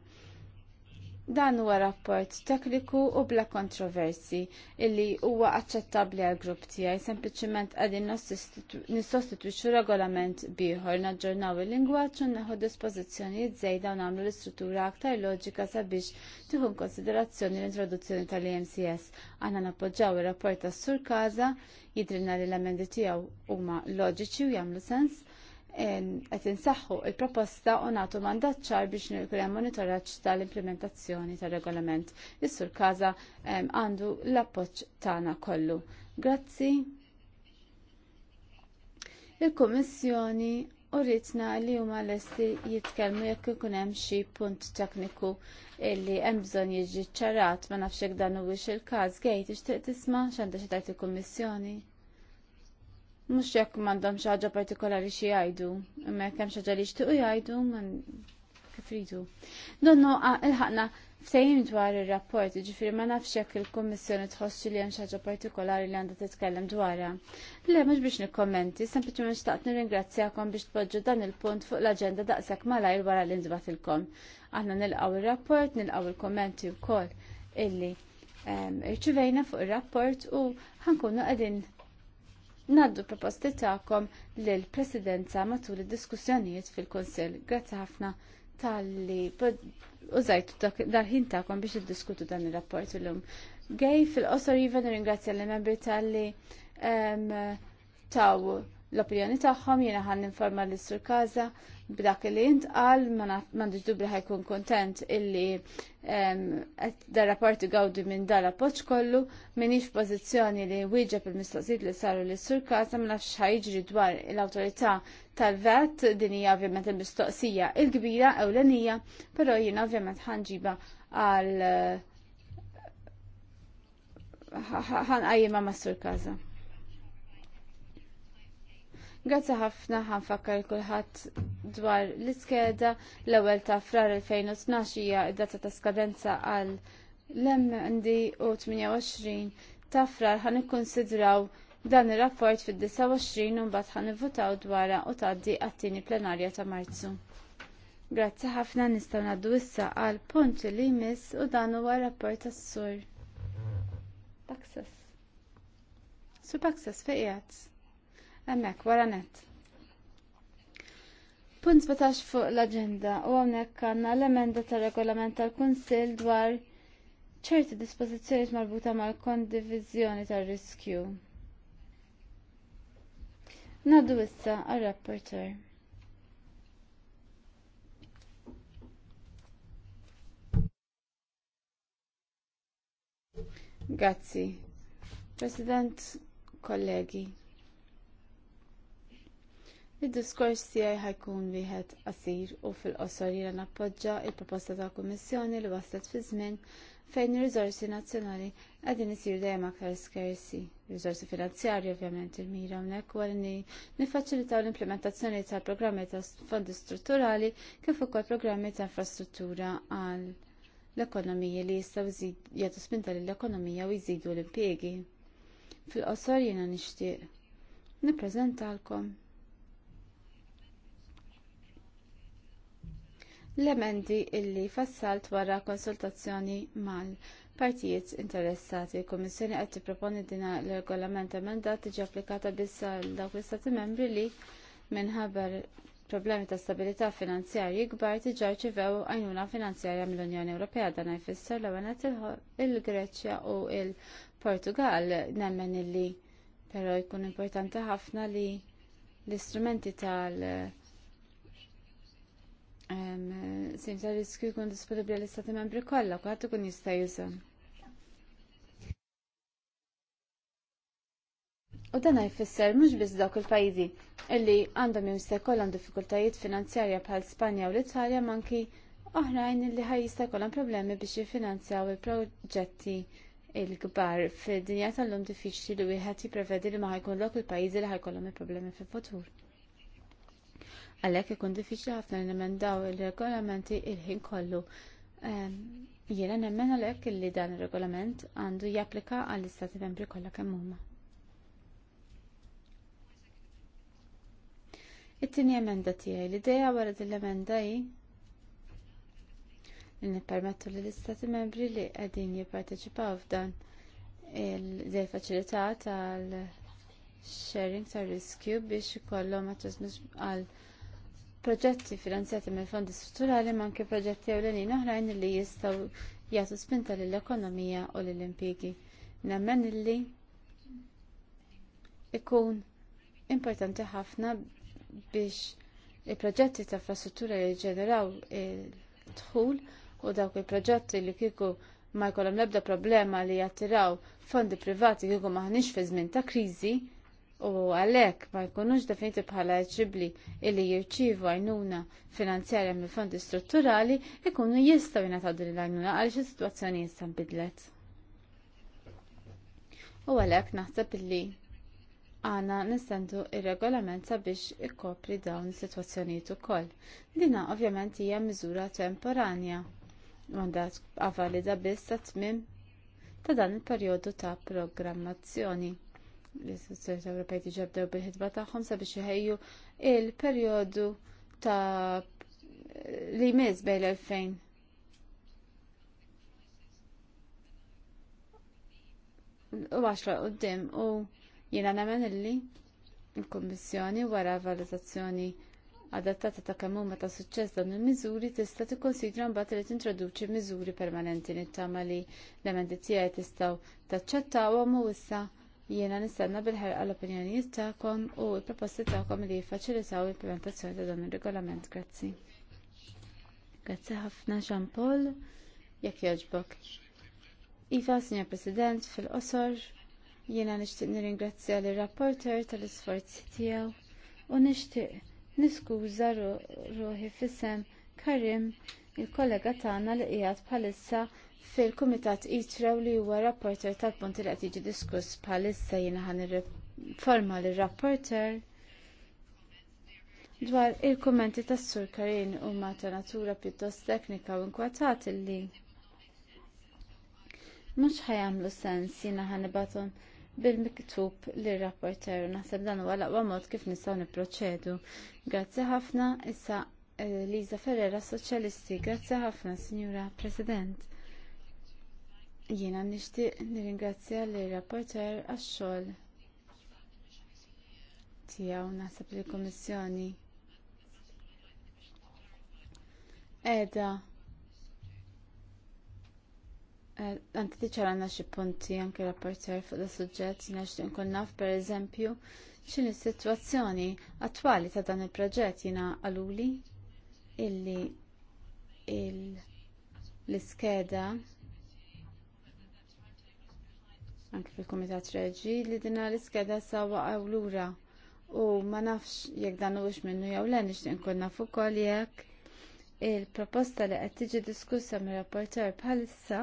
Dan huwa rapport tekniku u bla kontroversi illi huwa aċċettabbli għal grupp tiegħi sempliċement qegħdin nissostitwixxu regolament bieħor naġġornaw il-lingwaġġ u naħu dispożizzjonijiet żejda u nagħmlu l-istruttura aktar loġika sabiex tieħu konsiderazzjoni l-introduzzjoni tal-EMCS. Aħna nappoġġaw ir-rapport tas-Sur każa, jidrilna li l-emendi tiegħu huma loġiċi u jagħmlu sens qed insaħħu il-proposta u nagħtu mandat ċar biex nirkun hemm monitoraġġ tal-implementazzjoni tar-regolament. Is-sur każa għandu l-appoġġ tagħna kollu. Grazzi. Il-Kummissjoni u li huma lesti jitkellmu jekk ikun hemm xi punt tekniku li hemm bżonn jiġi ċarat ma nafx hekk dan huwiex il-każ gejt ixtieq tisma' x'għandha xi tajt il-Kummissjoni. Mux jekk mandom xaġa partikolari xie jajdu, imma jekk jem xaġa li xtiqu jajdu, man kif ridu. Donno, il-ħakna ftejim dwar il-rapport, ġifiri ma nafx jekk il-kommissjoni tħossu li hemm xaġa partikolari li għandha titkellem dwarha. Le, mhux biex nikkommenti, sempliċement xtaqt nirringrazzjakom biex tpoġġu dan il-punt fuq l-aġenda daqshekk malajr wara li Għanna Aħna nilqgħu ir-rapport, nilqgħu il-kommenti wkoll illi ehm, irċivejna fuq ir-rapport u ħankunu qegħdin naddu proposti tagħkom lill presidenza matul id-diskussjonijiet fil-Kunsill. Grazzi ħafna tal-li użajtu dal-ħin tagħkom biex iddiskutu dan ir-rapport illum. Gej fil-qosor jivan nirringrazzja l-membri tal-li taw l-opinjoni tagħhom jiena ħan informa l sur Kaza b'dak li intqal m'għandix dubri ħajkun kontent illi da rapporti gawdi minn dal appoġġ kollu m'iniex pożizzjoni li wieġeb il-mistoqsijiet li saru l sur Kaza ma nafx ħajġri dwar l-awtorità tal-vet din hija ovvjament il-mistoqsija il-kbira ewlenija, però jiena ovvjament ħanġiba għal ħanqajjima ma' sur Kaza. Grazzi ħafna ħanfakkar kulħadd dwar l-iskeda l-ewwel ta' frar 2012 hija id data ta' skadenza għal l-MND u 28 ta' frar ħan ikkonsidraw dan ir-rapport fid-29 u mbagħad ħan ivvutaw dwarha u tgħaddi għat-tieni plenarja ta' Marzu. Grazzi ħafna nistgħu ngħaddu issa għal punt li jmiss u dan huwa rapport tas-sur. Paxas. Su Paxas fejn Hemmhekk wara net. Punt 17 fuq l-aġenda u hawnhekk għandna l-emenda tar-regolament tal kunsil dwar ċerti dispożizzjonijiet marbuta mal kondivizjoni tar-riskju. Naddu issa għar-rapporter. Grazzi. President, kollegi. Id-diskors tiegħi ħajkun wieħed qasir u fil-qosor jiena nappoġġa il-proposta ta' Kummissjoni li waslet fi żmien fejn ir-riżorsi nazzjonali qegħdin isiru dejjem aktar skersi. Riżorsi finanzjarji ovvjament il-mira hawnhekk wara li niffaċilitaw l-implementazzjoni ta' programmi ta' fondi strutturali kif ukoll programmi ta' infrastruttura għal l-ekonomija li jistgħu jagħtu spinta lill-ekonomija u jżidu l-impjiegi. Fil-qosor jiena nixtieq nippreżentalkom l-emendi illi fassalt wara konsultazzjoni mal-partijiet interessati. Il-Kommissjoni qed tipproponi din l-regolament emendat tiġi applikata biss għal dawk l-Istati membri li minħabba problemi ta' stabilità finanzjarji kbar diġà ċivew għajnuna finanzjarja mill-Unjoni Ewropea dan jfisser l-ewwel il-Greċja u il-Portugal nemmen illi però jkun importanti ħafna li l-istrumenti tal- Sim ta' riskju kun disponibli l-istati membri kollha, kwaħt ikun jista' juża. U dan jfisser mhux biss dawk il pajzi illi għandhom jew jista' jkollhom diffikultajiet finanzjarja bħal Spanja u l-Italja manki oħrajn illi ħaj jista' jkollhom problemi biex jiffinanzjaw il-proġetti il-kbar fid-dinja tal-lum diffiċli li wieħed jipprevedi li ma dawk il-pajjiżi li ħajkollhom il-problemi fil-futur għalhekk ikun diffiċli ħafna nemendaw il-regolamenti il-ħin kollu. Ehm, jiena nemmen għalhekk li dan ir-regolament għandu japplika għall-istati membri kollha kemm huma. It-tieni emenda tiegħi l-idea wara din l-emenda hi li nippermettu lill istati membri li qegħdin jipparteċipaw f'dan il-dej faċilità tal sharing tar riskju biex ikollhom aċċess għal proġetti finanzjati mill fondi strutturali ma anke proġetti ewlenin oħrajn li jistgħu jagħtu spinta lill-ekonomija u lill-impjiegi. Nemmen illi ikun importanti ħafna biex il-proġetti ta' infrastruttura li ġeneraw il-dħul u dawk il-proġetti li kieku ma jkollhom l-ebda problema li jattiraw fondi privati kieku maħniex fi żmien ta' kriżi, u għalhekk ma jkunux definiti bħala ġibli illi jirċievu għajnuna finanzjarja mill fondi strutturali ikunu jistgħu jingħataw din l-għajnuna għal is-sitwazzjoni issa nbidlet. U għalhekk naħseb illi għana nistendu ir-regolament sabiex ikkopri dawn is-sitwazzjonijiet ukoll. Dina ovvjament hija miżura temporanja mandat għavalida biss ta' tmiem ta' dan il-perjodu ta' programmazzjoni l-istituzzjoni Ewropej tiġabdew bil-ħidba tagħhom sabiex iħejju il-perjodu ta' li jmiss bejn l-2000. U għaxra d-dim u jiena nemen illi il-Kommissjoni wara valutazzjoni adattata ta' kemm huma ta' suċċess dan il-miżuri tista' tikkonsidra mbagħad li tintroduċi miżuri permanenti nittama li l-emendi tiegħi tistgħu taċċettawhom u issa Jiena nistenna bil-ħerqa l-opinjonijiet tagħkom u l-proposti tagħkom li jiffaċilitaw l-implementazzjoni ta' dan ir-regolament. Grazzi. Grazzi ħafna Jean Paul, jekk jogħġbok. Iva, Signor President, fil-qosor, jiena nixtieq nirringrazzja lir rapporter tal-isforzi tiegħu u nixtieq niskuża ruħi fisem Karim, il-kollega tagħna li qiegħed bħalissa fil-Kumitat Itrew li huwa rapporter tal-punt li qed jiġi diskuss bħalissa jiena ħan forma lir-rapporter dwar il-kummenti tas-Sur Karin huma ta' natura pjuttost teknika u inkwatat li mhux ħajamlu sens jiena ħanibatom bil-miktub lir rapporter naħseb dan huwa l-aqwa mod kif nistgħu nipproċedu. Grazzi ħafna issa eh, Liza Ferrera Soċjalisti, grazzi ħafna, Signora President. Jiena nixtieq nirringrazzja lir rapporter għax-xogħol tiegħu naħseb li l-Kummissjoni qiegħda Għanti eh, għandna xi punti anke rapporter fuq da suġġett jiena xtieq nkun naf pereżempju x'inhi s-sitwazzjoni attwali ta' dan il-proġett jiena qaluli illi l-iskeda il anke fil-Kumitat Reġi li dina l-iskeda sawa għawlura u ma nafx jekk dan huwiex minnu jew le nixtieq nkun naf ukoll jekk il-proposta li qed tiġi diskussa mir-rapporter bħalissa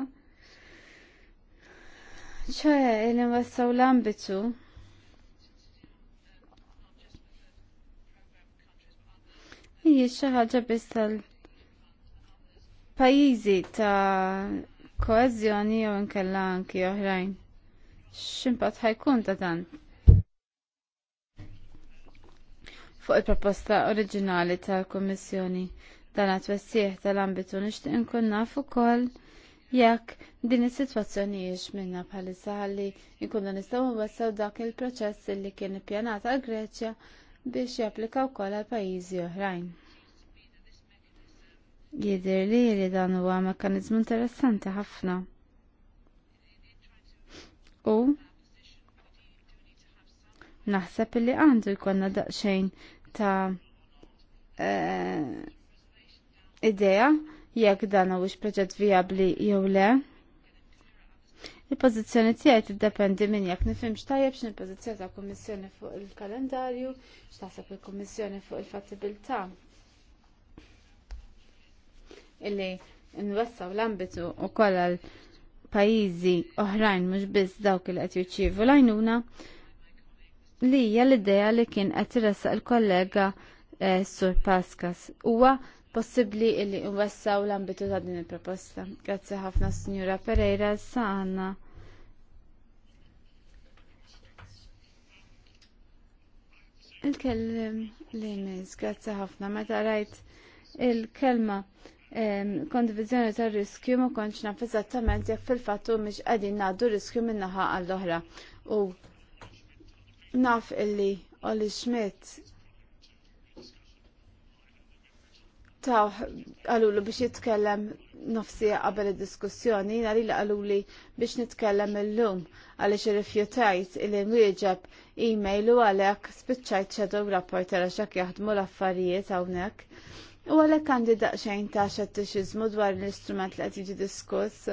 ċe li nwassaw l-ambitu Iji xaħġa biss tal-pajizi ta' koezjoni jew nkella anki oħrajn ximpat ħajkun ta' dan. Fuq il-proposta oriġinali tal komissjoni dan għat-wessieħ tal-ambitu nixtieq inkun naf ukoll jekk din is-sitwazzjoni hiex minna bħalissa ħalli jkunu nistgħu nwassew dak il-proċess li kien ippjanat għal Greċja biex japplika wkoll għal pajjiżi oħrajn. Jidher li dan huwa mekkaniżmu interessanti ħafna u naħseb li għandu jkollna daqsxejn ta' uh, idea jekk dan huwiex proġett vijabbli jew le. Il-pożizzjoni tiegħi tiddependi minn jekk nifhimx tajjeb x'in il-pożizzjoni ta' kummissjoni fuq il-kalendarju, x'taħseb il-kummissjoni fuq il-fattibilità. Illi nwessaw l-ambitu u kollha pajizi oħrajn mhux biss dawk li qed jirċievu l-għajnuna li hija l-idea li kien qed iressaq il-kollega eh, Sur Paskas. Huwa possibbli li nwessaw l-ambitu ta' din il-proposta. Grazzi ħafna Sinjura Pereira sa Il-kellim li nis, grazzi ħafna, meta rajt il-kelma kondivizjoni ta' riskju ma konċ naf eżattament jekk fil-fattu mhix qegħdin ngħaddu riskju minnaħa għall-oħra. U naf illi Oli Schmidt taw għalulu biex jitkellem nofsi qabel id-diskussjoni, nari li għaluli biex nitkellem il-lum għalix rifjutajt il-imwieġeb e-mail u għalek spiċċajt xedow rapporter għaxak jaħdmu l-affarijiet għawnek. U għalhekk għandi daqxajn ta' xettixiżmu dwar l-istrument li qed jiġi diskuss.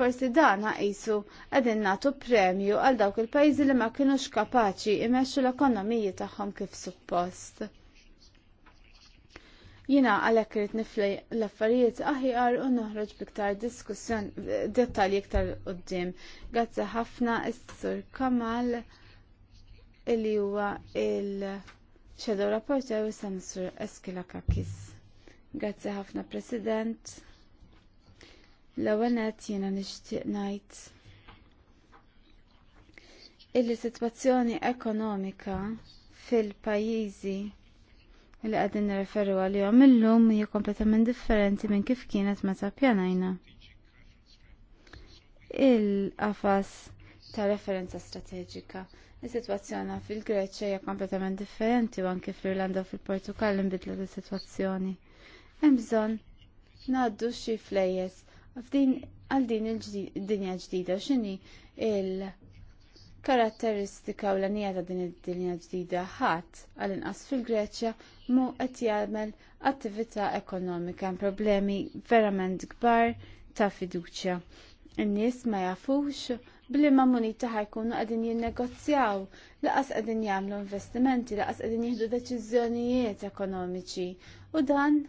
Forsi dan qisu qegħdin nagħtu premju għal dawk il-pajjiżi li ma kinux kapaċi imesċu l-ekonomiji tagħhom kif suppost. Jina għalhekk irid niflej l-affarijiet aħjar u noħroġ biktar diskussjoni dettalji iktar qudiem. Grazzi ħafna is-Sur Kamal li huwa il-Shadow Rapporter u Samsur Eskila Kakis. Grazzi ħafna President. L-ewwel nett jiena nixtieq ngħid illi sitwazzjoni ekonomika fil-pajjiżi li qegħdin nirreferu għalihom illum hija kompletament differenti minn kif kienet meta pjanajna. Il-qafas ta' referenza strateġika. Is-sitwazzjoni fil-Greċja hija kompletament differenti u anke l irlanda u fil-Portugal inbidlet is-sitwazzjoni hemm bżonn ngħaddu xi flejjes għal din id-dinja ġdida x'inhi il karatteristika u l-għanija ta' din id-dinja ġdida ħadd għal inqas fil-Greċja mu qed jagħmel attività ekonomika hemm problemi verament kbar ta' fiduċja. In-nies ma jafux bliema munita jkunu qegħdin jinnegozjaw, laqas qegħdin jagħmlu investimenti, laqas qegħdin jieħdu deċiżjonijiet ekonomiċi u dan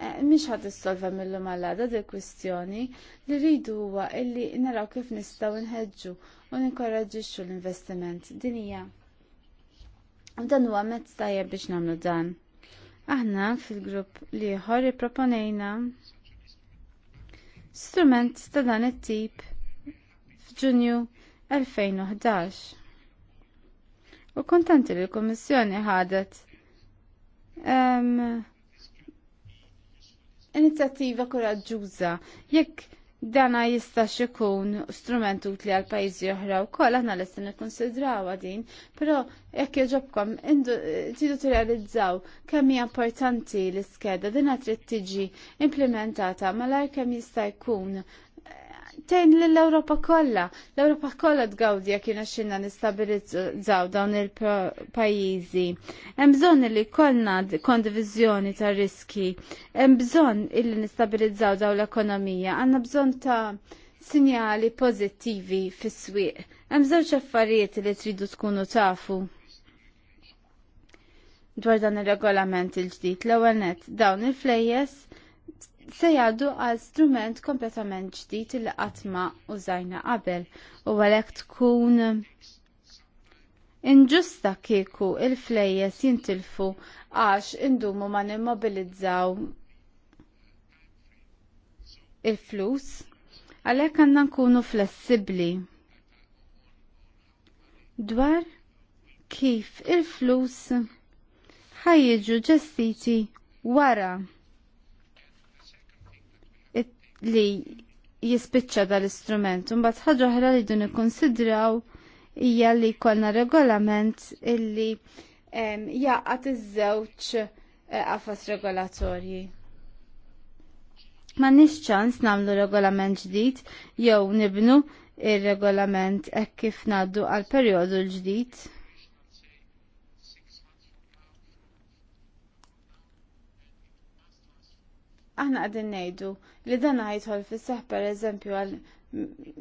Mish eh, ħad issolva mill-lum għal-għada di kwistjoni li rridu huwa illi naraw kif nistgħu nħeġġu u ninkoraġġixxu l-investiment din hija. Dan huwa mezz tajjeb biex nagħmlu dan. Aħna fil-grupp li ieħor ipproponejna strument ta' dan it-tip f'Ġunju 2011. U kontanti li l-Kummissjoni ħadet um, inizjattiva koraġġuża jekk dana jista' ikun strument utli għal pajjiżi oħra wkoll aħna lesti nikkonsidrawha din, però jekk jogħġobkom tridu tirrealizzaw kemm hija importanti l-iskeda dinha trid tiġi implementata malajr kemm jista' jkun tejn l-Europa kolla. L-Europa kolla tgawdja kiena xinna nistabilizzaw dawn il-pajizi. Mbżon li kolna kondivizjoni ta' riski. Mbżon illi nistabilizzaw daw l-ekonomija. Għanna bżon ta' sinjali pozittivi fis-swieq. Hemm żewġ affarijiet li tridu tkunu tafu dwar dan ir regolament il-ġdid l-ewwel nett dawn il-flejjes se jgħaddu għal strument kompletament ġdid li qatt ma użajna qabel u għalhekk tkun inġusta kieku il-flejjes jintilfu għax indumu ma nimmobilizzaw il-flus għalhekk għandna nkunu flessibbli dwar kif il-flus ħajjiġu ġestiti wara li jispiċċa dal-istrument. Mbagħad ħaġa ħra li dun ikkonsidraw hija li jkollna regolament illi jaqgħat iż-żewġ eh, qafas regolatorji. Ma nix ċans namlu regolament ġdid jew nibnu ir-regolament hekk kif ngħaddu għal perjodu l-ġdid. aħna għadin ngħidu li dan jidħol fis-seħħ pereżempju għal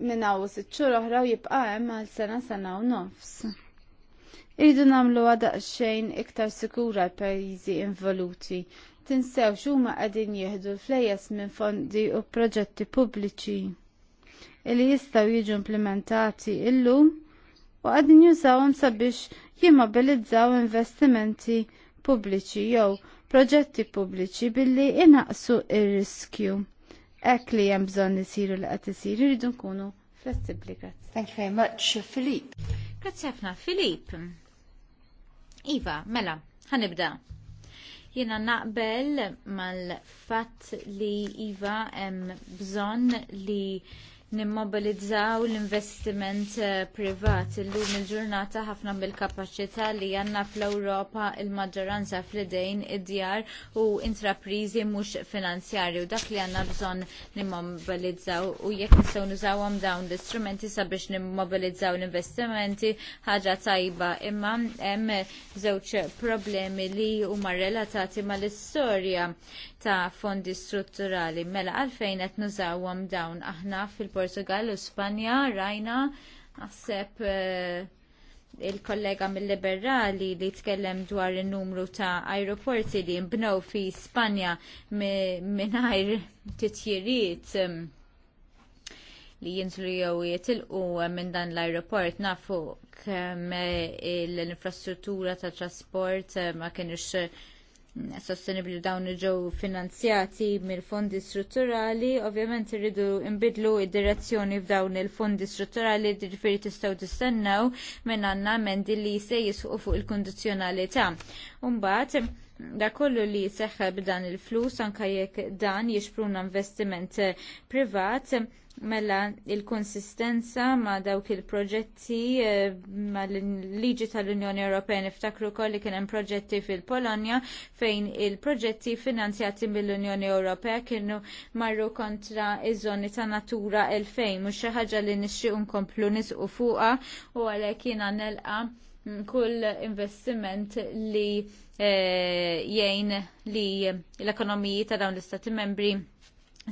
minn hawn sitt xhur oħra u jibqa' hemm għal sena sena u nofs. Iridu nagħmlu daqsxejn iktar sikura l-pajjiżi involuti. Tinsew x'huma qegħdin jieħdu l flejas minn fondi u proġetti pubbliċi li jistgħu jiġu implementati illum u għadin jużawhom sabiex jimmobilizzaw investimenti pubbliċi jew proġetti pubbliċi billi inaqsu ir-riskju. Ek li hemm bżonn isiru li qed isir jridu nkunu flessibbli. Grazie. Thank you very much, Filip. Uh, grazzi ħafna, Filip. Iva, mela, ħanibda. Jiena naqbel mal-fatt li Iva hemm bżonn li nimmobilizzaw l-investiment eh, privat illum il-ġurnata ħafna mill-kapaċità li għandna fl-Ewropa il-maġġoranza fl-idejn id-djar u intrapriżi mhux finanzjarji u dak li għandna bżonn nimmobilizzaw u jekk nistgħu nużawhom dawn l-istrumenti sabiex nimmobilizzaw l-investimenti ħaġa tajba imma hemm żewġ problemi li huma relatati mal-istorja ta' fondi strutturali mela għalfejn qed nużawhom dawn aħna fil il-Portugal u Spanja rajna naħseb eh, il-kollega mill-liberali li tkellem dwar il-numru ta' aeroporti li mbnew fi Spanja mingħajr titjiriet eh, li jintlu jew jitilqu minn dan l-aeroport nafu kemm eh, l-infrastruttura ta' trasport ma kienx sostenibli dawn ġew finanzjati mill-fondi strutturali, ovvjament irridu nbidlu id-direzzjoni f'dawn il-fondi strutturali ġifieri tistgħu tistennew minn għandna mendi li se jisqu fuq il-kondizzjonalità. Umbagħad da kollu li seħħeb b'dan il-flus anke jekk dan jixpruna investiment privat mela il-konsistenza ma' dawk il-proġetti eh, ma' l-liġi tal-Unjoni Ewropea niftakru koll li kien hemm proġetti fil-Polonja fejn il-proġetti finanzjati mill-Unjoni Ewropea kienu marru kontra iż-żoni ta' natura 2000 mhux xi ħaġa li nixtieq nkomplu nisqu fuqha u għalhekk jiena nelqa kull investiment li eh, jgħin li l-ekonomiji ta' dawn l-istati membri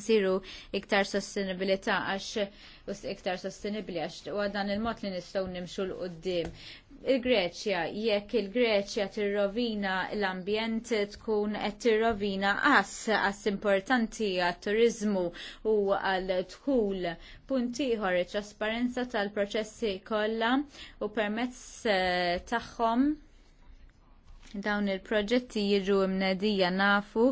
siru iktar sostenibilità għax us iktar sostenibli għax u dan il-mod li nistgħu nimxu l qudiem Il-Greċja, jekk il-Greċja tirrovina l-ambjent tkun qed tirrovina għas għas importanti għat turizmu u għal dħul Punt ieħor trasparenza tal-proċessi kollha u permezz eh, tagħhom Dawn il-proġetti jiġu mnedija nafu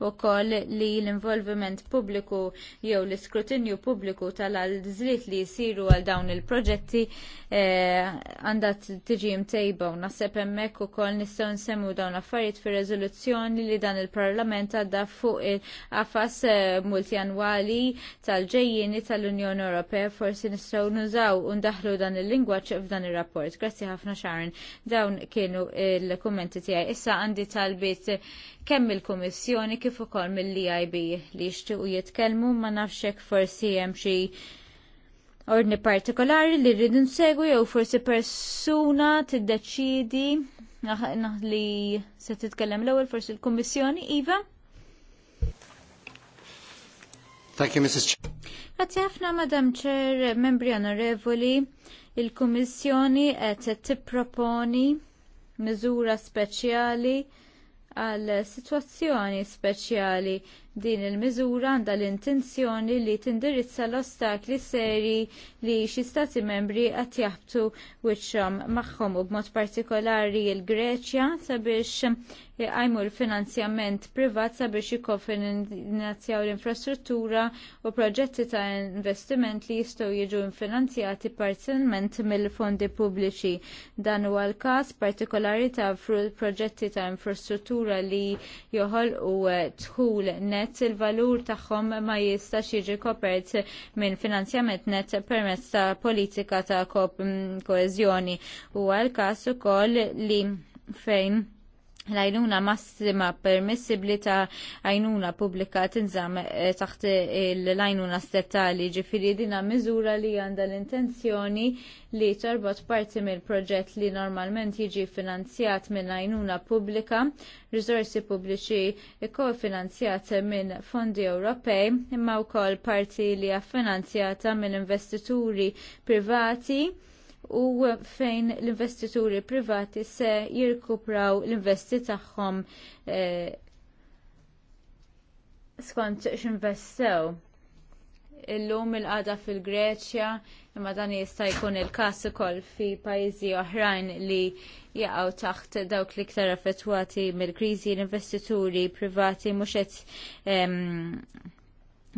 u koll li l-involviment publiku jew l-iskrutinju publiku tal-għal-dżlit li jisiru għal dawn il-proġetti eh, għandha tiġi mtejba u nasib hemmhekk ukoll nistgħu nsemmu dawn affarijiet fir rezoluzzjoni li dan il-Parlament għadda fuq il-qafas eh, multjanwali tal-ġejjieni tal-Unjoni Ewropea forsi nistgħu nużaw u ndaħlu dan il-lingwaġġ f'dan ir-rapport. Grazzi ħafna Sharon. Dawn kienu il-kummenti l kummenti tiegħi. Issa għandi talbit kemm il-Kummissjoni kif ukoll mill-EIB li jixtiequ jitkellmu ma nafx hekk forsi hemm xi ordni partikolari li rridu nsegwi jew forsi persuna tiddeċidi ah, ah, li se titkellem l-ewwel forsi l-Kummissjoni iva. Thank you, Mrs. Chair. Grazie ħafna, Madam Chair, membri onorevoli, il-Kummissjoni qed tipproponi miżura speċjali għal sitwazzjoni speċjali Din il-miżura għandha l-intenzjoni li tindirizza l-ostakli seri li xi stati membri qed jaħbtu wiċċhom magħhom u b'mod partikolari l-Greċja sabiex jqajmu l-finanzjament privat sabiex jikkofinanzjaw l-infrastruttura u proġetti ta' investiment li jistgħu jiġu finanzjati parzialment mill-fondi pubbliċi. Dan huwa l-każ partikolari ta' proġetti ta' infrastruttura li joħolqu dħul net il-valur tagħhom ma jistax jiġi kopert minn finanzjament net permezz ta' politika ta' koeżjoni. Huwa l-każ ukoll li fejn l-għajnuna massima permissibli ta' għajnuna publika tinżam eh, taħt l-għajnuna statali ġifiri dina miżura li għanda l-intenzjoni li torbot parti mill proġett li normalment jiġi finanzjat minn għajnuna publika, rizorsi publiċi kofinanzjat minn fondi Ewropej, imma wkoll parti li għaffinanzjata minn investituri privati u fejn l-investituri privati se jirkupraw l-investi tagħhom eh, skont x'investew. Illum il-qada fil-Greċja, imma dan jista' jkun il-każ ukoll fi pajjiżi oħrajn li jaqgħu taħt dawk l-iktar affettwati mill-kriżi l-investituri privati mhux qed ehm,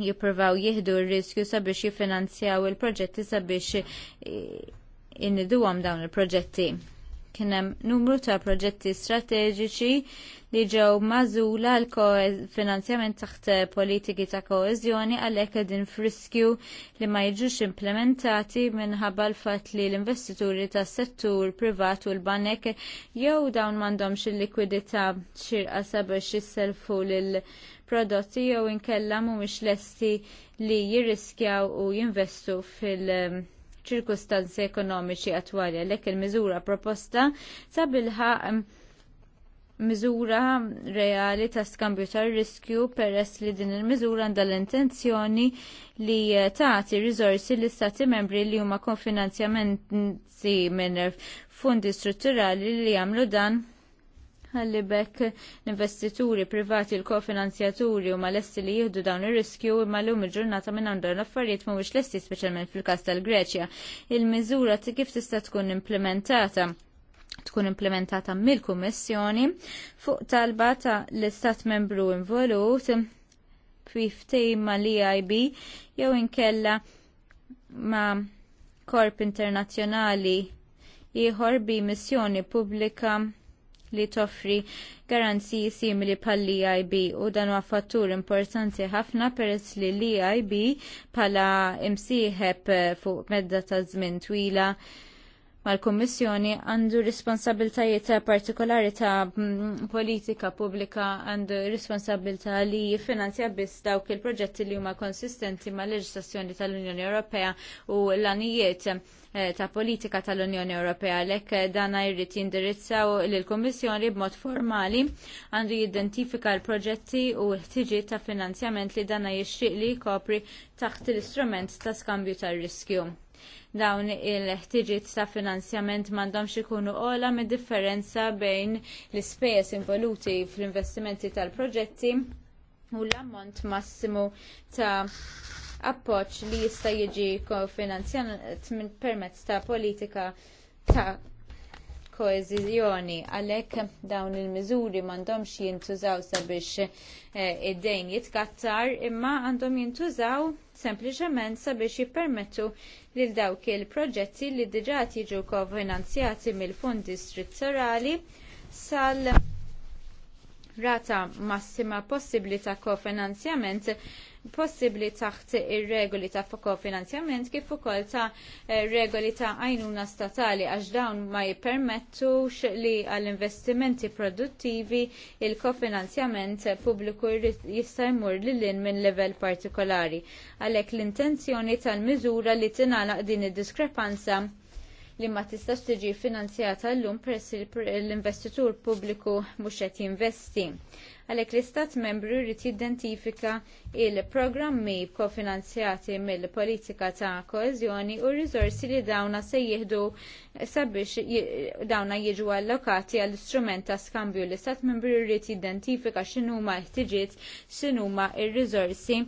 jippruvaw jieħdu r-riskju sabiex jiffinanzjaw il-proġetti sabiex eh, innidu dawn il-proġetti. Kienem numru ta' proġetti strateġiċi li ġew mażula l finanzjament taħt politiki ta' koeżjoni għalhekk din friskju li ma jiġux implementati minħabba l-fatt li l-investituri tas settur privat u l-banek jew dawn m'għandhomx il-likwidità xirqa sabiex jisselfu lil prodotti jew inkella mhumiex lesti li jirriskjaw u jinvestu fil- ċirkustanzi ekonomiċi attwali għalhekk il-miżura proposta sabilha miżura reali ta' skambju tar riskju peress li din il-miżura għandha l-intenzjoni li tagħti riżorsi l istati membri li huma konfinanzjamenti minn fondi strutturali li jagħmlu dan ħalli bekk l-investituri privati l-kofinanzjaturi u mal-essi li jihdu dawn ir-riskju imma l-lum il-ġurnata minn għandu l-affarijiet mhuwiex lesti speċjalment fil-każ tal-Greċja. Il-miżura kif tista' tkun implementata tkun implementata mill-Kummissjoni fuq talba ta' l-Istat membru involut fiftejn ma' l-EIB jew inkella ma' korp internazzjonali ieħor bi missjoni pubblika li toffri garanziji simili pal e ib u dan huwa fattur importanti ħafna peress li l-EIB pala imsieħeb fuq medda ta' żmien twila mal-Kommissjoni għandu responsabiltajiet partikolari ta' mm, politika pubblika għandu responsabilta li jiffinanzja biss dawk il-proġetti li huma konsistenti ma' leġislazzjoni tal-Unjoni Ewropea u l-anijiet eh, ta' politika tal-Unjoni Ewropea lek eh, dana jrid jindirizzaw lill-Kummissjoni b'mod formali għandu jidentifika l-proġetti u l-ħtiġiet ta' finanzjament li dana jixtieq li jkopri taħt l-istrument ta' skambju tar-riskju dawn il-ħtiġiet ta' finanzjament m'għandhomx ikunu ola mid differenza bejn l-ispejjeż involuti fl-investimenti tal-proġetti u l-ammont massimu ta' appoġġ li jista' jiġi kofinanzjat permezz ta' politika ta' koeżjoni għalhekk dawn il-miżuri m'għandhomx jintużaw sabiex eh, id-dejn jitkattar imma għandhom jintużaw sempliċement sabiex jippermettu lil dawk il-proġetti li diġà jiġu kofinanzjati mill-fondi strutturali sal rata massima possibbli ta' kofinanzjament possibbli taħt ir-regoli ta' fuq finanzjament kif ukoll ta' eh, regoli ta' għajnuna statali għax dawn ma jippermettux li għall-investimenti produttivi il-kofinanzjament pubbliku jista' jmur lil lin minn livell partikolari. Għalhekk l-intenzjoni tal-miżura li tingħalaq din id-diskrepanza li ma tistax tiġi finanzjata llum peress l-investitur pubbliku mhux qed jinvesti għalhekk l-Istat membru jrid jidentifika il-programmi kofinanzjati mill-politika ta' koeżjoni u r-riżorsi li dawna se jihdu sabiex dawna jiġu allokati għall-istrument ta' skambju l-Istat membru jrid jidentifika x'inhuma l-ħtiġiet, x'inhuma r rizorsi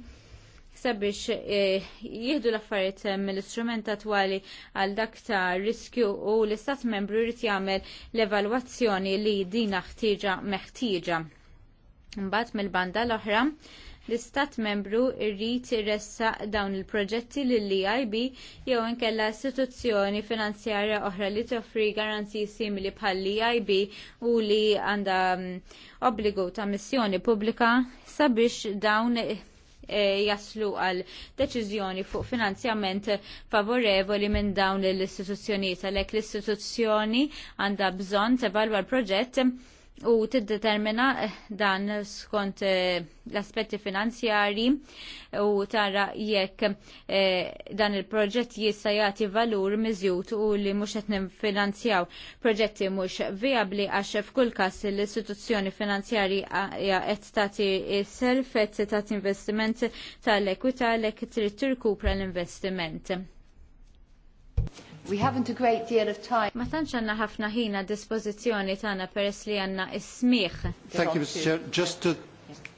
sabiex eh, jieħdu l-affarijiet mill-istrument attwali għal dak ta' riskju u l-istat membru jrid jagħmel l-evalwazzjoni li dina ħtieġa meħtieġa. Mbagħad mill-banda l-oħra, l-istat membru jrid irressaq dawn il-proġetti lill-EIB jew inkella istituzzjoni finanzjarja oħra li toffri garanziji simili bħall eib u li għandha mm, obbligu ta' missjoni pubblika sabiex dawn eh, jaslu għal deċiżjoni fuq finanzjament favorevoli minn dawn l-istituzzjonijiet għalhekk l-istituzzjoni għandha bżonn tevalwa l-proġett u tiddetermina eh, dan skont eh, l-aspetti finanzjari u tara jekk eh, dan il-proġett jista' jagħti valur miżjut u li mhux qed finanzjaw proġetti mhux viabli għax f'kull każ l-istituzzjoni finanzjari qed tagħti self qed tagħti investiment tal-ekwita lek trid tirkupra l-investiment We haven't a great deal of time. Ma tantx ħafna ħina dispożizzjoni tagħna peress li ismiħ. Thank you, Mr. Chair. Just a,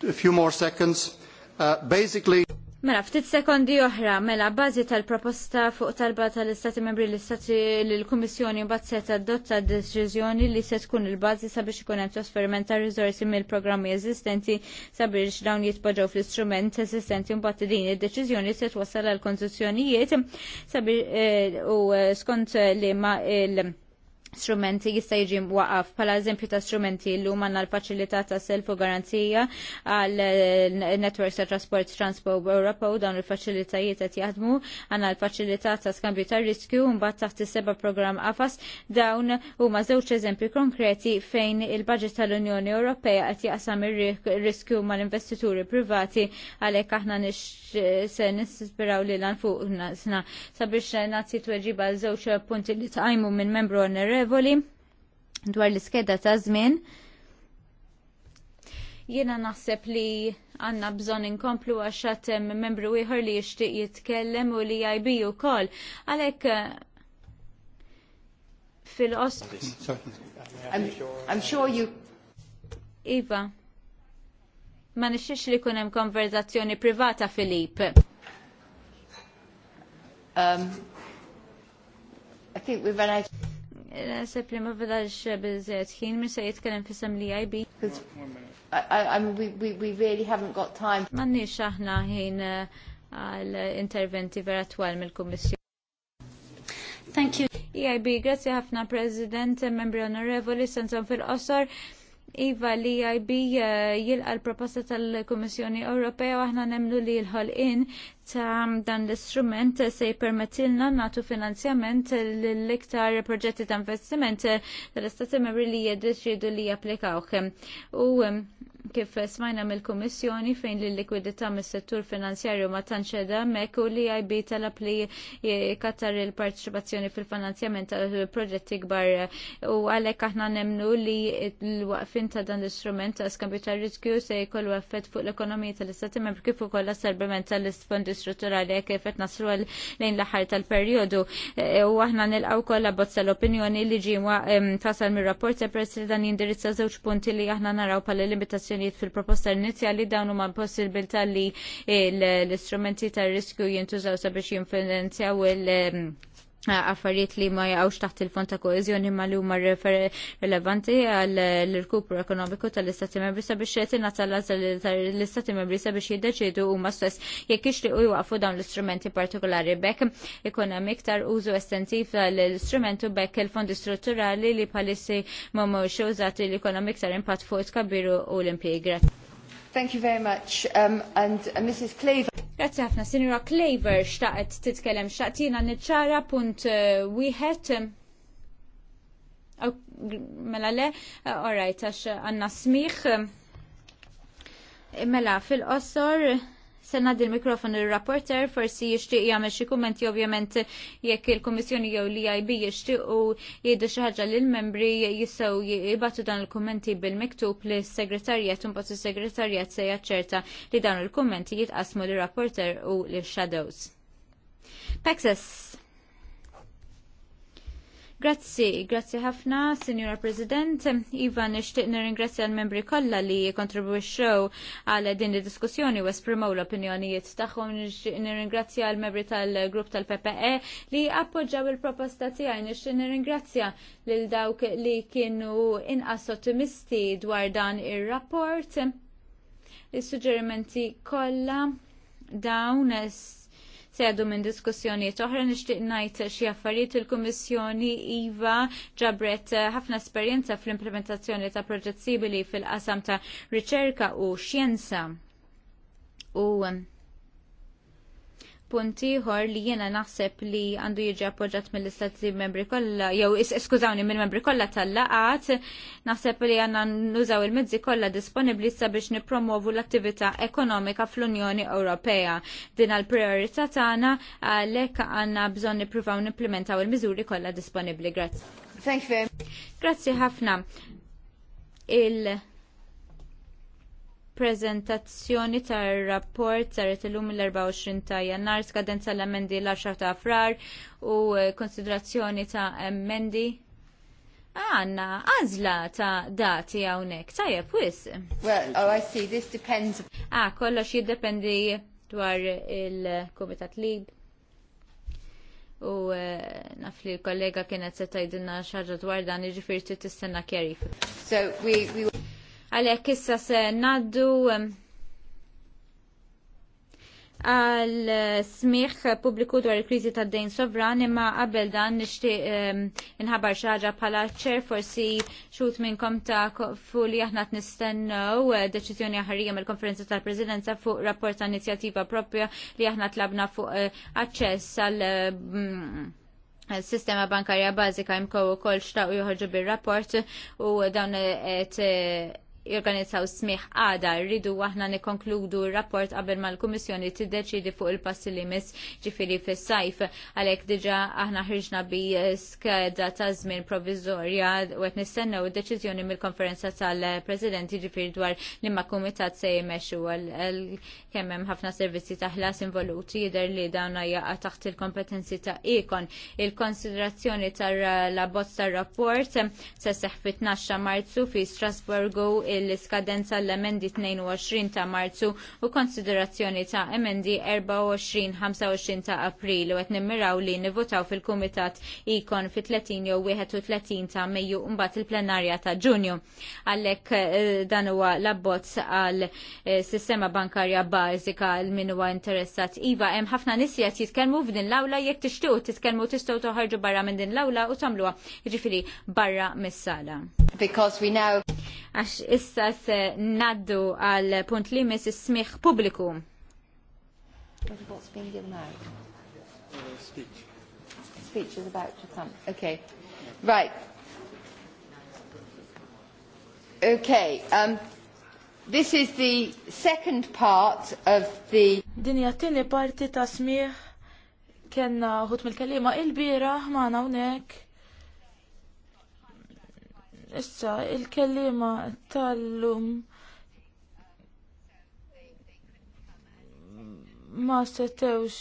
a few more seconds. Uh, basically Mela, ftit sekondi oħra, mela, bazi tal-proposta fuq talba tal-Istati membri l-Istati l-Kummissjoni mbagħad se tadotta deċiżjoni li se tkun il-bażi sabiex ikun hemm trasferiment ta' riżorsi mill-programmi eżistenti sabiex dawn jitpoġġew fl-istrument eżistenti mbagħad din id-deċiżjoni se twassal għal kondizzjonijiet sabiex eh, u eh, skont li ma' il- strumenti jista' jiġi waqaf bħala eżempju ta' strumenti llum għandna l-faċilità ta' self u garanzija għal networks ta' trasport Transpo Europa u dawn il-faċilitajiet qed jaħdmu għandna l-faċilità ta' skambju ta' riskju mbagħad taħt is-seba' programm AFAS dawn huma żewġ eżempju konkreti fejn il-budget tal-Unjoni Ewropea qed jaqsam ir-riskju mal-investituri privati għalhekk aħna se nispiraw li lan fuq nasna sabiex nagħti tweġiba żewġ punti li tqajmu minn membru onorevoli onorevoli dwar l-iskeda ta' zmin. Jiena naħseb li għanna bżon inkomplu għaxatem membru ieħor li jixtieq jitkellem u li jajbiju kol. Għalek uh, fil-os. I'm, I'm sure you. Iva, ma nixiex li kunem konverzazzjoni privata, Filip. Um, I think we've run out. Sepp li ma vedax bizzet ħin mi se jitkellem fissam li IB. I mean, we, we we really haven't got time. Manni xaħna ħin uh, għal-interventi vera twal mil kommissjoni Thank you. EIB, grazie ħafna President, membri onorevoli, sanzan fil-qosor. Iva li IB uh, jilqa l-proposta tal-Komissjoni Ewropea u aħna nemlu li l in ta' dan l-istrument se jippermettilna natu finanzjament l-iktar proġetti ta' investiment tal-istati membri li jeddeċidu li japplikawk. U kif smajna mill-Kummissjoni fejn li likwidità mis-settur finanzjarju ma tanċeda mek u li IB talab li kattar il-parteċipazzjoni fil-finanzjament tal-proġetti kbar u għalhekk aħna nemnu li l-waqfin ta' dan l-istrument ta' skambju ta' riskju se jkollu effett fuq l-ekonomija tal-istati membri kif ukoll asserbiment tal istfondi strutturali kif qed naslu lejn l-aħħar tal-perjodu. E, u aħna nilqgħu kollha bozza l-opinjoni li ġie tasal mir-rapport sepress li dan jindirizza żewġ punti li aħna naraw bħala limitazzjonijiet fil-proposta inizjali dawn huma possibilità li e, l-istrumenti tar-riskju jintużaw sabiex jinfinanzjaw il- affarijiet li ma jgħawx taħt il-fond ta' koezjoni ma l huma relevanti għall-rkupru irkupru ekonomiku tal-Istati Membri sabiex tingħata l tal-Istati Membri sabiex jiddeċidu huma stess jekk u jwaqfu dawn l-istrumenti partikolari bekk ekonomi iktar użu estensiv tal-istrumentu bekk il-fondi strutturali li palissi ma mhux użati l ekonomi iktar impatt fuq it kabiru u l impiegret Thank you very much. Um, and uh, Mrs. Claver. Grazie ħafna, Sinjora Claver xtaqet titkellem xaqtina niċċara punt uh, wieħed. Mela le, uh, all right, għax għanna smiħ. Mela fil-qosor Se ngħaddi l-mikrofon ir-rapporter forsi jixtieq jagħmel xi kummenti ovvjament jekk il-Kummissjoni jew l-IB jixtiequ u xi ħaġa l membri jistgħu jibatu dan il-kummenti bil-miktub lis segretarjat u mbagħad s segretarjat se jaċċerta li dawn il-kummenti jitqasmu l rapporter u l shadows Texas Grazzi, grazzi ħafna, Signora President. Iva, nishtiq nirringrazzja l-membri kollha li kontribuixxew għal din id-diskussjoni u esprimaw l-opinjonijiet tagħhom. Nixtieq nirringrazzja l-membri tal-grupp tal-PPE li appoġġaw il-proposta tiegħi. Nixtieq nirringrazzja lil dawk li kienu inqas ottimisti dwar dan ir-rapport. Is-suġġerimenti kollha dawn tedu minn diskussjonijiet oħra nixtieq ngħid xi affarijiet il-Kummissjoni iva ġabret eh, ħafna esperjenza fl-implementazzjoni ta' proġett sibili fil-qasam ta' riċerka u xjenza. U eh, Punt ieħor li jiena naħseb li għandu jiġi appoġġat mill-istati membri kollha, jew iskużawni mill membri kollha tal-laqat, naħseb li għandna nużaw il-mezzi kollha disponibbli sabiex nippromovu l-attività ekonomika fl-Unjoni Ewropea. Din għall-priorità tagħna għalhekk għandna bżonn nippruvaw nimplementaw il-miżuri kollha disponibbli. Grazzi. Thank you. Grazzi ħafna. Il- prezentazzjoni tar-rapport saret illum l-24 ta' jannar, skadenza l-emendi l-10 ta' frar u eh, konsiderazzjoni ta' emendi. Ah, għanna, għazla ta' dati għawnek, jep, wis. Well, oh, I see, this depends. Ah, kollox jiddependi dwar il-Komitat Lib. U eh, naf li l-kollega kienet se tajdinna xaġa dwar dan t tistenna kjerif. So, we, we għalhekk issa se ngħaddu għal smiħ pubbliku dwar il-kriżi tad dejn sovran imma qabel dan nixtieq inħabar xaġa pala bħala ċer forsi xut minnkom ta' fu li aħna nistennew eh, deċiżjoni ħarija mill-konferenza tal-Presidenza fuq rapport ta' inizjattiva propja li aħna tlabna fuq eh, aċċess għal mm, sistema bankarja bażika jimkow ukoll u joħorġu bir-rapport u dawn qed eh, jorganizzaw smiħ għada rridu aħna nikonkludu r-rapport qabel ma l-Kummissjoni deċidi fuq il-passi li mis ġifiri fis-sajf għalhekk diġà aħna ħriġna bi skeda ta' żmien provizorja u qed nistennew id-deċiżjoni mill-konferenza tal-President ġifiri dwar li ma' kumitat se jmexxu kemm hemm ħafna servizzi ta' ħlas involuti jidher li dawn jaqa' taħt il-kompetenzi ta' ikon. Il-konsiderazzjoni tar-labbozz tar-rapport se seħħ fit-12 Marzu fi Strasburgu l-iskadenza l-emendi 22 ta' marzu u konsiderazzjoni ta' emendi 24-25 ta' april u għet nimmiraw li nivotaw fil-Kumitat ikon fi 30 jew 31 ta' Mejju mbagħad il-plenarja ta' Ġunju. Għalhekk eh, dan huwa labbozz għal eh, sistema bankarja bażika l min huwa interessat. Iva, hemm ħafna nies qed jitkellmu f'din l-awla jekk tixtiequ titkellmu tistgħu toħarġu barra minn din l-awla u tagħmluha jiġifieri barra mis-sala. Because we know Għax issa se naddu għal punt li mis smiħ publiku. Speech. is about to come. Okay. Right. Okay. Um, This is the second part of the... Din jattini parti ta' smiħ kena ħut mil-kellima il-bira ma' nawnek. Issa, il kelliema tal-lum ma setewx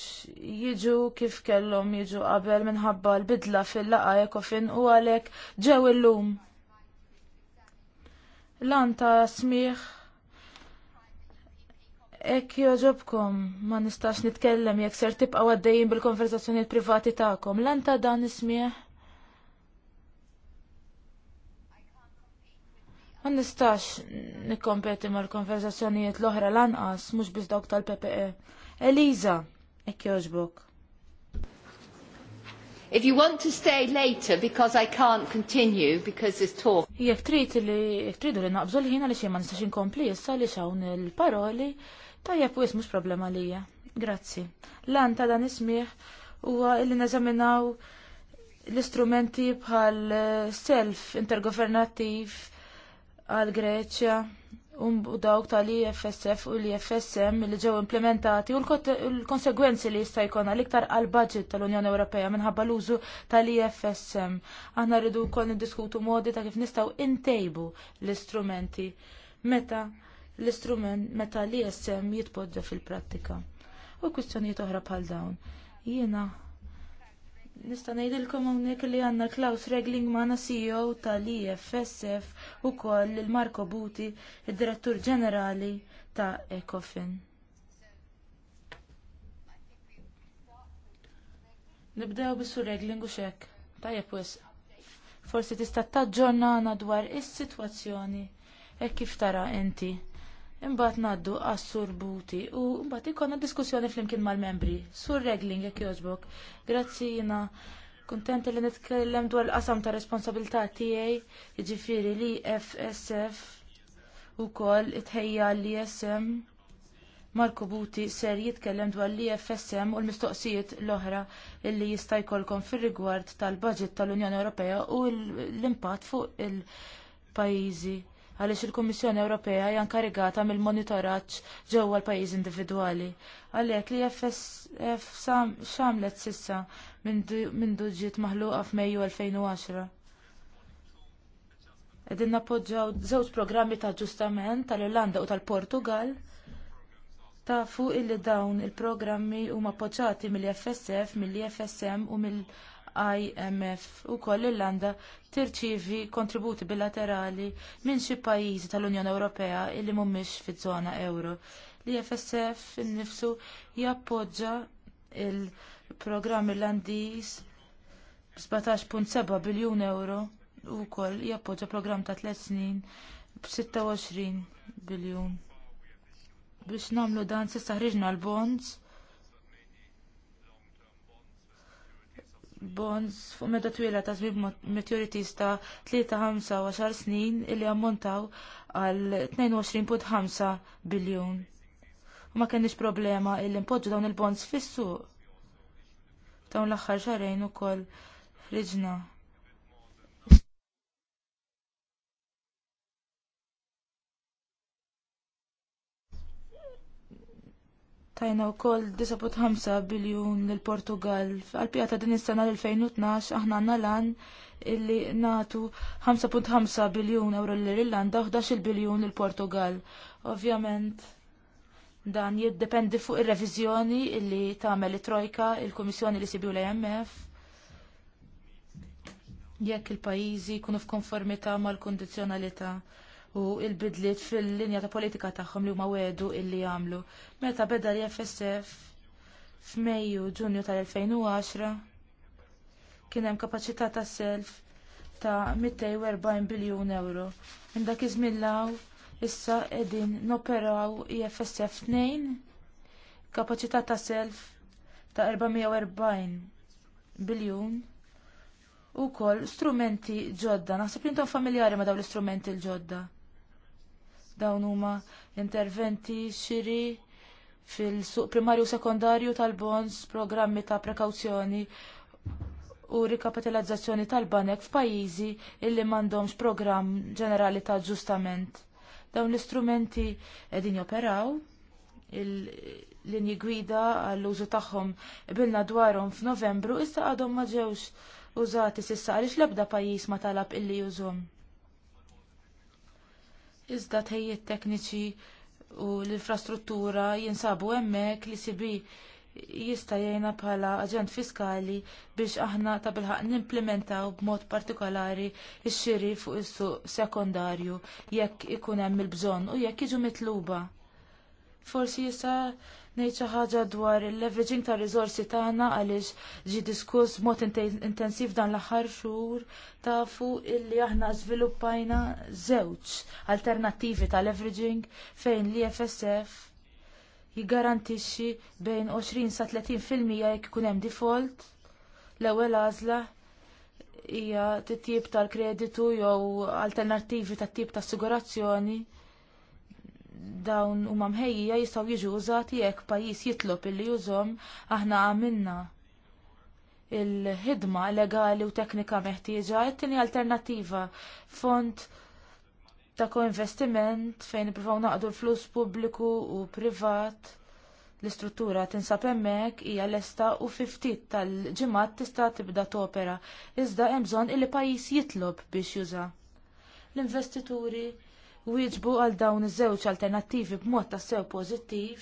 jiġu kif kellhom jiġu qabel minħabba l-bidla fil-laqa ekofin u għalhekk ġew illum. Lanta smiħ Ek joġobkom, ma nistax nitkellem jekk ser tibqa' għaddejjin bil-konversazzjonijiet privati tagħkom. ta' dan ismiħ? Ma nistax nikkompeti mal-konversazzjonijiet l-oħra lanqas mhux biss dawk tal-PPE. Eliza, hekk jogħġbok. If you want to stay later because I can't continue because it's talk. Jek trid li jek tridu li naqbżu l-ħin għaliex ma nistax inkompli issa li xawn il-paroli tajjeb wis mhux problema lija. Grazzi. Lan ta' dan ismih huwa li neżaminaw l-istrumenti bħal self intergovernattiv għal Greċja um, u dawk tal-IFSF u l-IFSM li ġew implementati u l-konsegwenzi li jista' jkun għal iktar għal budget tal-Unjoni Ewropea minħabba l-użu tal-IFSM. Aħna rridu wkoll niddiskutu modi ta' kif nistgħu intejbu l-istrumenti meta l-istrument meta l-ISM jitpoġġa fil-prattika. U kwistjonijiet oħra bħal dawn. Jiena Nista' ngħidilkom hawnhekk li għandna Klaus Regling Mana CEO tal-IFSF ukoll il Marko Buti, id-Direttur Ġenerali ta' Ecofin. Nibdew sur Regling u xek. Tajjeb wis. Forsi tista' taġġornana dwar is-sitwazzjoni e kif tara inti. Imbagħad ngħaddu għas-sur Buti u mbagħad ikollna diskussjoni flimkien mal-membri. Sur Regling jekk jogħġbok. Grazzi jiena kuntenti li nitkellem dwar l-qasam ta' responsabilità tiegħi, jiġifieri li FSF ukoll itħejja li SM. Marko Buti ser jitkellem dwar li FSM u l-mistoqsijiet l-oħra illi jista' jkollkom fir-rigward tal-budget tal-Unjoni Ewropea u l-impatt fuq il-pajjiżi għaliex il-Kummissjoni Ewropea hija nkarigata mill-monitoraġġ ġewwa l-pajjiż individwali. Għalhekk li FSF xamlet sissa minn duġiet maħluqa f'Mejju 2010. Qegħdin nappoġġaw żewġ programmi ta' aġġustament tal-Irlanda u tal-Portugal tafu li dawn il-programmi huma appoġġjati mill-FSF, mill fsm u mill IMF u koll l-Irlanda tirċivi kontributi bilaterali minn xi pajjiżi tal-Unjoni Ewropea illi mhumiex fiż-żona euro. L-IFSF innifsu jappoġġa il-programm Irlandiż 17.7 biljun euro u koll jappoġġa programm ta' tliet snin b'26 biljun. Biex nagħmlu dan sissa ħriġna l-bonds bonds fuq meta twila ta' żmien maturities ta' 3-5 snin illi ammontaw għal 22.5 biljun. U ma kenniex problema illi npoġġu dawn il-bonds fissu Dawn l-aħħar xarejn ukoll f'riġna. Tajna wkoll 9.5 biljun lil Portugal. Għal-pija ta' din is-sena l-2012 aħna għandna lan illi natu 5.5 biljun euro l-Irlanda u 11 biljun lil Portugal. Ovvjament dan jiddependi fuq ir-reviżjoni il illi tagħmel it-Trojka, il-Kummissjoni li sibiu l-IMF jekk il-pajjiżi jkunu f'konformità mal-kundizzjonalità u l bidliet fil-linja ta' politika tagħhom li huma wedu illi jagħmlu. Meta beda l-FSF f'Mejju Ġunju tal-2010 kien hemm kapaċità ta' self ta' 240 biljun euro. Indak iżmillaw issa qegħdin noperaw IFSF e 2 kapaċità ta' self ta' 440 biljun u kol strumenti ġodda. Naħseb li intom familjari ma dawn l-istrumenti l-ġodda. Dawn huma interventi xiri fil-suq primarju u sekondarju tal-bonds, programmi ta' prekawzjoni u rikapitalizzazzjoni tal-banek f'pajjiżi illi m'għandhomx programm ġenerali ta' ġustament. Dawn l-istrumenti qegħdin joperaw il-linji gwida għall-użu tagħhom bilna dwarhom f'Novembru issa għadhom ma ġewx użati sissa għaliex l-ebda pajjiż ma talab illi jużhom iżda tħejjiet tekniċi u l-infrastruttura jinsabu hemmhekk li sibi jista' jgħinha bħala aġent fiskali biex aħna ta' bilħaq nimplementaw b'mod partikolari x-xiri fuq is-suq sekondarju jekk ikun hemm il-bżonn u jekk jiġu mitluba. Forsi jista' ngħid xi ħaġa dwar il-leveraging ta' riżorsi tagħna għaliex ġi diskuss mod intensiv dan l-aħħar xhur tafu illi aħna żviluppajna żewġ alternattivi ta' leveraging fejn l efsf jiggarantixxi bejn 20 sa 30% jekk ikun hemm default l-ewwel għażla hija t-tip tal-kreditu jew alternattivi tat-tip ta' assigurazzjoni dawn huma mħejja jistgħu jiġu użati jekk pajjiż jitlob illi jużhom aħna għamilna il-ħidma legali u teknika meħtieġa, qed tieni alternattiva fond ta' investiment fejn ippruvaw naqdu l-flus pubbliku u privat l-istruttura tinsab hemmhekk hija lesta u fi ftit tal-ġimgħat tista' tibda topera iżda hemm bżonn li pajjiż jitlob biex juża. L-investituri wieġbu għal dawn iż-żewġ alternattivi b'mod sew pożittiv.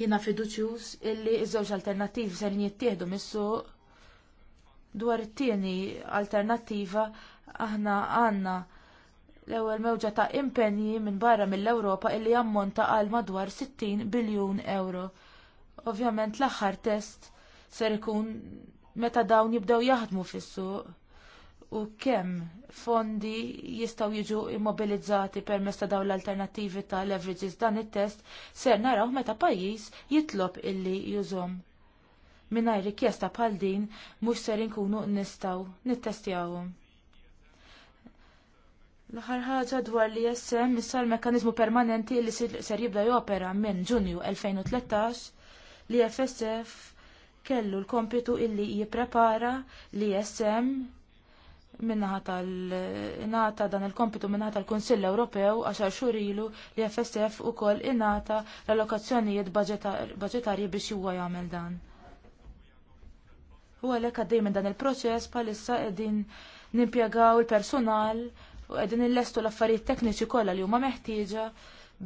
Jiena fiduċjuż illi iż-żewġ alternattivi se jittieħdu mis-suq dwar it-tieni alternattiva aħna għandna l-ewwel mewġa ta' impenji minn barra mill-Ewropa illi jammonta għal madwar 60 biljun euro. Ovvjament l-aħħar test ser ikun meta dawn jibdew jaħdmu fis-suq u kemm fondi jistgħu jiġu immobilizzati permezz ta' dawn l-alternattivi ta' leverages dan it-test ser naraw meta pajjiż jitlob illi jużhom. Mingħajr rikjesta bħal din mhux ser inkunu nistgħu nittestjawhom. L-aħħar ħaġa dwar li jessem issa l-mekkaniżmu permanenti li ser jibda jopera minn Ġunju 2013 li FSF kellu l-kompitu illi jipprepara li jessem minnaħa tal-nata dan il-kompitu minnaħa tal-Konsill Ewropew għaxar xur ilu li FSF ukoll ingħata l-allokazzjonijiet budgetarji biex huwa jagħmel dan. U għalhekk għaddej minn dan il-proċess bħalissa qegħdin nimpjegaw il-personal u qegħdin lestu l-affarijiet tekniċi kollha li huma meħtieġa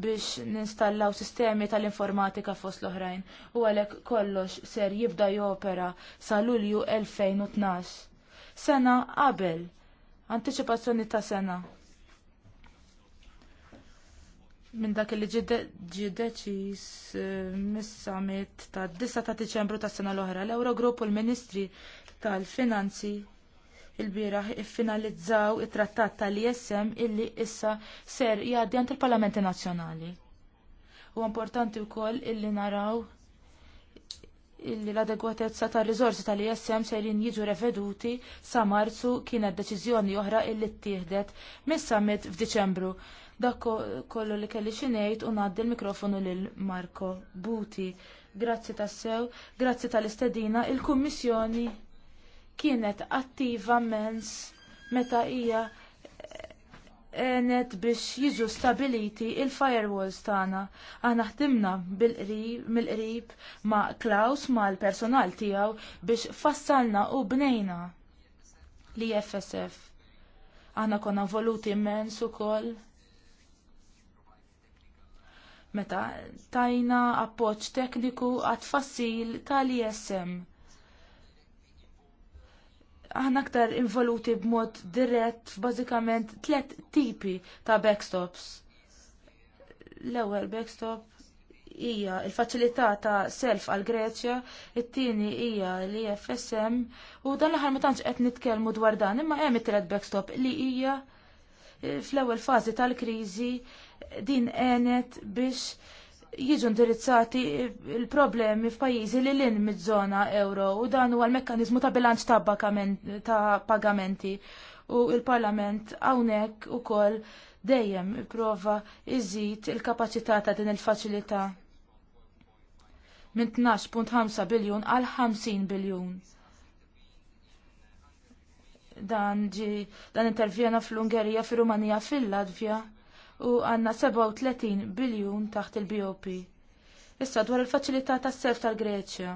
biex ninstallaw sistemi tal-informatika fost l-oħrajn u għalhekk kollox ser jibda jopera sa Lulju 2012 sena qabel. Anticipazzjoni ta' sena. Minn dak li ġi deċis eh, mis-summit ta' 9 ta' Diċembru ta' sena l-oħra, l-Eurogrupp u l-Ministri tal-Finanzi il bira finalizzaw it-trattat tal-ISM illi issa ser jgħaddi għand il-Parlamenti Nazzjonali. U importanti wkoll illi naraw illi l-adegwatezza tar rizorsi tal-ISM serin jiġu reveduti sa marzu kienet deċiżjoni oħra illi ttieħdet mis-summit f'Diċembru. Dak kollu li kelli xi ngħid u ngħaddi l-mikrofonu lil Marko Buti. Grazzi tassew, grazzi tal-istedina, il-Kummissjoni kienet attiva mens meta hija għenet biex jiġu stabiliti il-firewalls tagħna. Aħna ħdimna bil-qrib mill-qrib ma' Klaus ma' l-personal tiegħu biex fassalna u bnejna li FSF. Aħna konna voluti immens ukoll. Meta tajna appoġġ tekniku għat tfassil tal-ISM aħna aktar involuti b'mod dirett f'bażikament tliet tipi ta' backstops. L-ewwel backstop hija il-faċilità ta' self għal Greċja, it-tieni hija l FSM u dan l-aħħar ma tantx qed nitkellmu dwar dan, imma hemm it-tielet backstop li hija eh, fl-ewwel fażi tal-kriżi din għenet biex jiġu indirizzati il-problemi f'pajjiżi li lin mid-żona euro u dan huwa l-mekkaniżmu ta' bilanċ ta', ta pagamenti u il-Parlament hawnhekk ukoll dejjem ipprova iżid il-kapaċità ta' din il-faċilità minn 12.5 biljun għal 50 biljun dan ġi dan intervjena fl-Ungerija, fil-Rumanija, fil-Latvja u għandna 37 biljun taħt il-BOP. Issa dwar il-faċilità tas-self tal-Greċja.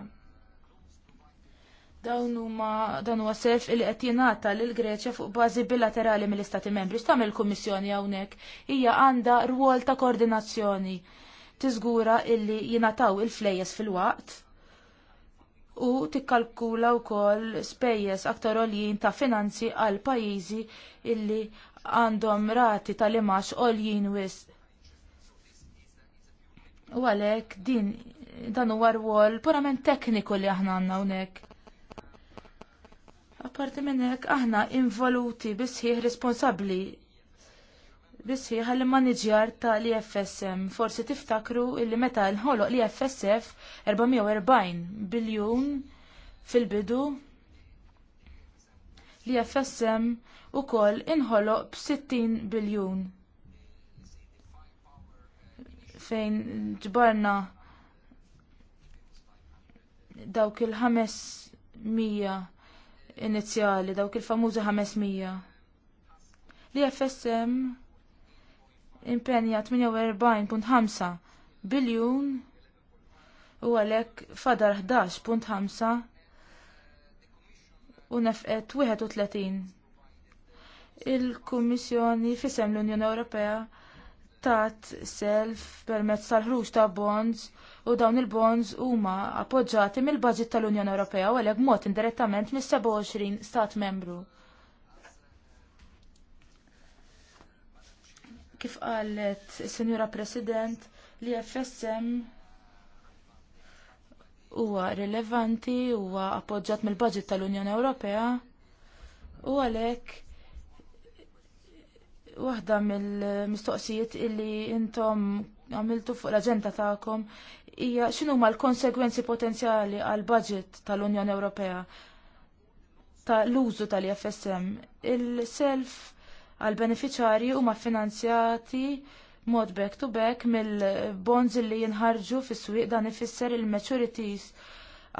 Dawn huma dan huwa self li qed jingħata lil Greċja fuq bażi bilaterali mill-Istati Membri. X'tagħmel il-Kummissjoni hawnhekk hija għandha rwol ta' koordinazzjoni tiżgura illi jingħataw il-flejjes fil-waqt u tikkalkula wkoll spejjeż aktar għoljin ta' finanzi għal pajjiżi illi għandhom rati tal-imax għoljin wis. U għalek din dan huwa rwol purament tekniku li aħna għandna hawnhekk. Apparti minn hekk aħna involuti responsabli. responsabbli għalli għall ta' tal IFSM. Forsi tiftakru illi meta nħoloq l IFSF 440 biljun fil-bidu l IFSM ukoll inħoloq b'60 biljun fejn ġbarna dawk il-500 inizjali, dawk il-famużi 500. l FSM impenja 48.5 biljun u għalhekk fadar 11.5 u nefqet 31 il-Kummissjoni fisem l-Unjoni Ewropea tat self permezz tal-ħruġ ta' bonds u dawn il-bonds huma appoġġjati mill-budget tal-Unjoni Ewropea u għalhekk mod indirettament mis-27 stat membru. Kif qalet is-Sinjura President li FSM huwa rilevanti huwa appoġġjat mill-budget tal-Unjoni Ewropea u għalhekk waħda mill-mistoqsijiet illi intom għamiltu fuq l-aġenda tagħkom hija x'inhu ma l-konsegwenzi potenzjali għal budget tal-Unjoni Ewropea ta' l-użu tal-IFSM. Il-self għal beneficjarji huma finanzjati mod back to back mill-bonds li jinħarġu fis-swieq dan ifisser il-maturities.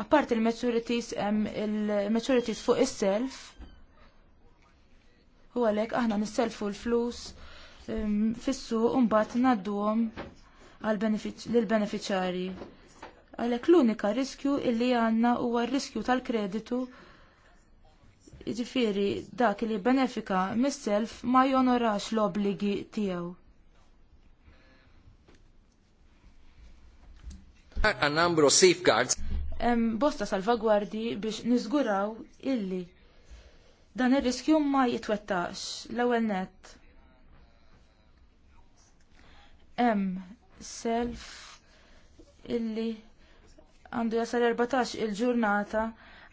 Apart il-maturities hemm il-maturities fuq is-self u għalhekk aħna nisselfu l-flus um, fissu u mbagħad ngħadduhom għall-benefiċjarji. Għalhekk l-unika riskju illi għandna huwa r-riskju tal-kreditu jiġifieri dak li benefika mis-self ma jonorax l obbligi tiegħu. a number of safeguards. bosta salvagwardi biex niżguraw illi Dan ir-riskju ma jitwettax l-ewwel net. Hemm self illi għandu jasal 14 il-ġurnata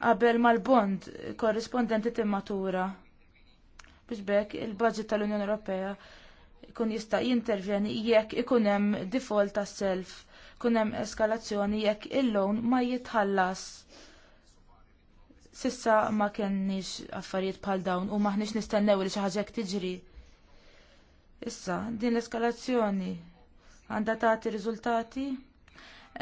qabel mal-bond korrispondenti timmatura. Biex bekk il-budget tal-Unjoni Ewropea ikun jista' jintervjeni jekk ikun hemm default tas-self, kun hemm eskalazzjoni jekk il-loan ma jitħallas Sissa ma kenniex affarijiet bħal dawn u maħniex nistennew li xi ħaġa tiġri. Issa, din l-eskalazzjoni għandha tagħti riżultati?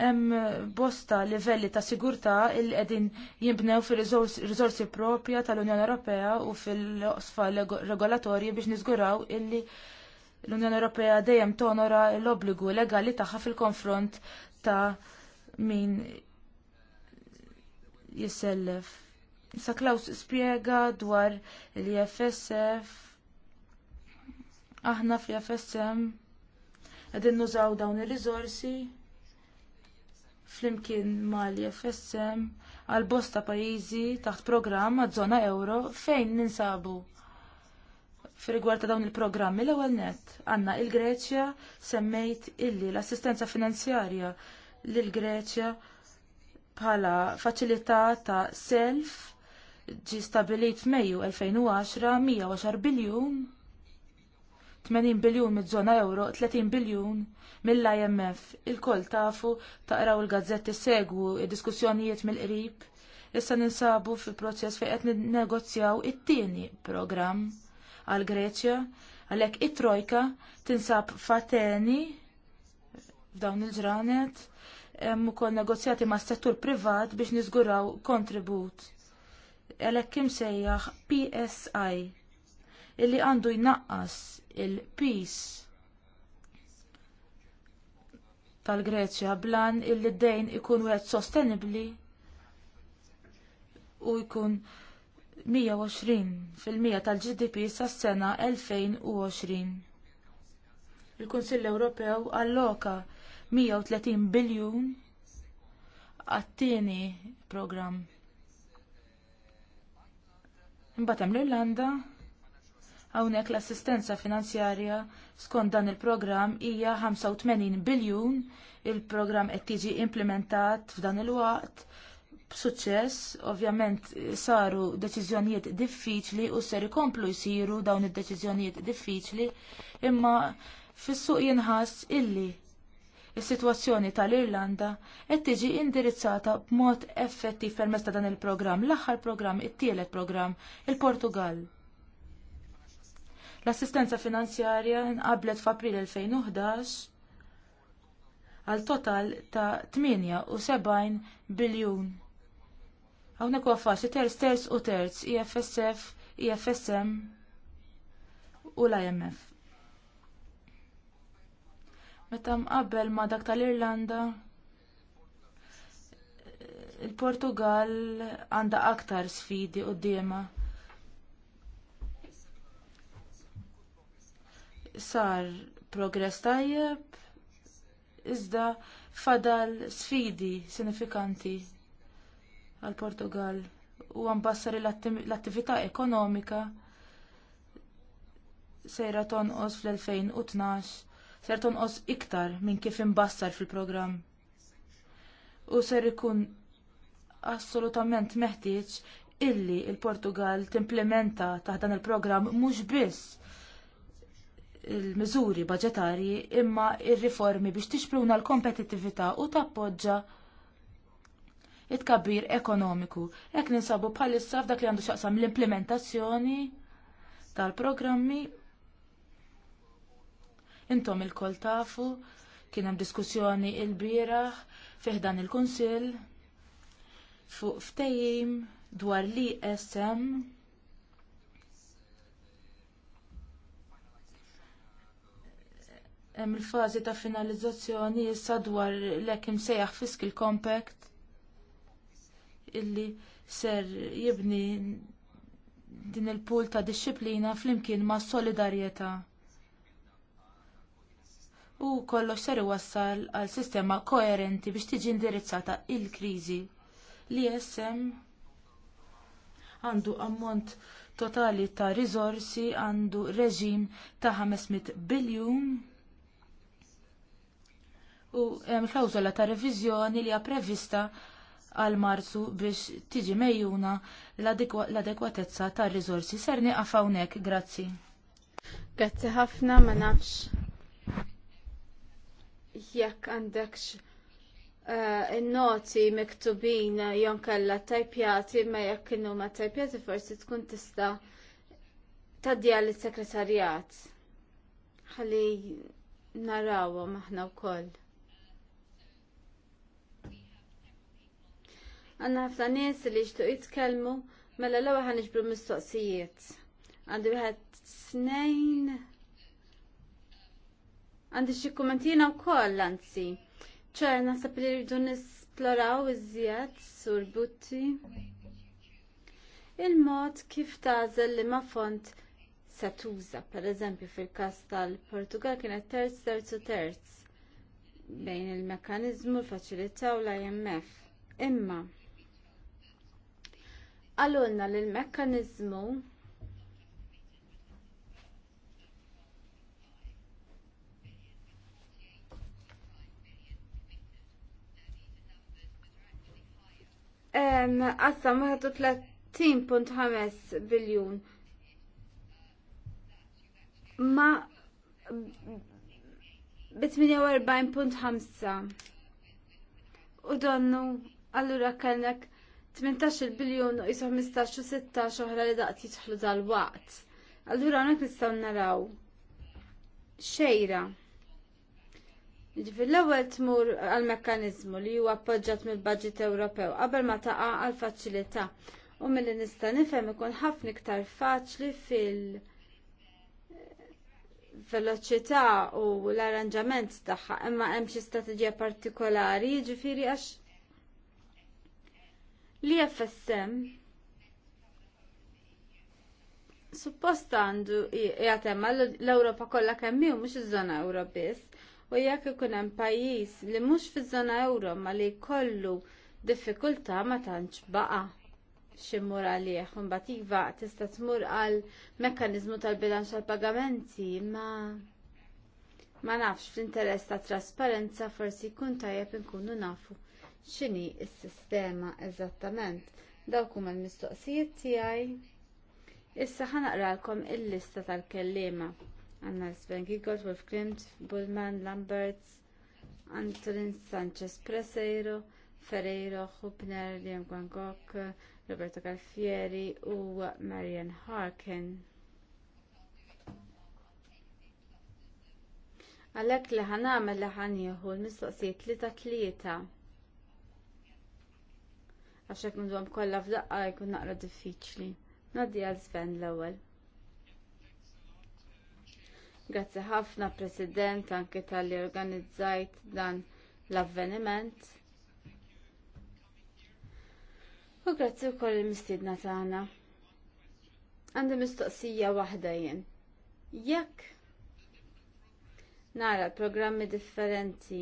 hemm bosta livelli ta' sigurtà li qegħdin jimbnew fir rizorsi propja tal-Unjoni Ewropea u fil-osfa regolatorji biex niżguraw illi l-Unjoni Ewropea dejjem tonora l-obbligu legali tagħha fil-konfront ta' min jissellef. Sa Klaus spiega dwar l fsf aħna fl fsm għedin nużaw dawn il-rizorsi flimkien mal fsm għal bosta pajjiżi taħt programm għad żona euro fejn ninsabu. Fir-rigward ta' dawn il-programmi l-ewwel nett għandna il-Greċja semmejt illi l-assistenza finanzjarja l Greċja bħala faċilità ta' self ġi stabilit f'Mejju 2010 110 biljun 80 biljun mid-żona euro, 30 biljun mill-IMF. Il-koll tafu taqraw il-gazzetti segwu id-diskussjonijiet mill-qrib. Issa ninsabu fi proċess fejn qed negozjaw it-tieni programm għal Greċja, għalhekk it-trojka tinsab fateni f'dawn il-ġranet hemm ukoll negozjati mas settur privat biex niżguraw kontribut għalhekk imsejjaħ PSI illi għandu jnaqqas il-peace tal-Greċja blan illi d-dejn ikun wieħed sostenibbli u jkun 120% tal-GDP sas-sena 2020. Il-Kunsill Ewropew alloka 130 biljun għat-tieni programm Imbagħad hemm l-Irlanda hawnhekk l-assistenza finanzjarja skont dan il-programm hija 85 biljun il-programm qed tiġi implementat f'dan il-waqt b'suċċess, ovvjament saru deċiżjonijiet diffiċli u ser ikomplu jsiru dawn id-deċiżjonijiet diffiċli imma fis-suq jinħass illi Is-sitwazzjoni tal-Irlanda qed tiġi indirizzata b'mod effettiv permezz ta' dan il-programm, l-aħħar programm, it-tielet programm, il-Portugal. L-assistenza finanzjarja nqablet f'April 2011 għal total ta' 78 biljun. Hawnhekk huwa faċli terz terz u terz IFSF, IFSM u l-IMF Meta mqabbel ma dak tal-Irlanda, il-Portugal għandha aktar sfidi qudiema. Sar progress tajjeb, iżda fadal sfidi sinifikanti għall Portugal u għambassar l-attività ekonomika sejra tonqos fl-2012 ser tonqos iktar minn kif imbassar fil-programm. U ser ikun assolutament meħtieġ illi l il portugal timplementa taħt dan il-programm mhux biss il-miżuri baġetarji imma r riformi biex tixpruna l-kompetittività u tappoġġa it-kabbir ekonomiku. Hekk ninsabu bħalissa f'dak li għandu xaqsam l-implementazzjoni tal-programmi Intom il-kol tafu, kien hemm diskussjoni il-bieraħ fih dan il-Kunsill fuq ftehim dwar li SM hemm il-fażi ta' finalizzazzjoni issa dwar l-hekk imsejjaħ Fiscal Compact illi ser jibni din il-pool ta' disċiplina flimkien mas solidarjetà u kollox ser iwassal għal sistema koerenti biex tiġi indirizzata l kriżi Li jessem għandu ammont totali ta' riżorsi għandu reġim ta' 500 biljun u hemm klawżola ta' reviżjoni li hija prevista għal marzu biex tiġi mejjuna l-adekwatezza tar riżorsi. Ser nieqaf hawnhekk, grazzi. Grazzi ħafna ma nafx jekk għandekx uh, eh, noti miktubin eh, jonkella tajpjati ma jekk kienu ma tajpjati forsi tkun tista taddija l sekretarjat ħalli narawhom aħna wkoll. Għanna ħafna nies li jixtuq jitkellmu mela l għan ħaniġbru mistoqsijiet. għandu wieħed snejn Għandi xi u koll, għanzi. ċar naħseb li rridu nisploraw iżjed sur butti. Il-mod kif tażel li ma font se tuża, pereżempju fil-każ tal-Portugal kienet terz terz u terz bejn il-mekkaniżmu l facilita u l-IMF. Imma għalunna l-mekkaniżmu Qassam 30.5 biljun. Ma bi 48.5 u donnu allura kellek 18 biljun u jisu 15 u 16 oħra li daqt jitħlu dal-waqt. Allura għonek nistaw naraw xejra Ġifir l-ewwel tmur għal-mekkaniżmu li huwa appoġġjat mill-Baġit Ewropew qabel ma taqa' għal-faċilità u milli nista' nifhem ikun ħafna iktar faċli fil- veloċità u l-arranġament tagħha, imma hemm xi strateġija partikolari, jiġifieri għax li FSM supposta għandu jgħatem l-Europa kollha kemm hu mhux iż-żona Ewro biss u jekk ikun hemm pajjiż li mhux fiż-żona euro ma li jkollu diffikultà ma tantx baqa xi mmur għalih imbagħad iva tista' tmur għal mekkaniżmu tal-bilanċ tal-pagamenti ma ma nafx fl-interess ta' trasparenza forsi jkun tajjeb inkunu nafu x'inhi s-sistema eżattament. Dawk huma l-mistoqsijiet tiegħi. Issa ħanaqralkom il-lista tal-kellima. Anna Svengigot, Wolf Klimt, Bullman, Lamberts, Antolin Sanchez Preseiro, Ferreiro, Hubner, Liam Gwangok, Roberto Galfieri u Marian Harkin. Għalhekk li ħanamel li ħanieħu l-mistoqsijiet li tlieta tlieta. mundu hekk kollha f'daqqa jkun naqra diffiċli. Nadi għal Sven l-ewwel. Grazzi ħafna President anke tal-li organizzajt dan l-avveniment. U grazzi wkoll il-mistidna tagħna. Għandi mistoqsija waħda jien. Jekk nara programmi differenti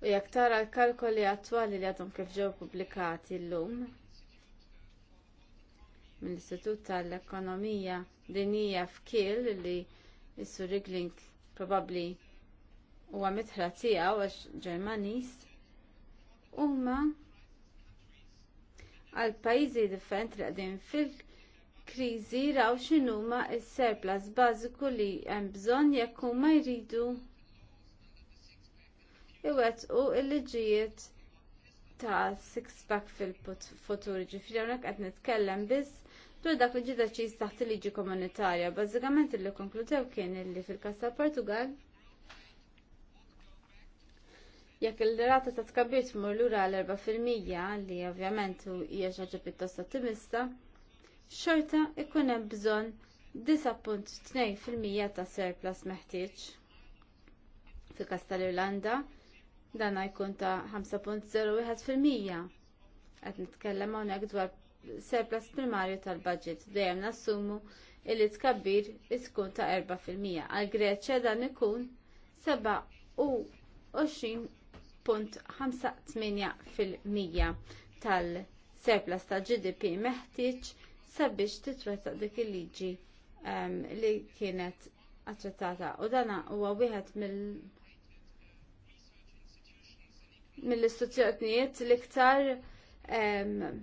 u jekk tara l-kalkoli attwali li għadhom kif ġew pubblikati llum mill-Istitut tal-Ekonomija Din hija fkiel li s-sur Rigling probabbli huwa mitħla tiegħu għax Ġermaniż huma għal pajjiżi differenti li qegħdin fil-kriżi raw x'inhuma s serplas bażiku li hemm bżonn jekk huma jridu iwettqu l-liġijiet ta' six pack fil-futur ġifri hawnhekk qed nitkellem biss dwar dak li ġie deċiż taħt il-liġi komunitarja. Bażikament illi konkludew kien illi fil-każ tal-Portugal jekk il-rata ta' tkabbir tmur lura l 4% li ovvjament hija xi ħaġa pjuttost ottimista, xorta ikun hemm bżonn 9.2% ta' surplus meħtieġ. Fil-każ tal-Irlanda, dan jkun ta' 5.01%. Qed nitkellem hawnhekk dwar surplus primarju tal-budget dejjem nassumu illi tkabbir tkun ta' 4% għal Greċja dan ikun 7 tal-surplus ta' GDP meħtieġ sabiex titwettaq dik il-liġi ehm, li kienet attrattata u dan huwa wieħed mill mill-istituzzjonijiet l-iktar ehm,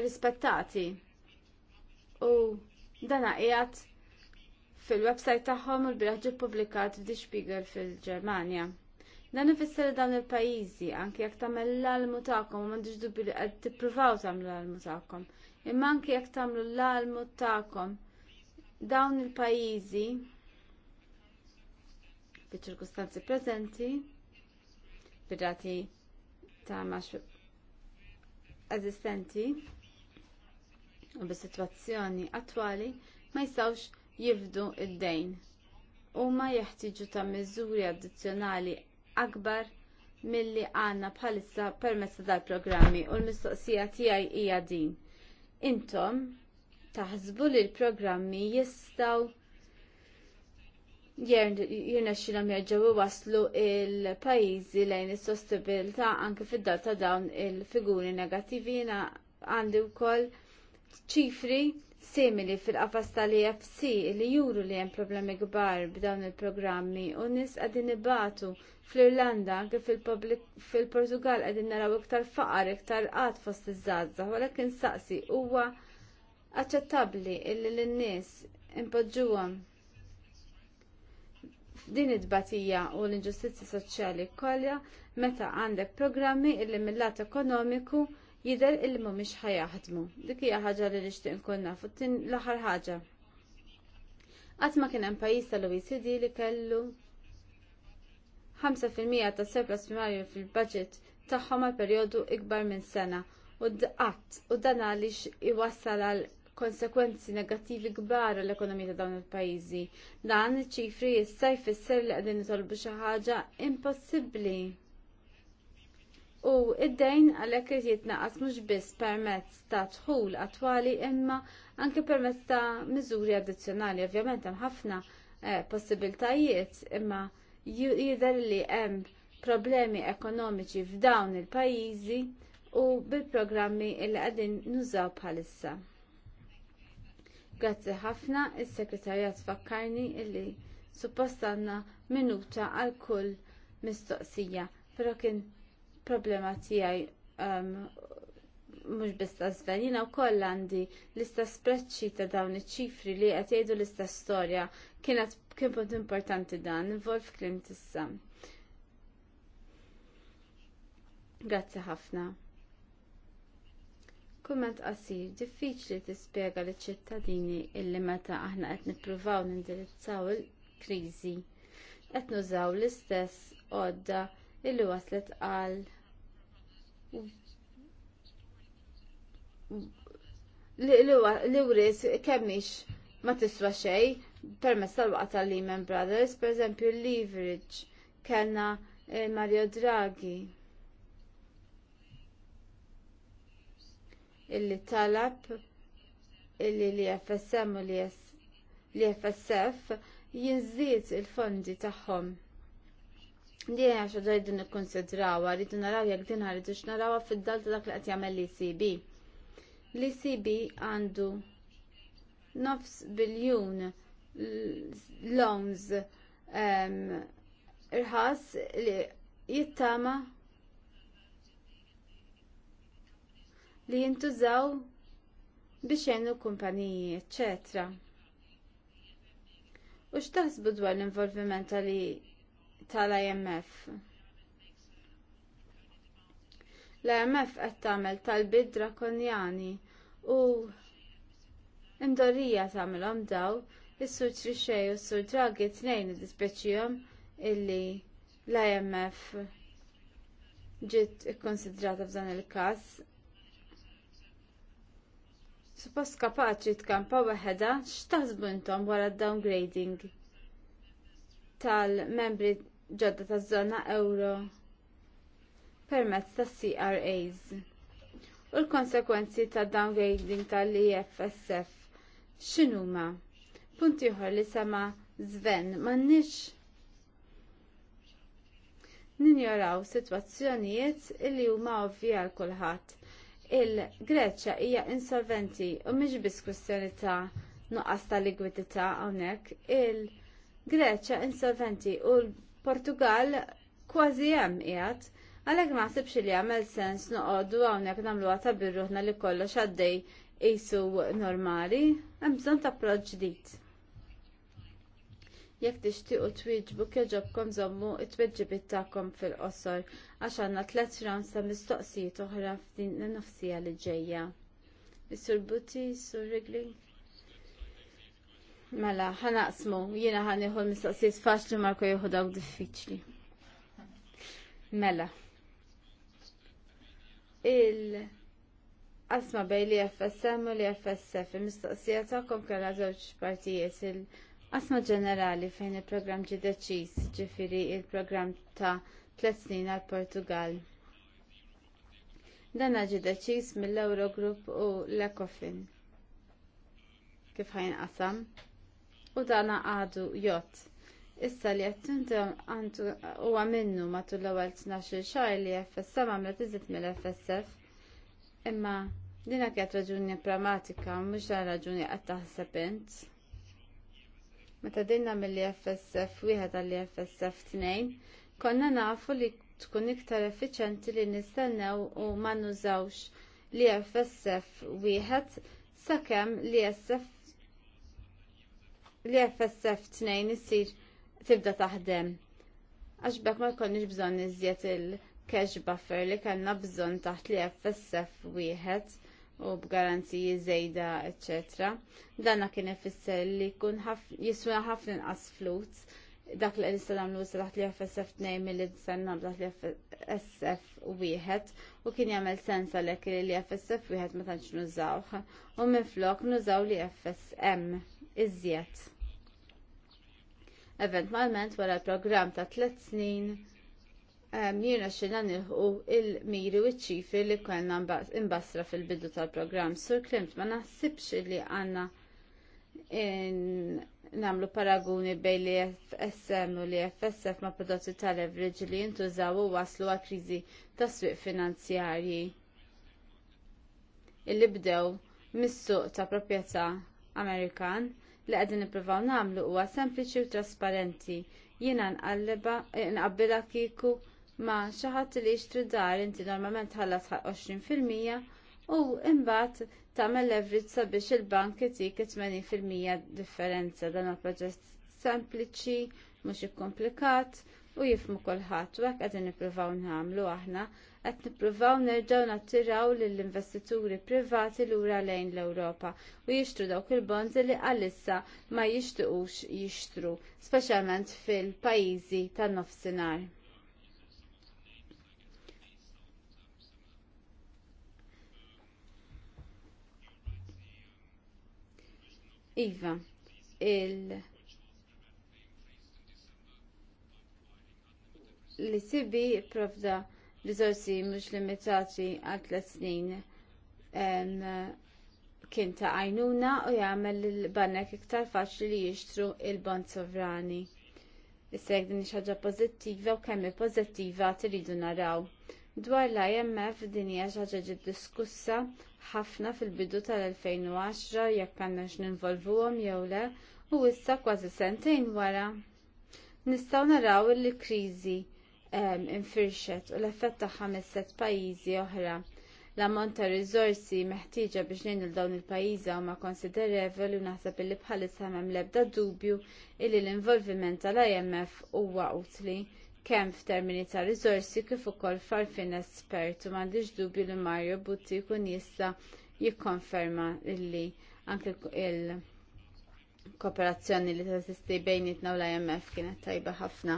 rispettati. U dana qiegħed fil-website tagħhom u l-bilaġġi publikat di Spiegel fil-Ġermanja. Dan ifisser dawn il-pajjiżi anke jekk tagħmel l-almu tagħkom u mandiġ dubbi li qed tippruvaw tagħmlu l-almu tagħkom. Imma anke jekk tagħmlu l-almu tagħkom dawn il-pajjiżi fiċ-ċirkustanzi preżenti bir-rati ta' max eżistenti u bis-sitwazzjoni attwali ma jistgħux jifdu id-dejn u ma jeħtiġu ta' miżuri addizzjonali akbar milli għandna bħalissa permezz dal-programmi u l-mistoqsija tiegħi hija din. Intom taħsbu li l-programmi jistgħu jirna xilom jirġaw waslu il-pajizi lejn il-sostabilta anke fid-dal ta' dawn il-figuri negativi għandi u koll ċifri simili fil-qafas tal-EFC li juru li hemm problemi kbar b'dawn il-programmi u nies qegħdin ibatu fl-Irlanda kif fil-Portugal qegħdin naraw iktar faqar iktar qatt fost iż-żgħażagħ walakin insaqsi huwa aċċettabbli illi lin-nies impoġġuhom din id-batija u l-inġustizzi soċjali kollha meta għandek programmi illi mill-lat ekonomiku jidher illi mhumiex ħajaħdmu. Dik hija ħaġa li nixtieq nkun nafu. L-aħħar ħaġa. Qatt ma kien hemm pajjiż tal-OECD li kellu 5% ta' surplus primarju fil-budget tagħhom għal perjodu ikbar minn sena u d-qatt u dan għaliex iwassal għal konsekwenzi negattivi kbar l-ekonomija ta' dawn il-pajjiżi. Dan iċ-ċifri issa jfisser li qegħdin nitolbu xi ħaġa impossibbli u id-dejn għalek qed jitnaqqas mhux biss permezz ta' dħul attwali imma anke permezz ta' miżuri addizzjonali. Ovvjament hemm ħafna eh, possibiltajiet imma jidher li hemm problemi ekonomiċi f'dawn il-pajjiżi u bil-programmi li qegħdin nużaw bħalissa. Grazzi ħafna, is-Sekretarjat fakkarni illi suppost għandna minuta għal kull mistoqsija, però kien problema tiegħi um, mux biss għazdan, jina u koll għandi l-istess spreċċi ta' dawn iċ-ċifri li qed jgħidu l-istess storja kienet kien punt importanti dan, involv klim tissa. Grazzi ħafna. Kumment qasir, diffiċli tispjega liċ ċittadini illi meta aħna qed nippruvaw nindirizzaw il-kriżi qed nużaw l-istess għodda illi waslet għal li wris kemmix ma tiswa xej permess tal-waqt tal Lehman Brothers, per eżempju leverage kellna eh, Mario Draghi illi talab illi li FSM u li FSF jinżid il-fondi tagħhom. Di għaxa ġajdu nikkonsidrawa, rridu naraw jek din ħarridu narawa fid-dal ta' dak li qed jagħmel l-ECB. L-ECB għandu nofs biljun loans irħas li jittama li jintużaw biex jgħinu kumpaniji, eccetera. U x'taħsbu dwar l-involviment li tal-IMF. L-IMF qed tagħmel tal-bid drakonjani u indorija tagħmelhom daw is-sur Trixej u s-sur Draghi tnejn dispeċihom illi l-IMF ġiet ikkonsidrata f'dan il-każ. Suppost kapaċi tkampa waħedha x'taħsbu intom wara d-downgrading tal-membri ġodda taż żona euro permezz ta' CRAs. U l-konsekwenzi ta' downgrading tal-IFSF x'inhuma? Punt ieħor li sema Sven m'għandniex ninjoraw sitwazzjonijiet illi huma ovvji għal kulħadd. Il-Greċja hija insolventi u mhix biss kwistjoni ta' nuqqas ta' likwidità hawnhekk. Il-Greċja insolventi u l Portugal kważi hemm qiegħed, għalhekk ma ħsibx li jagħmel sens noqogħdu hawnhekk nagħmluha ta' birruħna li kollox għaddej qisu normali, hemm bżonn ta' approċċ ġdid. Jekk tixtiequ twieġbu ġobkom żommu t tweġibiet tagħkom fil-qosor għax għandna tliet rounds ta' mistoqsijiet oħra f'din in-nofsija li ġejja. Is-Sur Buti, Sur Rigling. Mela, ħanaqsmu, jiena l mistoqsijiet faċli marko jieħu dawk diffiċli. Mela. Il asma bej li FSM u li FSF, il-mistoqsija tagħkom kellha żewġ partijiet il-qasma ġenerali fejn il-programm ġi deċis ġifieri il-programm ta' tliet snin għall Portugal. Dan ġi deċis mill-Eurogroup u l-Ecofin. Kif ħajn qasam? u dana għadu jott. Issa li għattintom għantu u għaminnu matu l-ewel 12 xaj li FSF għamlet iżit mill-FSF imma dina kienet raġuni pragmatika mhux dan raġuni qed taħseb Meta dinna mill-FSF wieħed għall-FSF tnejn, konna nafu li tkun iktar effiċenti li nistennew u ma nużawx li FSF wieħed sakemm li SF li FSF 2 issir tibda taħdem. Għax bekk ma jkonniġ bżonn iżjed il-cash buffer li kellna bżonn taħt li FSF wieħed u b'garanziji żejda, etc. Danna kien ifisser li jkun jiswa ħafna inqas flut dak li nista' nagħmlu taħt li FSF 2 milli nista' nagħmlu taħt li FSF wieħed u kien jagħmel sens għalhekk li FSF wieħed ma tantx nużawh u minflok nużaw li FSM iżjed. Eventwalment wara l-programm ta' tliet snin jiena xina nilħu il-miri u ċifri li kellna imbasra fil-bidu tal-programm. Sur Klimt, ma naħsibx li għanna namlu paraguni bej li FSM u li FSF ma prodotti tal-leverage li jintużaw u waslu għal krizi ta' swieq finanzjarji. Illi bdew mis-suq ta' proprjetà Amerikan li qegħdin nippruvaw nagħmlu huwa sempliċi u trasparenti. Jiena eh, nqabbila kieku ma' xi li jixtri dar inti normalment ħallas 20% u imbagħad tagħmel leverage sabiex il-bank itik 80% differenza dan il-proġett sempliċi mhux ikkomplikat u jifmu kulħadd u hekk qegħdin nippruvaw nagħmlu aħna qed nippruvaw nerġgħu nattiraw lill-investituri privati lura lejn l-Ewropa u jixtru dawk il-bonds li għalissa ma jixtiequx jixtru, speċjalment fil-pajjiżi tan-nofsinhar. Iva, il- li sibi provda riżorsi mhux limitati għal tliet snin kien ta' għajnuna u jagħmel il-banek iktar faċli li jixtru il-bond sovrani. Issa jekk din ħaġa pożittiva u kemm pożittiva tridu naraw. Dwar l-IMF din hija xi ħaġa ġiet diskussa ħafna fil-bidu tal-2010 jekk għandna x'ninvolvuhom jew le u issa kważi sentejn wara. Nistgħu naraw li kriżi infirxet u l-effett tagħha misset pajjiżi oħra. L-ammont ta' riżorsi meħtieġa biex ngħinu dawn il-pajjiżi huma konsiderevoli u naħseb li bħalissa m'hemm l-ebda dubju illi l-involviment tal-IMF huwa utli kemm f'termini ta' riżorsi kif ukoll farfin espert u m'għandix dubju li Mario Butti jkun jista' jikkonferma illi anke il-kooperazzjoni li ta' bejnietna u l-IMF kienet tajba ħafna.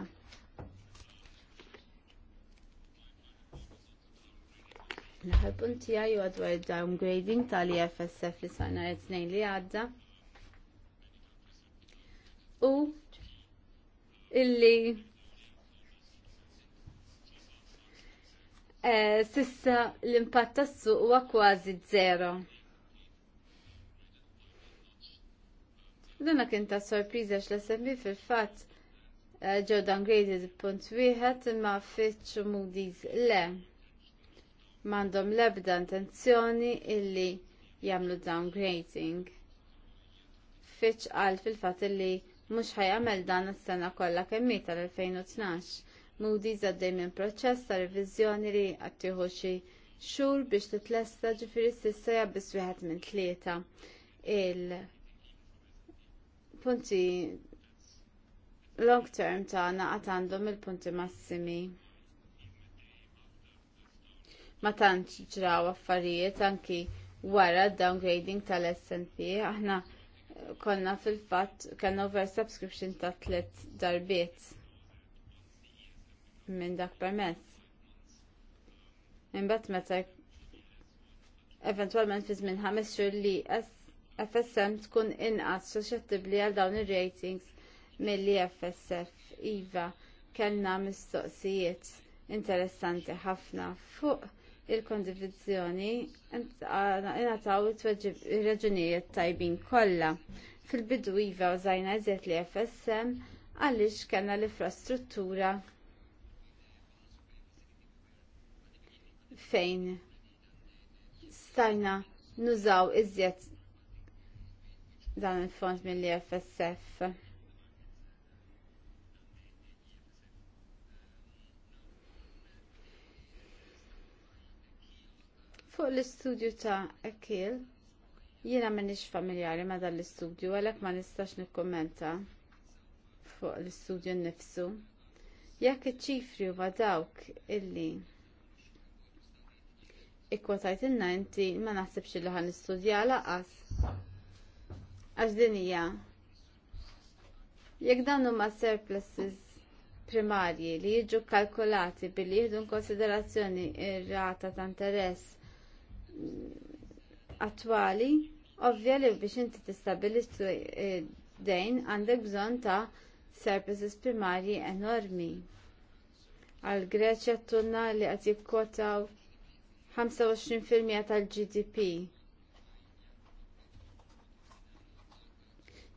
l ħarpun punti għaj għadwar downgrading tal-IFSF li sa' nhar it-tnejn li għadda. U illi eh, sissa l-impatt tas-suq huwa kważi zero. Dan kien ta' sorpriża smb fil-fatt eh, ġew downgraded punt wieħed imma Fitch u Moody's le m'għandhom l-ebda intenzjoni illi jagħmlu downgrading. Fitch qal fil-fatt illi mhux ħajamel dan is-sena kollha kemm tal-2012. Moody's għaddej minn proċess ta' riviżjoni li għattieħu xi xhur biex titlesta ġifieri s'issa jabbis wieħed minn tlieta. Il-punti long term tagħna għad għandhom il-punti massimi ma tantx ġraw affarijiet anki wara d downgrading tal snp aħna eh, konna fil-fatt kellna oversubscription ta' tliet darbiet minn dak permess. Imbagħad meta eventwalment fi żmien ħames xhur li FSM tkun inqas suscettibbli għal dawn ir-ratings milli FSF iva kellna mistoqsijiet interessanti ħafna fuq il-kondivizjoni inataw il-raġunijiet tajbin kollha. Fil-bidu iva użajna eżiet li FSM għaliex kellna l-infrastruttura fejn stajna nużaw iżjed dan il-fond mill-FSF. Fuq l-istudju ta' Ekil, jiena m'nix familjari ma' dan l-istudju, għalhekk ma nistax nikkummenta fuq l-istudju nnifsu. Jekk iċ-ċifri huwa dawk illi ikkwotajt inna inti ma naħsibx illi ħan nistudja laqas. Għax din hija jekk dawn huma surpluses primarji li jiġu kalkulati billi jieħdu konsiderazzjoni r-rata ta' interess attwali, ovvja li biex inti tistabilistu eh, dejn għandek bżonn ta' services primarji enormi. Għal Greċja tunna li qed jikkwotaw 25% tal-GDP.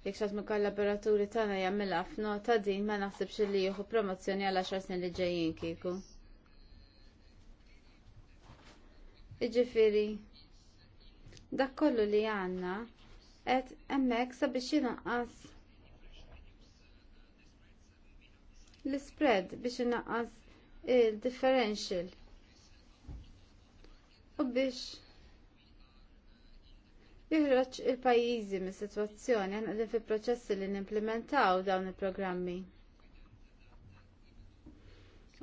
Jekk xatt ma kollaboraturi tagħna jagħmilha f'nota din ma naħsibx li jieħu promozzjoni għal 10 snin li ġejjin kieku. Iġifiri, dak kollu li għanna, et emmek sabiex jinaqqas l-spread biex jinaqqas il-differential u biex jihroċ il-pajizi mis situazzjoni għan fi proċessi li n-implementaw dawn il-programmi.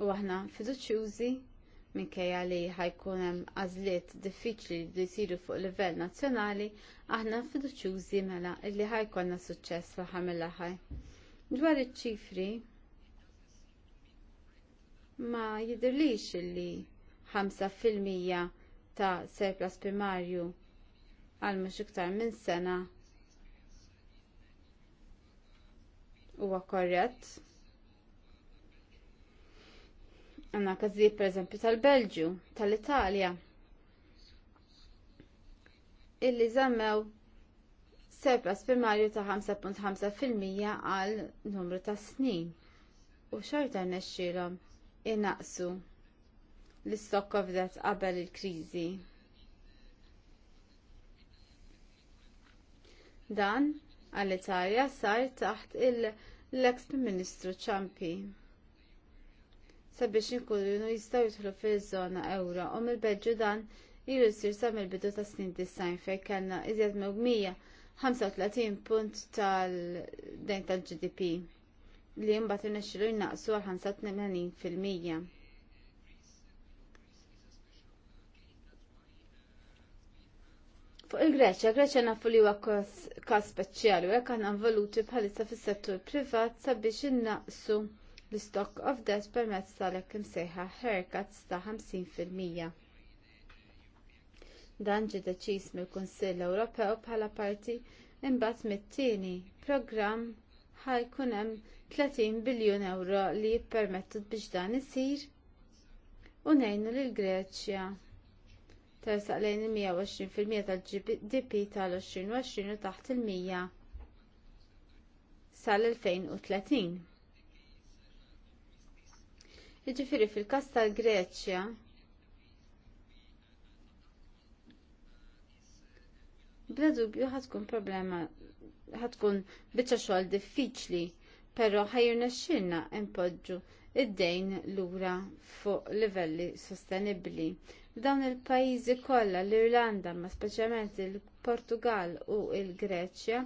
U aħna fiduċjużi minkejja li ħajkun hemm għażliet diffiċli li jsiru fuq livell nazzjonali, aħna fiduċjużi mela li ħajkonna suċċess fl-aħħar mill-aħħar. Dwar iċ-ċifri ma jidhirlix li 5% ta' surplus primarju għal mhux iktar minn sena huwa korrett. Għanna kazzi per eżempju tal-Belġu, tal-Italja, illi zammew surplus primarju ta' 5.5% għal numru ta' snin u xorta nesċilom innaqsu l-istock of debt qabel il-kriżi. Dan għall-Italja sar taħt il-ex Ministru Ciampi sabiex inkunu jistgħu jidħlu fiż-żona ewra u mill-Belġu dan ilu jsir sa mill-bidu ta' snin design fejn kellna iżjed mewmija 35 punt tal-dejn tal-GDP li mbagħad inexxilu jnaqsu għal 85 fil-mija. Fuq il-Greċja, Greċja nafu li huwa każ speċjali u hekk għandna involuti bħalissa fis-settur privat sabiex innaqsu l-stock of debt permezz tal-hekk imsejħa haircuts ta' 50%. Dan ġie deċiż mill-Kunsill Ewropew bħala parti imbagħad mit-tieni programm ħajkun hemm 30 biljun euro li jippermettu biex dan isir u ngħinu lill Greċja tersaq lejn il-120% tal-GDP tal-2020 u taħt il-100 sal-2030. Jiġifieri fil-każ tal-Greċja bla dubju ħatkun problema ħatkun biċċa xogħol diffiċli, però ħajjuna xinna impoġġu id-dejn lura fuq livelli sostenibbli. Dawn il-pajjiżi kollha l-Irlanda, ma speċjalment il-Portugal u l greċja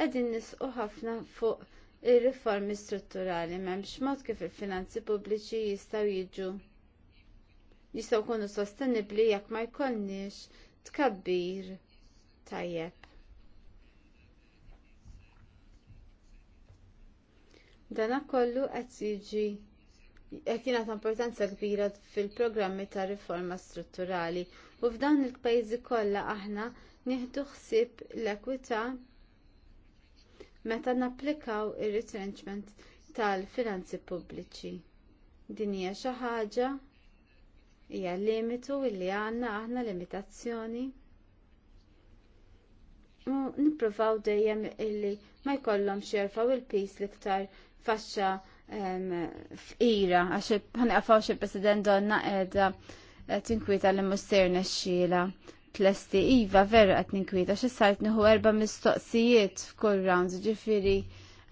qegħdin nisqu ħafna fuq ir-riformi strutturali m'hemmx mod kif il-finanzi pubbliċi jistgħu jiġu jistgħu jkunu sostenibbli jekk ma jkollniex tkabbir tajjeb. Dan kollu qed jiġi qed jingħata importanza kbira fil-programmi ta' riforma strutturali u f'dawn il-pajjiżi kollha aħna nieħdu ħsieb l-ekwità meta napplikaw ir-retrenchment tal-finanzi pubbliċi. Din hija xi ħaġa hija limitu li għandna aħna limitazzjoni. U nippruvaw dejjem illi ma jkollhom xerfaw il-pis liktar faxxa f'ira għax ħanqafaw xi president donna qiegħda tinkwita li muster nexxiela tlesti iva vera qed ninkwieta xi sajt nħu erba' mistoqsijiet f'kull round, ġifiri,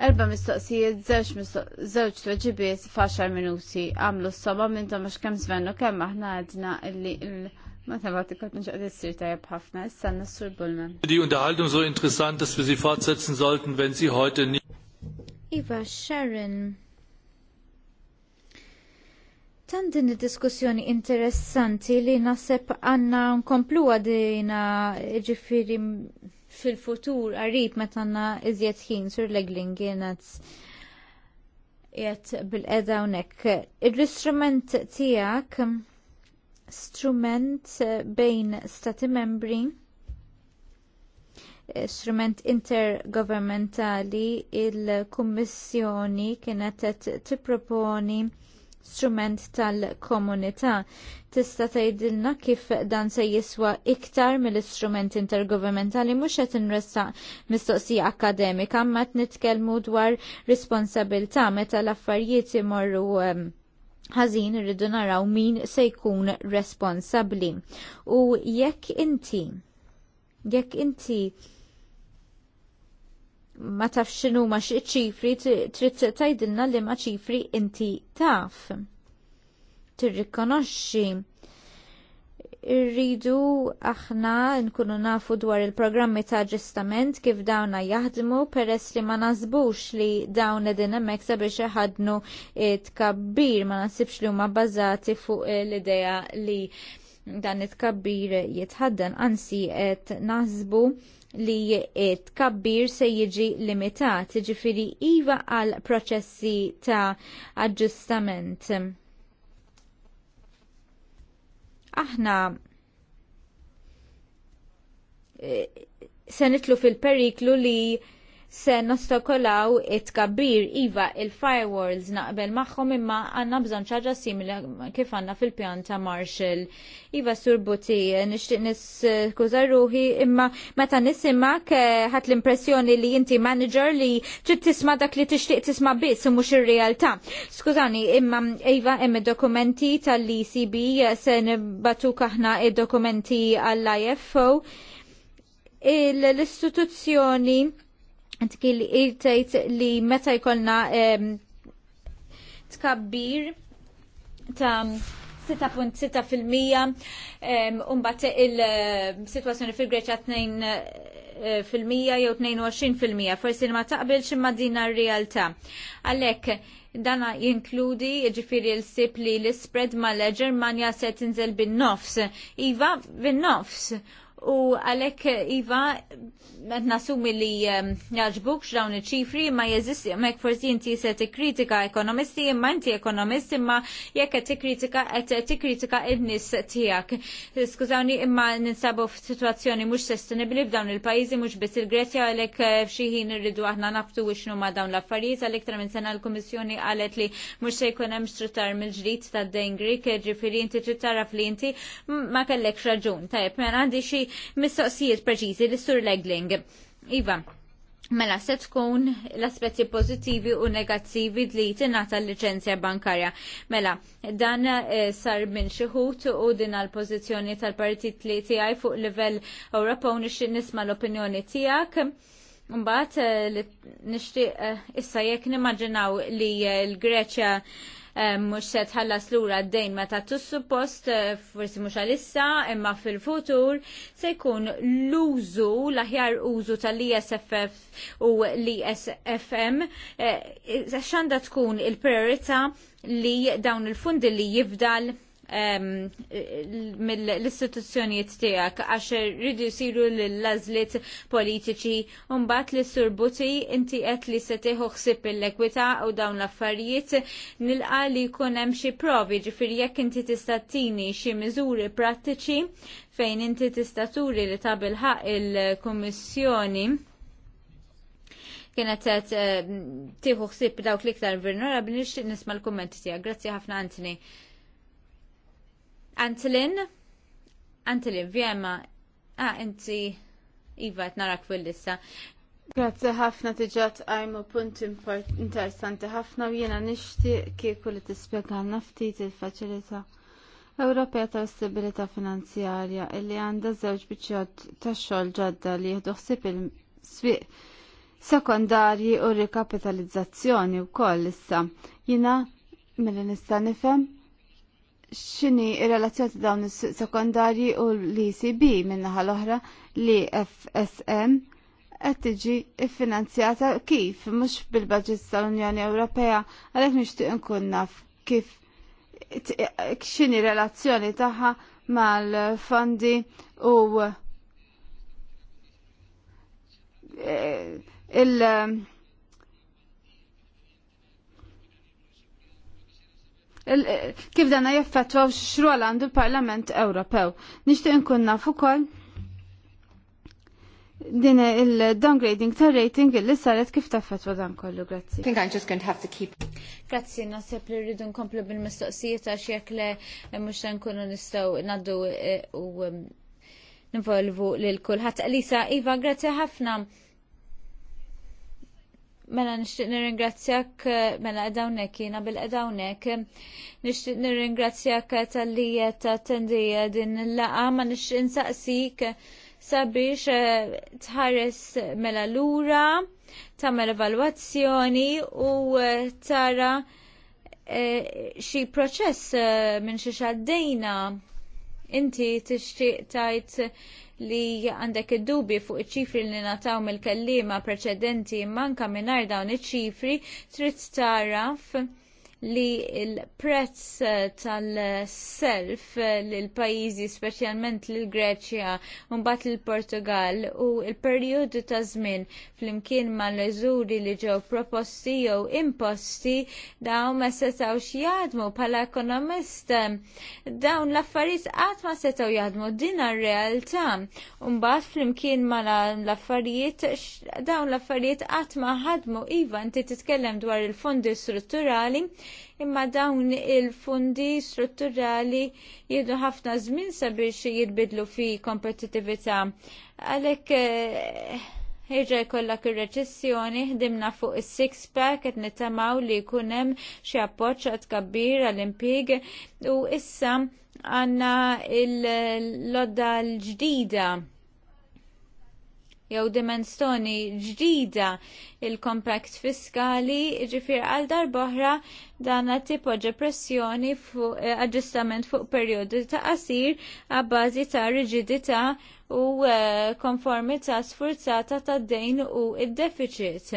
erba' mistoqsijiet zewċ żewġ tweġibiet faċar minuti għamlu s-soba minn Tomax kem zvenu, kem aħna għadna illi il Mathematika hat mich alles sehr tajab ħafna, s Nassur Bullman. Die Unterhaltung so interessant, dass wir sie fortsetzen sollten, wenn sie heute nicht... Iva, Sharon, Tan din id-diskussjoni interessanti li naħseb għanna nkompluwa dina ġifiri fil-futur qarib meta għanna iżjed ħin sur legling jenet jgħet bil-qeda unek. Il-istrument tijak, strument bejn stati membri, strument intergovernmentali, il-Kummissjoni kienet tipproponi proponi strument tal-komunità. Tista' tgħidilna kif dan se jiswa iktar mill-istrument intergovernmentali mhux qed inressaq mistoqsija akademika, ma qed nitkellmu dwar responsabilità meta l-affarijiet imorru ħażin irridu naraw min se jkun responsabbli. U jekk inti jekk inti ma taf xinu ma ċifri, trid tajdilna li ma ċifri inti taf. Tirrikonoxxi. Irridu aħna nkunu nafu dwar il-programmi ta' ġestament kif dawna jaħdmu peress li ma nasbux li dawn edin hemmhekk sabiex iħadnu tkabbir ma nasibx li huma bbażati fuq l-idea li dan it-kabbir jitħaddan ansi qed naħsbu li tkabbir se jiġi limitat, ġifiri iva għal proċessi ta' aġġustament. Aħna eh, se nitlu fil-periklu li se nostokolaw it tkabbir iva il-firewalls naqbel magħhom imma għandna bżonn ċaġa simili kif għandna fil-pjan ta' Marshall. Iva surbuti, nixtieq niskuża ruħi imma meta nisimak eh, ħat l-impressjoni li inti manager li trid tisma' dak li tixtieq tisma' biss u mhux ir-realtà. Skużani, imma iva hemm id dokumenti tal-ECB se nibatu kaħna id-dokumenti għall-IFO l-istituzzjoni Tikil irtajt li meta jkollna tkabbir ta' 6.6% umbat il-situazzjoni fil-Greċa 2% jew 22% forsi ma taqbilx imma din r-realtà. Għalhekk dana jinkludi ġifiri l-sip li l-spread ma l-Ġermanja se tinżel bin-nofs. Iva bin-nofs. U għalek, Iva, għed nasumi li ehm, jaġbuk x'dawn iċ-ċifri ma jeżisti, ma jek forsi inti se tikkritika ekonomisti, imma inti ekonomisti, imma jekk qed tikkritika qed tikkritika n-nies tiegħek. Skużawni, imma ninsabu f'sitwazzjoni mhux sostenibbli f'dawn il-pajjiżi mhux biss il-Grezja għalhekk eh, f'xi ħin irridu aħna naftu x'nu ma dawn l-affarijiet għalhekk tra minn sena l-Kummissjoni qalet li mhux se jkun hemm struttar mill-ġdid tad-dejn Grik, inti trid taraf li inti ma kellek raġun. Tajjeb, ma mela għandi xi mistoqsijiet preċiżi li sur Legling. Iva, Mela, se tkun l-aspetti pozittivi u negattivi li tingħata l-liċenzja bankarja. Mela, dan eh, sar minn xi u din għal pożizzjoni tal-partit li tiegħi fuq livell u nixtieq nisma' l-opinjoni tiegħek. Mbagħad eh, nixtieq eh, issa jekk nimmaġinaw li l-Greċja Eh, mhux se tħallas lura d-dejn meta tus-suppost eh, forsi mhux għalissa imma fil-futur se jkun l-użu l-aħjar użu tal-ISFF u l-ISFM eh, x'għandha tkun il-priorità li dawn il-fundi li jifdal mill-istituzzjonijiet tiegħek għax rridu jsiru l-lażliet politiċi u mbagħad li surbuti inti qed li se tieħu ħsieb l-ekwità u dawn l-affarijiet nilqa li jkun hemm xi provi ġifier jekk inti tista' tini xi miżuri prattiċi fejn inti tista' turi li tabil ħaq il-Kummissjoni kienet qed tieħu ħsieb dawk l-iktar vulnerabbli nixtieq nisma' l-kummenti tiegħek. Grazzi ħafna Anthony. Antilin? Antilin, vjema. Ah, inti, Iva, t-narak fil-lissa. Grazzi ħafna tiġat għajmu punt interessanti ħafna u jena nishti kieku li tispjegħalna ftit il-faċilità Ewropea tal stabilità finanzjarja illi għandha żewġ biċċjat ta' xogħol ġadda li jieħdu il-swieq sekondarji u rikapitalizzazzjoni wkoll issa. Jina milli nista' nifhem xini ir-relazzjoni dawn is-sekondarji u l-ECB minnaħa l-oħra li FSM qed tiġi iffinanzjata kif mhux bil-budget tal-Unjoni Ewropea għalhekk nixtieq nkun naf kif xini relazzjoni tagħha mal-fondi u eh, il- kif dana jaffettwaw x'rwol għandu l-Parlament Ewropew. Nixtieq inkun naf ukoll din il-downgrading ta' rating illi saret kif taffetwa dan kollu, grazzi. Think I'm just going to have to keep. Grazzi, nasib li rridu nkomplu bil-mistoqsijiet għax jekk le ta' eh, nkunu nistgħu naddu eh, u nivolvu lil kulħadd. Elisa, Iva, grazzi ħafna. Mela nixtieq nirringrazzjak eh, mela edawnek jiena bil-edawnek. Nixtieq nirringrazzjak tal-li tattendi eh, din il-laqa ma nixtieq insaqsik sabiex eh, tħares mela lura tagħmel evalwazzjoni u tara xi proċess minn xi xaddejna inti tixtieq tgħid li għandek id-dubi fuq iċ-ċifri li nataw mill kelliema preċedenti manka mingħajr dawn iċ-ċifri trid taraf li l prezz eh, tal-self eh, l-pajizi specialment l-Greċja mbagħad l-Portugal u l-perjodu ta' żmien flimkien mal eżuri li ġew proposti jew imposti dawn ma setgħux jaħdmu bħala ekonomist dawn l-affarijiet qatt ma setgħu jaħdmu din ar-realtà. Mbagħad flimkien ma' l-affarijiet dawn l-affarijiet qatt ma ħadmu iva inti titkellem dwar il-fondi strutturali imma dawn il fundi strutturali jiedu ħafna żmien sabiex jirbidlu fi kompetitività. Għalhekk eh, ħieġa jkolla ir-reċessjoni, ħdimna fuq is-six pack qed nitamaw li jkun hemm xi appoġġ għad kabbir għall impig u issa għandna l-lodda l-ġdida jew dimensjoni ġdida il-kompakt fiskali ġifir għal darboħra dan għat pressjoni fuq eh, aġġustament fuq perjodu ta' qasir għabbażi ta' riġidità u eh, konformità sfurzata ta' dejn u id-deficit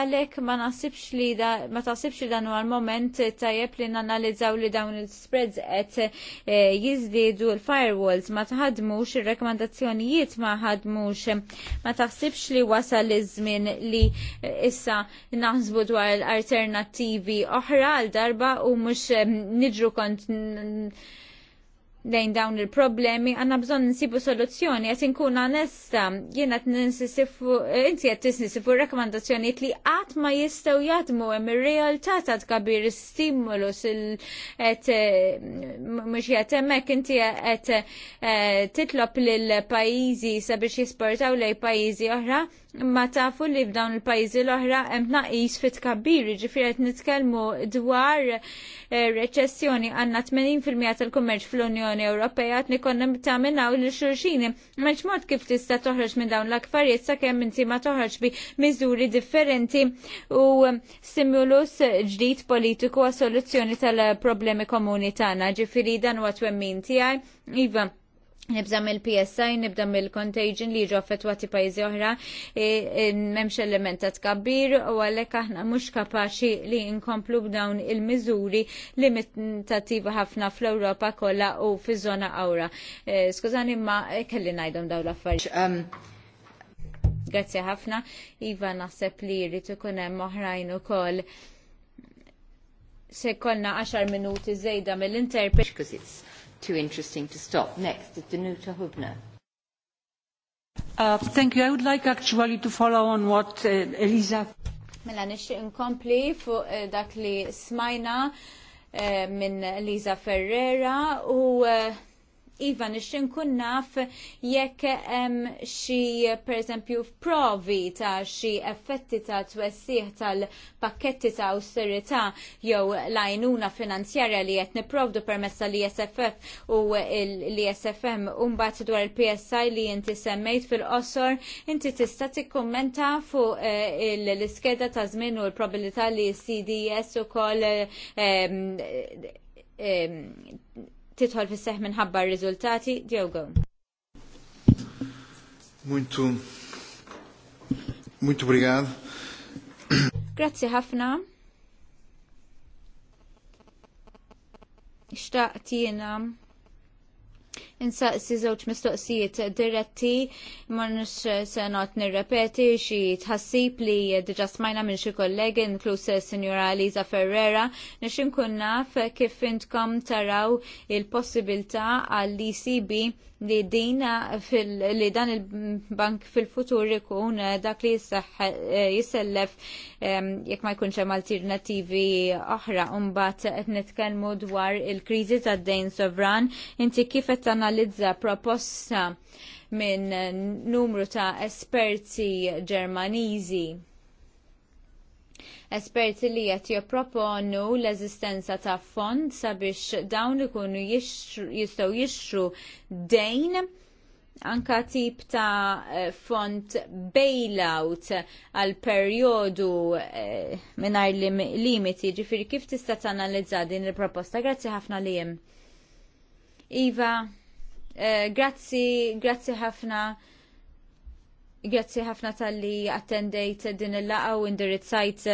għalhekk ma naħsibx li da, ma tasibx li dan huwa l-moment tajjeb li nanalizzaw li dawn il-spreads qed eh, jiżdiedu l-firewalls ma taħadmux ir-rekomandazzjonijiet ma ħadmux ma taħsibx li wasal iż-żmien li eh, issa naħsbu dwar l-alternattivi oħra għal darba u mhux eh, niġru kont lejn dawn il-problemi għanna bżon nsibu soluzzjoni għet nkun onesta jiena inti għet t fuq rekomandazzjoni li għat ma jistaw jadmu hemm ir-realtà ta' kabir stimulus għet mux għet emmek inti għet eh, titlop l-pajizi sabiex jisportaw lej pajizi oħra ma tafu li f'dawn il-pajizi l-oħra hemm tnaqqis fit kabbir, ġifier qed nitkellmu dwar eh, reċessjoni għandna 80% tal-kummerċ fl-Unjoni l unjoni Ewropea għat nikonna taminaw l xurxini. Maċmod mod kif tista toħroġ minn dawn l-akfarijiet sa' kemm inti ma toħroġ bi miżuri differenti u stimulus ġdid politiku għas soluzzjoni tal-problemi komuni tagħna. Ġifieri dan huwa twemmin tiegħi. Iva, Nibda mill-PSI, nibda mill-contagion li ġo affettwati pajzi oħra, e, e, memx elementa ta' tkabbir u għalek aħna mux kapaxi li inkomplu b'dawn il-mizuri limitativi ħafna fl-Europa kolla u fi zona awra. E, skużani ma kelli najdom daw l-affarijiet. Um, Grazie ħafna, Iva naħseb li rritu kunem oħrajn u koll. Se kolna 10 minuti zejda mill-interpret too interesting to stop. Next is Danuta Hubner. Uh, thank you. I would like actually to follow on what uh, Elisa. Mela nixtieq inkompli fuq uh, dak li smajna uh, minn Elisa Ferrera u uh, Iva, nixin kun naf jekk hemm xi esempio provi ta' xi effetti ta' twessih tal-pakketti ta' austerità jew lajnuna finanzjarja li qed niprovdu permezz tal-ISFF u l-ISFM mbagħad dwar il-PSI li inti semmejt fil-qosor, inti tista' tikkummenta fuq eh, l-iskeda ta' żmien u l-probabilità li CDS ukoll titħol fis seħ minħabba r rizultati Diogo. Muntu, muntu brigad. Grazzi ħafna. Ixtaqt insaqsi żewġ mistoqsijiet diretti ma senot eh, se nirrepeti xi tħassib li diġà smajna minn xi kollegi inklus eh, Sinjura Liza Ferrera nix inkun naf kif intkom taraw il possibilta għall-ECB li din li dan il-bank fil-futur ikun eh, dak li eh, jisellef jekk ma jkunx hemm alternattivi oħra mbagħad qed nitkellmu dwar il-kriżi tad-dejn sovran inti kif qed tanalizza proposta minn numru ta' esperti Ġermaniżi esperti li qed jipproponu l-eżistenza ta' fond sabiex dawn ikunu jistgħu jixtru dejn anka tip ta' eh, font bailout għal perjodu eh, mingħajr limiti ġifiri kif tista' tanalizza din il-proposta. Grazzi ħafna li jem. Iva, eh, grazzi, grazzi ħafna Grazzi ħafna tal-li attendejt din il-laqa u indirizzajt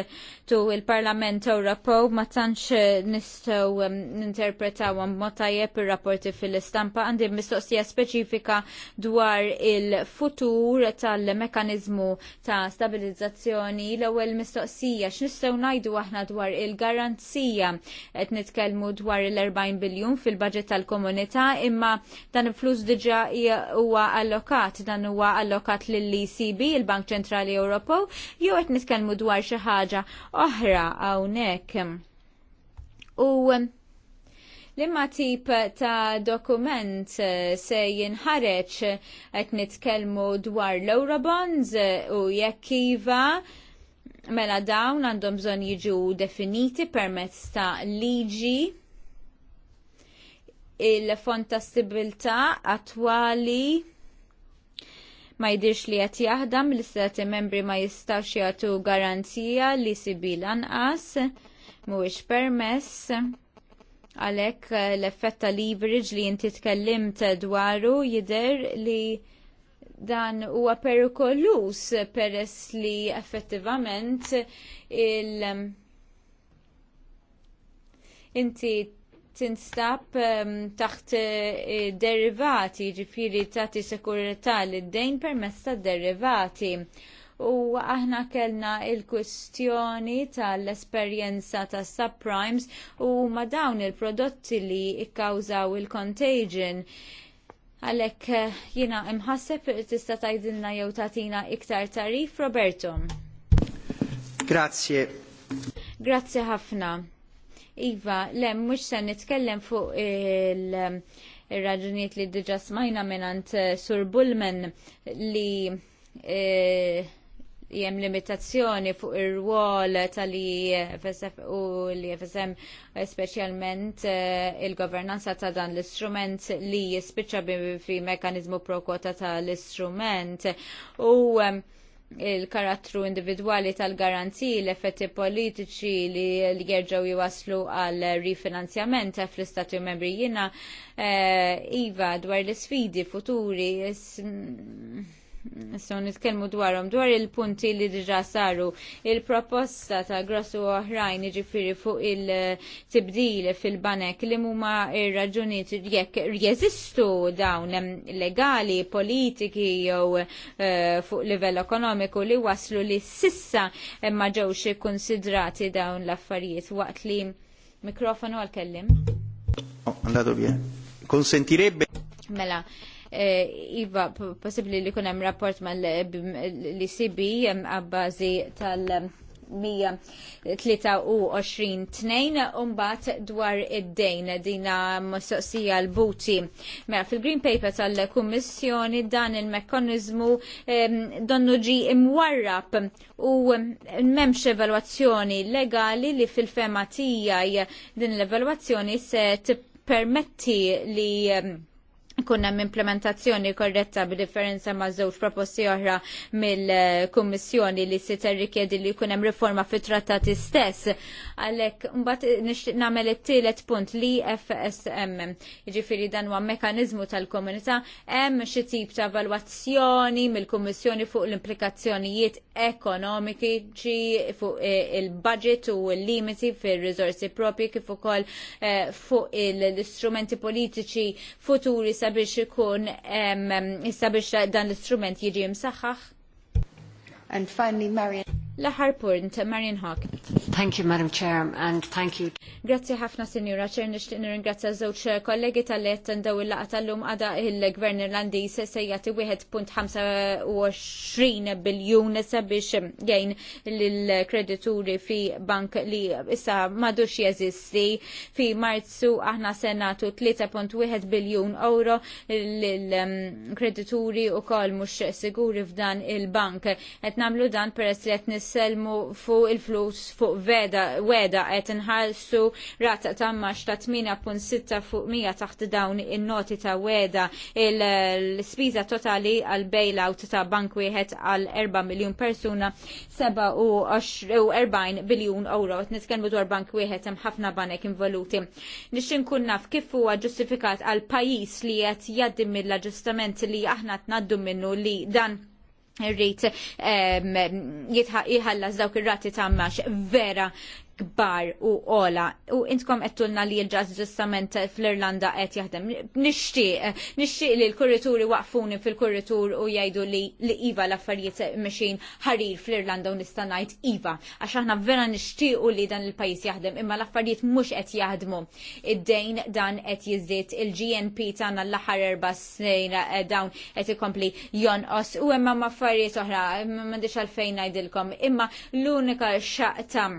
tu il-Parlament Ewropew ma tantx nistgħu um, ninterpretaw mod tajjeb ir-rapporti fil-istampa għandi mistoqsija speċifika dwar il-futur tal-mekanizmu ta' stabilizzazzjoni l-ewwel mistoqsija x'nistgħu ngħidu aħna dwar il-garanzija qed nitkellmu dwar il-40 biljun fil-baġġett tal-komunità imma dan il-flus diġà huwa allokat dan huwa allokat lil l-ECB, il-Bank Ċentrali Ewropew, jew qed nitkellmu dwar xi ħaġa oħra hawnhekk. U um, Limma tip ta' dokument uh, se jinħareċ qed nitkellmu dwar l-Eurobonds uh, u jekk iva mela dawn għandhom bżonn jiġu definiti permezz ta' liġi il-fond ta' stabilità attwali ma jidirx li qed jaħdam l-istati membri ma jistax jagħtu garanzija li sibil anqas, mhuwiex permess għalhekk eh, l-effett leverage li inti tkellimt dwaru jidher li dan huwa perikolus peress li effettivament il- inti tinstab ehm, taħt eh, derivati, ġifiri tati sekurità l-dejn permess ta' derivati. U aħna kellna il-kwestjoni tal-esperjenza ta' subprimes u ma' dawn il-prodotti li ikkawżaw il-contagion. Għalek eh, jina imħasseb tista' tajdilna jew tatina iktar tarif, Roberto. Grazie. Grazie ħafna. Iva, lem, mux se nitkellem fuq il- raġuniet raġunijiet li diġa smajna minnant eh, Sur Bullman li eh, jem limitazzjoni fuq ir-rwol tal FSF u li FSM specialment eh, il-governanza ta' dan l-istrument li jispiċċa fi mekanizmu pro ta' tal-istrument u il-karattru individwali tal-garanziji l-effetti politiċi li jerġgħu jwaslu għal rifinanzjament fl-istati membri jiena eh, Iva dwar l isfidi futuri nistgħu nitkellmu dwarhom dwar il-punti li diġà saru il-proposta ta' grossu oħrajn jiġifieri fuq il-tibdil fil-banek li huma ir-raġunijiet jekk jeżistu dawn legali, politiki jew eh, fuq livell ekonomiku li waslu li sissa ma ġewx ikkonsidrati dawn l-affarijiet waqt li mikrofonu għal-kellim. Oh, andato via. Mela, Eh, iva possibbli li jkun hemm rapport mal-ECB għabbażi tal- 123-2 umbat dwar id-dejn dina mistoqsija l-buti. Mela fil-Green Paper tal-Kummissjoni dan il-mekkanizmu donnu ġi imwarrab u memx evalwazzjoni legali li fil-fema tijaj din l-evalwazzjoni se permetti li kunna implementazzjoni korretta b'differenza ma' żewġ proposti oħra mill-Kummissjoni li se terrikjedi li jkun hemm riforma fit-trattati stess. Għalhekk mbagħad nixtieq nagħmel it-tielet punt li FSM. Jiġifieri dan huwa mekkaniżmu tal-komunità hemm xi tip ta' valwazzjoni mill-Kummissjoni fuq l-implikazzjonijiet ġi fuq eh, il-budget u l-limiti fir-riżorsi propri kif ukoll eh, fuq l-istrumenti politiċi futuri sa sabiex ikun sabiex dan l-istrument jiġi msaħħaħ. And finally, Marian. L-aħar punt, Marian Hawk. Thank you, Madam Chair, and thank you. Grazzi ħafna, Sinjura Chair, nishtiq nirringrazzja żewġ kollegi tal-li jattendaw il-laqa tal-lum għada il-Gvern Irlandiż se jagħti 1.25 biljun sabiex jgħin lill-kredituri fi bank li issa madux jeżisti. Fi Marzu aħna senatu 3.1 biljun euro lill-kredituri u kol mhux siguri f'dan il-bank. Qed nagħmlu dan peress li qed nisselmu fuq il-flus fuq veda weda qed inħallsu rata tammax ta' 8.6 fuq 100 taħt dawn in-noti ta' weda l spiza totali għal bailout ta' bank wieħed għal 4 miljun persuna 47 biljun euro qed nitkellmu dwar bank wieħed hemm ħafna banek involuti. Nixin kunna naf kif huwa ġustifikat għal pajjiż li qed jaddim mill-aġġustamenti li aħna tnaddu minnu li dan rrit jitħallas dawk ir-rati ta' vera kbar u ola. U intkom għettulna li l-ġaz ġustament fl-Irlanda għet jaħdem. Nishtiq, nishtiq li l-kurrituri waqfuni fil-kurritur u jajdu li, li Iva l-affarijiet mexin ħarir fl-Irlanda u nistanajt Iva. Għax aħna vera nishtiqu li dan il-pajis jaħdem, imma l-affarijiet mux qed jaħdmu. Id-dejn dan qed jiżdied il-GNP tagħna l-aħħar erba' snin eh, dawn qed ikompli jonqos u imma maffarijiet affarijiet oħra m'għandix għalfejn ngħidilkom. Imma l-unika xaqtam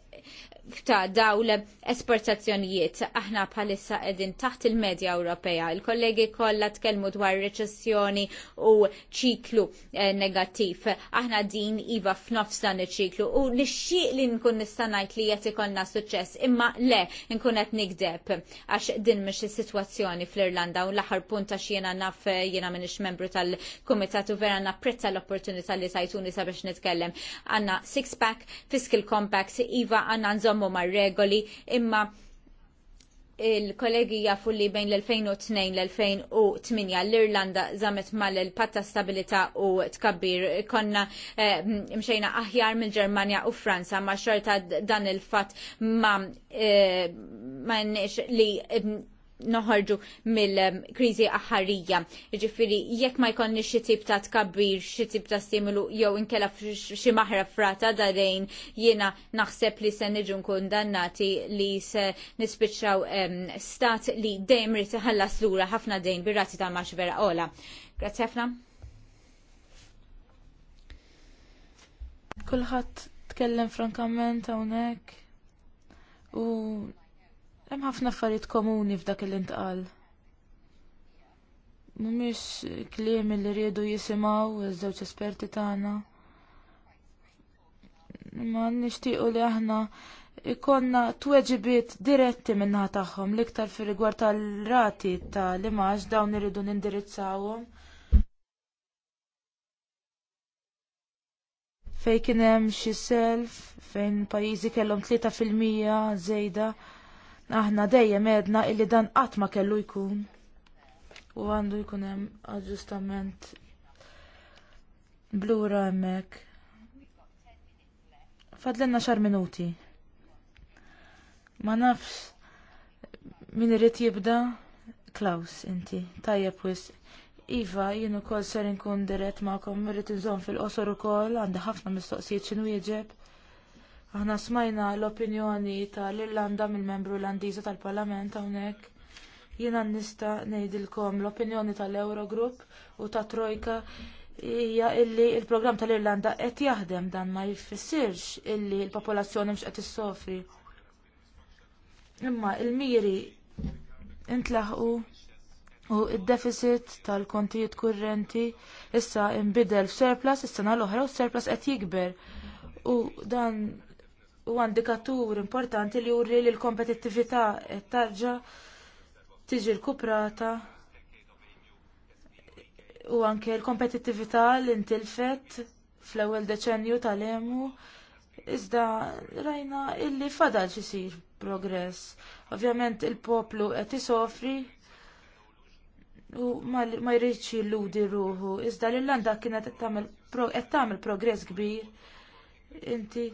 ta' l esportazzjonijiet. Aħna bħalissa edin taħt il-medja Ewropea. Il-kollegi kollha tkellmu dwar reċessjoni u ċiklu eh, negattiv. Aħna din iva f'nofs dan iċ-ċiklu u nixxieq li nkun nista' ngħid li qed ikollna suċċess, imma le nkun qed nikdeb għax din mhix is-sitwazzjoni fl-Irlanda u l-aħħar punt għax jiena naf eh, jiena minix membru tal-Kumitat u vera napprezza l-opportunità li tajtuni sabiex nitkellem. Għandna six-pack, fiscal compacts, iva għandna nżomm nżommu mar-regoli imma il-kollegi jafu li bejn l-2002 l-2008 l-Irlanda zamet mal l-patta stabilita u tkabbir konna eh, mxejna aħjar mill ġermanja u Franza ma xorta dan il-fat ma eh, li eh, noħarġu mill-krizi aħarija. Ġifiri, jekk ma jkonni xi tip ta' tkabbir, xi tip ta' stimulu jew inkella xi maħra frata darejn jiena naħseb li se niġu kundannati li se nispiċċaw stat li dejjem rid iħallas lura ħafna dejn bir-rati ta' max vera ola. Grazzi ħafna. Kulħadd tkellem frankament hawnhekk u Hemm ħafna affarijiet komuni f'dak il-intqal. Mhumiex kliem li rridu jisimgħu iż-żewġ esperti tagħna. Ma nixtiequ li aħna ikonna tweġibiet diretti minnha tagħhom l-iktar fir rigward tal-rati tal-imax dawn iridu nindirizzawhom. Fejn kien hemm xi self fejn pajjiżi kellhom 3% żejda. Aħna dejjem edna illi dan qatt ma kellu jkun. U għandu jkun hemm aġġustament blura hemmhekk. Fadlenna xar minuti. Ma nafx min irid jibda Klaus inti tajjeb wis. Iva, jien ukoll ser inkun dirett magħkom, irrid inżomm fil-qosor ukoll, għandi ħafna mistoqsijiet x'inhu jiġeb. Aħna smajna l-opinjoni tal-Irlanda mill-membru Irlandiża tal-Parlament hawnhekk. Jiena nista' ngħidilkom l-opinjoni tal-Eurogroup u ta' Trojka hija illi l il programm tal-Irlanda qed jaħdem dan ma jfissirx illi l-popolazzjoni mhux qed issofri. Imma il-miri intlaħqu u d deficit tal-kontijiet kurrenti issa inbidel f'surplus is-sena l-oħra u s-surplus qed jikber. U dan huwa indikatur importanti li juri li l-kompetittività qed tarġa' tiġi l-kuprata u anke l-kompetittività l-intilfet fl-ewwel deċenju tal-emu iżda rajna illi fadal xisir progress. Ovvjament il-poplu qed isofri u ma jridx illudi ruħu iżda l-Irlanda kienet qed tagħmel progress kbir inti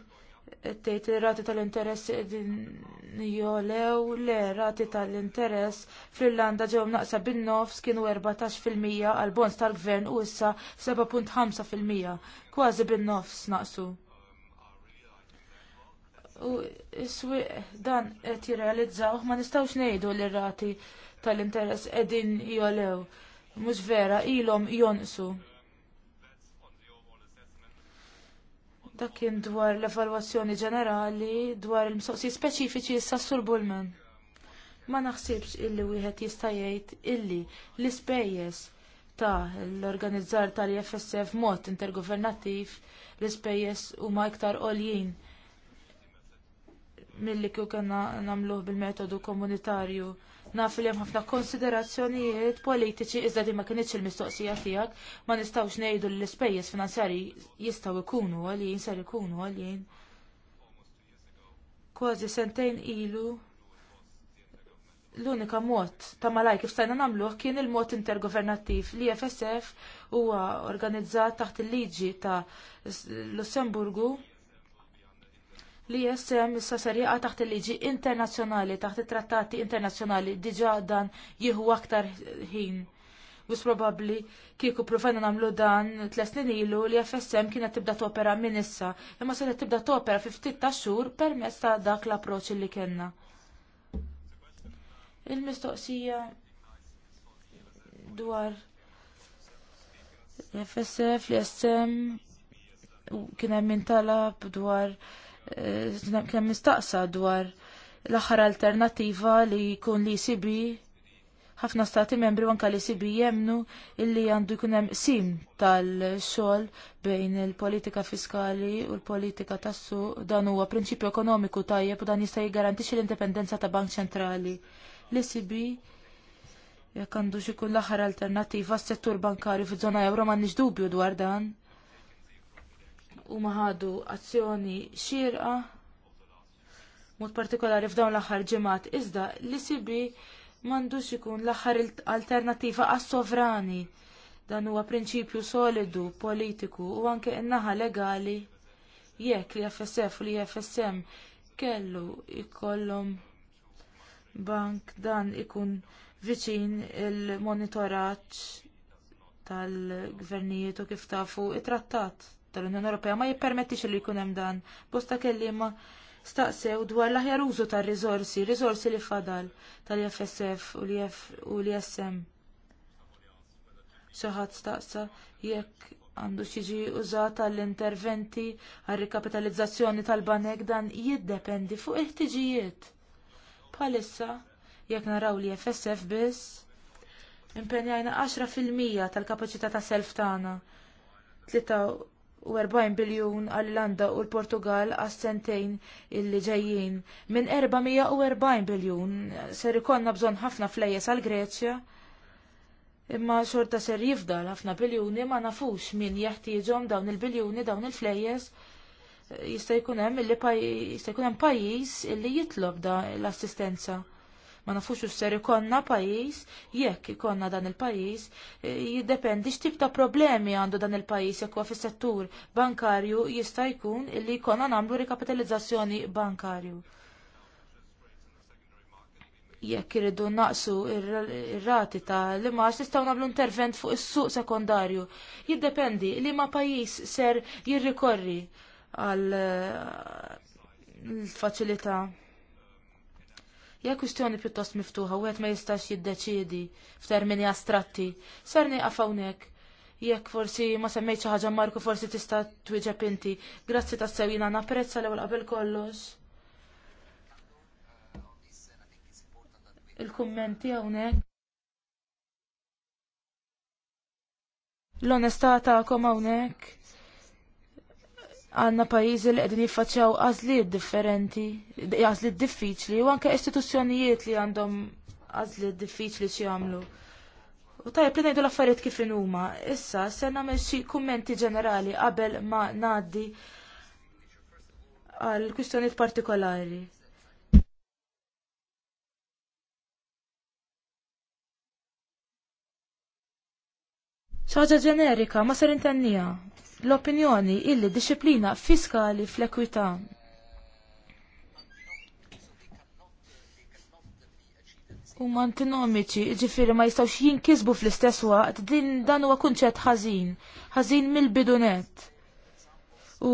tgħid ir-rati tal-interess qegħdin jolew le rati tal-interess fl-Irlanda ġew naqsa bin-nofs kienu 14% għal bonds tal-gvern u issa 7.5% kważi bin-nofs naqsu. U s dan qed jirrealizzaw ma nistgħux ngħidu li rati tal-interess qegħdin jolew. Mhux vera ilhom jonqsu Dak kien dwar l-evalwazzjoni ġenerali dwar il-msoqsi speċifiċi issa sur Bullman. Ma naħsibx illi wieħed jista' jgħid illi l-ispejjeż ta' l-organizzar tal-IFSF mod intergovernattiv l-ispejjeż huma iktar qoljin milli kju kena namluħ bil-metodu komunitarju Naf li hemm ħafna konsiderazzjonijiet politiċi iżda din ma kinitx il-mistoqsija tiegħek, ma nistgħux ngħidu li l-ispejjeż finanzjarji jistgħu jkunu għaljin ser ikunu għaljin. Kważi sentejn ilu l-unika mod ta' malaj kif stajna namluħ kien il-mod intergovernattiv li FSF huwa organizzat taħt il-liġi ta' Lussemburgu li jessem issa serjaqa taħt il-liġi internazzjonali, taħt it-trattati internazzjonali, diġa dan jieħu aktar ħin. Wis probabbli kieku provajna nagħmlu dan tles snin ilu li FSM kienet tibda topera minn issa, imma se tibda topera fi ftit ta' xhur permezz ta' dak l-approċċ li kellna. Il-mistoqsija dwar FSF li SM kien hemm min talab dwar Eh, kemm mistaqsa dwar l-aħħar alternattiva li jkun li sibi ħafna stati membri u anka li sibi jemnu illi għandu jkun hemm sim tal-xogħol bejn il-politika fiskali u l-politika tas-suq dan huwa prinċipju ekonomiku tajjeb u dan jista' jiggarantixxi l-indipendenza ta' Bank Ċentrali. Li sibi jekk għandu xi jkun l-aħħar alternattiva s-settur bankarju fiż-żona euro m'għandniex dubju dwar dan huma ħadu azzjoni xirqa mod partikolari f'dawn l-aħħar ġimgħat iżda li sibi m'għandux ikun l-aħħar alternattiva għas-sovrani. Dan huwa prinċipju solidu politiku u anke n-naħa legali jekk li FSF u li FSM kellu jkollhom bank dan ikun viċin il-monitoraġġ tal-gvernijiet u kif tafu it-trattat tal-Unjoni Ewropea ma jippermettix li jkun hemm dan. Bosta kelliema staqsew dwar l-aħjar użu tar-riżorsi, riżorsi li fadal tal-FSF u l-ISM. Xi ħadd staqsa jekk għandu xiġi użat għall-interventi għal rikapitalizzazzjoni tal-banek dan jiddependi fuq il-ħtiġijiet. Bħalissa, jekk naraw li FSF biss, impenjajna 10% tal-kapaċità ta' self tagħna u 40 biljun għall landa u l-Portugal għas-sentejn illi ġejjin. Minn 440 biljun ser ikonna bżonn ħafna flejjes għall-Greċja, imma xorta ser jifdal ħafna biljuni ma nafux min jeħtieġhom dawn il-biljuni dawn il-flejjes jista' jkun hemm pajjiż illi jitlob da l-assistenza. Ma nafux u ser ikonna pajis, jekk ikonna dan il-pajis, e, jiddependi x'tip ta' problemi għandu dan il-pajis jekk huwa fis-settur bankarju jista' jkun li jkollna nagħmlu rikapitalizzazzjoni bankarju. Jekk irridu naqsu ir-rati ta' li ma nistgħu nagħmlu intervent fuq is-suq sekondarju. Jiddependi li ma pajis ser jirrikorri għal e, l-faċilità Ja kwistjoni pjuttost miftuħa u għet ma jistax jiddeċiedi f'termini astratti. Ser għafawnek, hawnhekk. Jekk forsi ma semmejt xi ħaġa Marku forsi tista' twieġeb inti. Grazzi tas sewina napprezza l-ewwel qabel kollox. Il-kummenti hawnhekk. L-onestà tagħkom hawnhekk għanna pajizi li għedin jiffaċċaw għazliet differenti, għazliet diffiċli, u anke istituzzjonijiet li għandhom għazliet diffiċli xi għamlu. U tajb li ngħidu l-affarijiet kif huma. Issa se nagħmel xi kummenti ġenerali qabel ma ngħaddi għal kwistjonijiet partikolari. ċaġa ġenerika, ma ser intennija l-opinjoni illi disciplina fiskali fl-ekwità huma antinomiċi, ġifiri ma jistawx jinkisbu fl-istess waqt, din dan huwa kunċett ħażin, ħażin mill-bidunet. U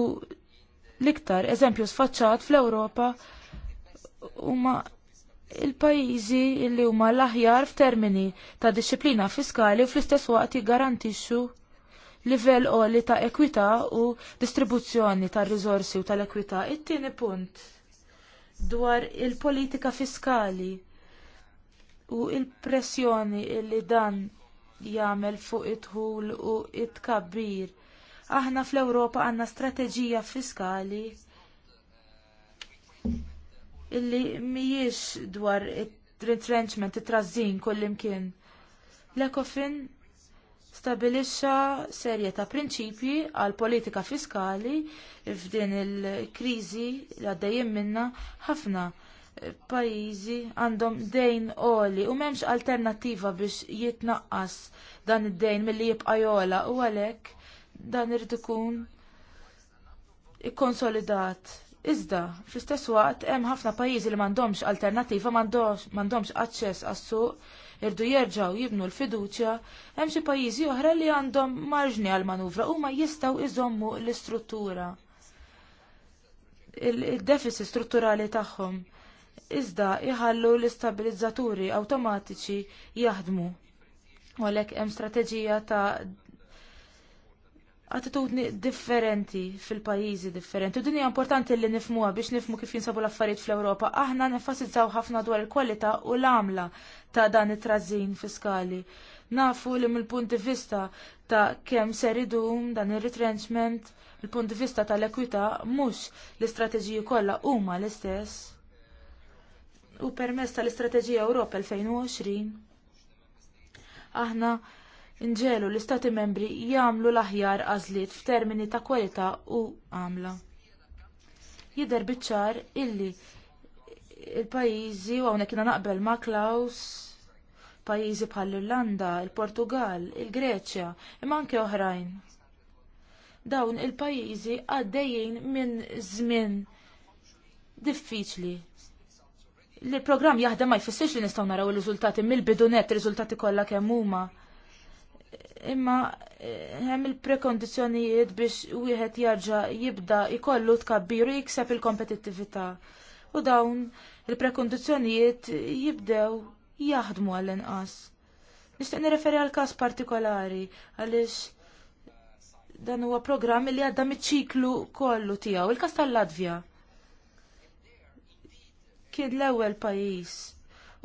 l-iktar eżempju sfaċċat fl-Ewropa huma il-pajjiżi li huma l-aħjar f'termini ta' disċiplina fiskali u fl-istess waqt jiggarantixxu livell qoli ta' ekwita u distribuzzjoni tar rizorsi u tal ekwita It-tieni punt dwar il-politika fiskali u il-pressjoni li dan jagħmel fuq it-tħul u it-kabbir. Aħna fl-Ewropa għandna strateġija fiskali illi mhijiex dwar it-retrenchment, it-trażin kullimkien. l ekofin stabilixxa serje ta' prinċipji għal politika fiskali f'din il-kriżi li għaddejjin minna ħafna eh, pajjiżi għandhom dejn għoli u m'hemmx alternattiva biex jitnaqqas dan id-dejn milli jibqa' jola u għalhekk dan irid ikun ikkonsolidat Iżda, fl-istess waqt hemm ħafna pajjiżi li m'għandhomx alternattiva, m'għandhomx aċċess għas-suq irdu jerġgħu jibnu l-fiduċja, hemm xi pajjiżi oħra li għandhom marġni għal manuvra huma jistgħu iżommu l-istruttura il-deficit strutturali tagħhom. Iżda iħallu l-istabilizzaturi awtomatiċi jaħdmu. U għalhekk hemm strateġija ta' attitudni differenti fil-pajjiżi differenti. U din hija importanti li nifmuha biex nifmu kif jinsabu l-affarijiet fl-Ewropa. Aħna nefasizzaw ħafna dwar il-kwalità u l-għamla ta' dan it-trażin fiskali. Nafu li mill-punt di vista ta' kemm ser idum dan ir-retrenchment, il-punt di vista tal-ekwità mhux l-istrateġiji kollha huma l-istess u permess tal-Istrateġija Ewropa 2020 aħna Inġelu, l-Istati membri jagħmlu l-aħjar għażliet f'termini ta' kwalità u għamla. Jidher biċ-ċar illi l pajjiżi u hawnhekk kienu naqbel ma' Klaus pajjiżi bħall irlanda il-Portugal, il-Greċja, imma anke oħrajn. Dawn il-pajjiżi għaddejjin minn żmien diffiċli li l-programm jaħdem ma jfissirx li nistgħu naraw ir-riżultati mill-bidunet, ir-riżultati kollha kemm huma imma eh, hemm il-prekondizzjonijiet biex wieħed jarġa' jibda jkollu tkabbir jikseb il-kompetittività. U dawn il-prekondizzjonijiet jibdew jaħdmu għall-inqas. Nixtieq nirreferi għal każ partikolari għaliex dan huwa programm li għadda miċ-ċiklu kollu tiegħu, il-każ tal-Latvja. Kien l-ewwel pajjiż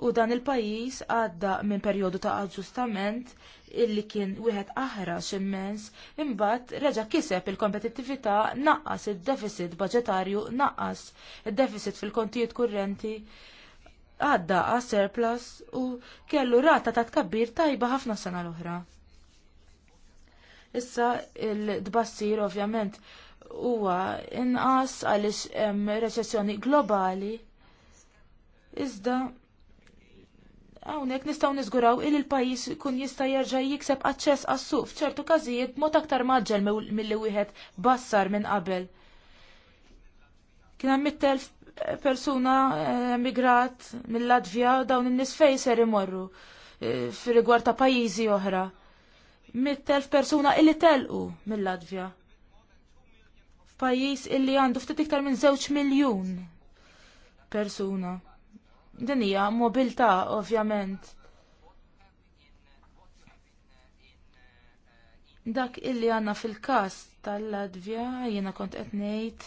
u dan il-pajjiż għadda minn perjodu ta' aġġustament illi kien wieħed aħrax immens, imbagħad reġa' kiseb il-kompetittività naqqas id-deficit il budġetarju naqqas id-deficit fil-kontijiet kurrenti għadda għas surplus u kellu rata ta' tkabbir tajba ħafna sena l-oħra. Issa il-dbassir ovvjament huwa inqas għaliex hemm reċessjoni globali iżda Hawnhekk nistgħu niżguraw il il-pajjiż kun jista' jerġa' jikseb aċċess għas-suq f'ċertu każijiet mod aktar maġġel milli wieħed bassar minn qabel. Kien hemm mittelf persuna eh, emigrat mill-Latvja dawn in-nies fejn ser imorru eh, fir ta' pajjiżi oħra. Mittelf persuna illi telqu mill-Latvja. F'pajjiż illi għandu ftit iktar minn żewġ miljun persuna. Din hija mobilità ovvjament. Dak illi għanna fil-kas tal-Latvja jiena kont qed ngħid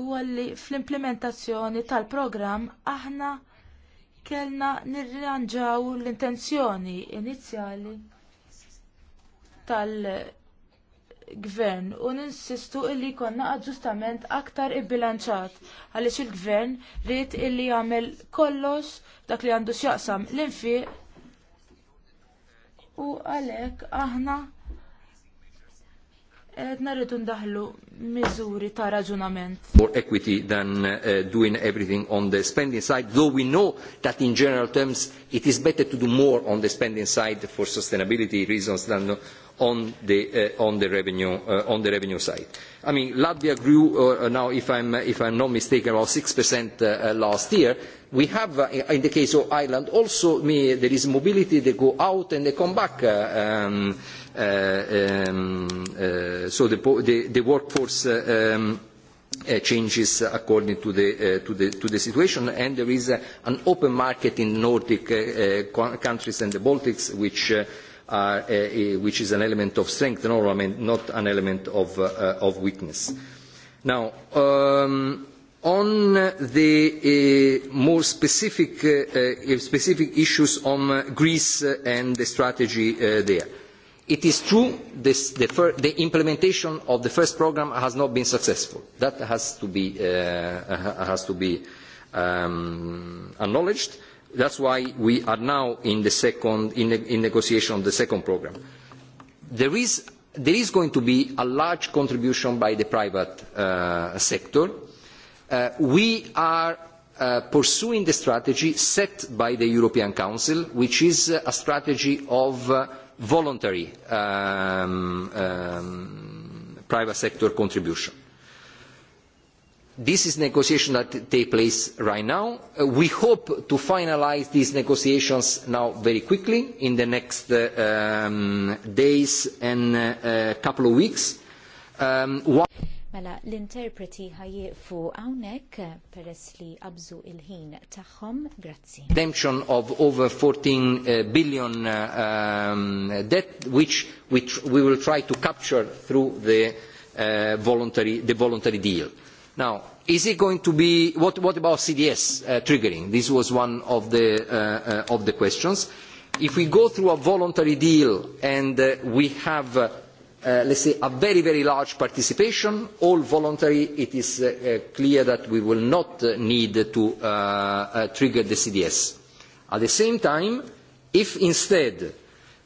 huwa li fl-implementazzjoni tal-programm aħna kellna nirranġaw l-intenzjoni inizjali tal- gvern u ninsistu illi jkollna aġġustament aktar ibbilanċat għaliex il-gvern rrit illi jagħmel kollox dak li għandu x'jaqsam l-infiq u għalhekk aħna qed narridu ndaħlu miżuri ta' raġunament. More equity than uh, doing everything on the spending side, though we know that in general terms it is better to do more on the spending side for sustainability reasons than on the, uh, on the, revenue, uh, on the revenue side. I mean, Latvia grew uh, now, if I'm, if I'm not mistaken, about 6% last year. We have, in the case of Ireland, also there is mobility. They go out and they come back. Um, um, so the, the, the workforce um, uh, changes according to the, uh, to, the, to the situation and there is uh, an open market in Nordic uh, uh, countries and the Baltics which uh, are, uh, which is an element of strength, not an element of, uh, uh, of weakness. Now, um, on the uh, more specific, uh, specific issues on uh, Greece and the strategy uh, there. It is true this, the, fir the implementation of the first program has not been successful. That has to be, uh, has to be um, acknowledged. Uh, That is why we are now in the second, in, in negotiation of the second programme. There is, there is going to be a large contribution by the private uh, sector. Uh, we are uh, pursuing the strategy set by the European Council, which is uh, a strategy of uh, voluntary um, um, private sector contribution. This is negotiation that take place right now. Uh, we hope to finalise these negotiations now very quickly in the next uh, um, days and uh, uh couple of weeks. Um, Mela, l-interpreti ħajieqfu hawnhekk peress li qabżu il-ħin tagħhom, grazzi. Redemption of over 14 uh, billion uh, um, debt which, which we will try to capture through the, voluntary, the voluntary deal. Now, is it going to be, what, what about CDS uh, triggering? This was one of the, uh, uh, of the questions. If we go through a voluntary deal and uh, we have, uh, uh, let's say, a very, very large participation, all voluntary, it is uh, uh, clear that we will not uh, need to uh, uh, trigger the CDS. At the same time, if instead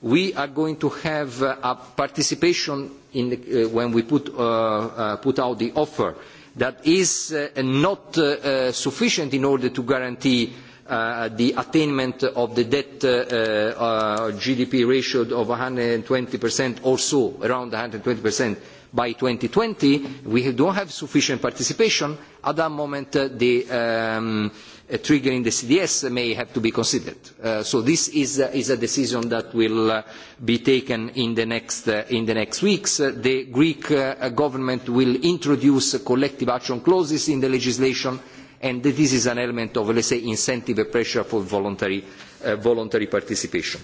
we are going to have uh, a participation in the, uh, when we put, uh, uh, put out the offer, uh, that is uh, not uh, uh, sufficient in order to guarantee Uh, the attainment of the debt uh, uh, GDP ratio of one hundred and 120% or so, around one hundred and 120% by twenty, we do not have sufficient participation. At that moment, the um, triggering the CDS may have to be considered. Uh, so this is, uh, is a decision that will uh, be taken in the next, uh, in the next weeks. Uh, the Greek uh, government will introduce uh, collective action clauses in the legislation and this is an element of, let's say, incentive and pressure for voluntary, uh, voluntary participation.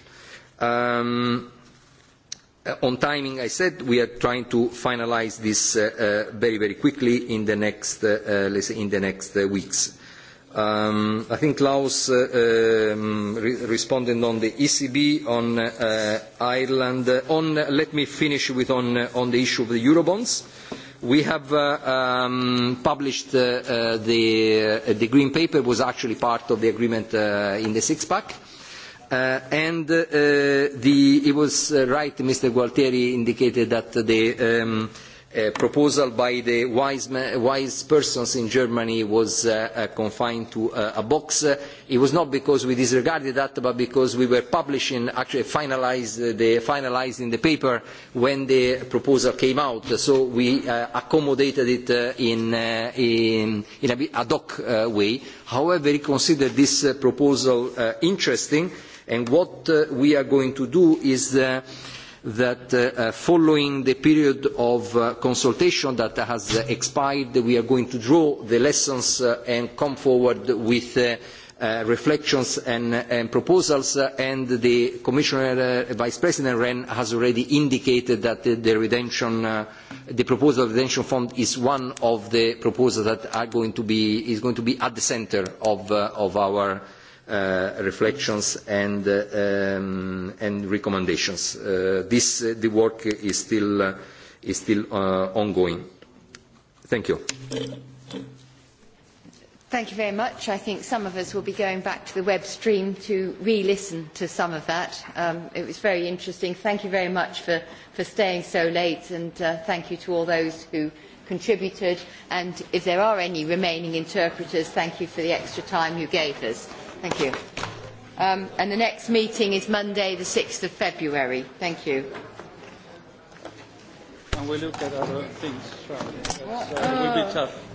Um, uh, on timing, I said, we are trying to finalize this uh, uh, very, very quickly in the next, uh, uh, let's say in the next uh, weeks. Um, I think Klaus, uh, um, re responding on the ECB, on uh, Ireland, uh, on, uh, let me finish with on, uh, on the issue of the Eurobonds. We have uh, um, published the, the green paper was actually part of the agreement in the six-pack. Uh, and uh, the, it was uh, right, Mr. Gualtieri indicated that the, um, proposal by the wise, wise persons in Germany was uh, uh, confined to uh, a box. Uh, it was not because we disregarded that, but because we were publishing, actually finalized, uh, the, finalizing the paper when the proposal came out. So we uh, accommodated it uh, in, uh, in, in a bit ad hoc uh, way. However, we consider this uh, proposal uh, interesting, and what uh, we are going to do is uh, that uh, uh, following the period of uh, consultation that has expired, we are going to draw the lessons uh, and come forward with uh, reflections and, and proposals, and the Commissioner Vice President Rehn has already indicated that the, redemption, the proposal of the redemption fund is one of the proposals that are going to be, is going to be at the centre of, of our Uh, reflections and, uh, um, and recommendations. Uh, this, uh, the work is still, uh, is still uh, ongoing. Thank you. Thank you very much. I think some of us will be going back to the web stream to re-listen to some of that. Um, it was very interesting. Thank you very much for, for staying so late and uh, thank you to all those who contributed and if there are any remaining interpreters, thank you for the extra time you gave us. Thank you. Um, and the next meeting is Monday, the 6th of February. Thank you. And we look at other things. Shall we? That's, uh, it will be uh, tough.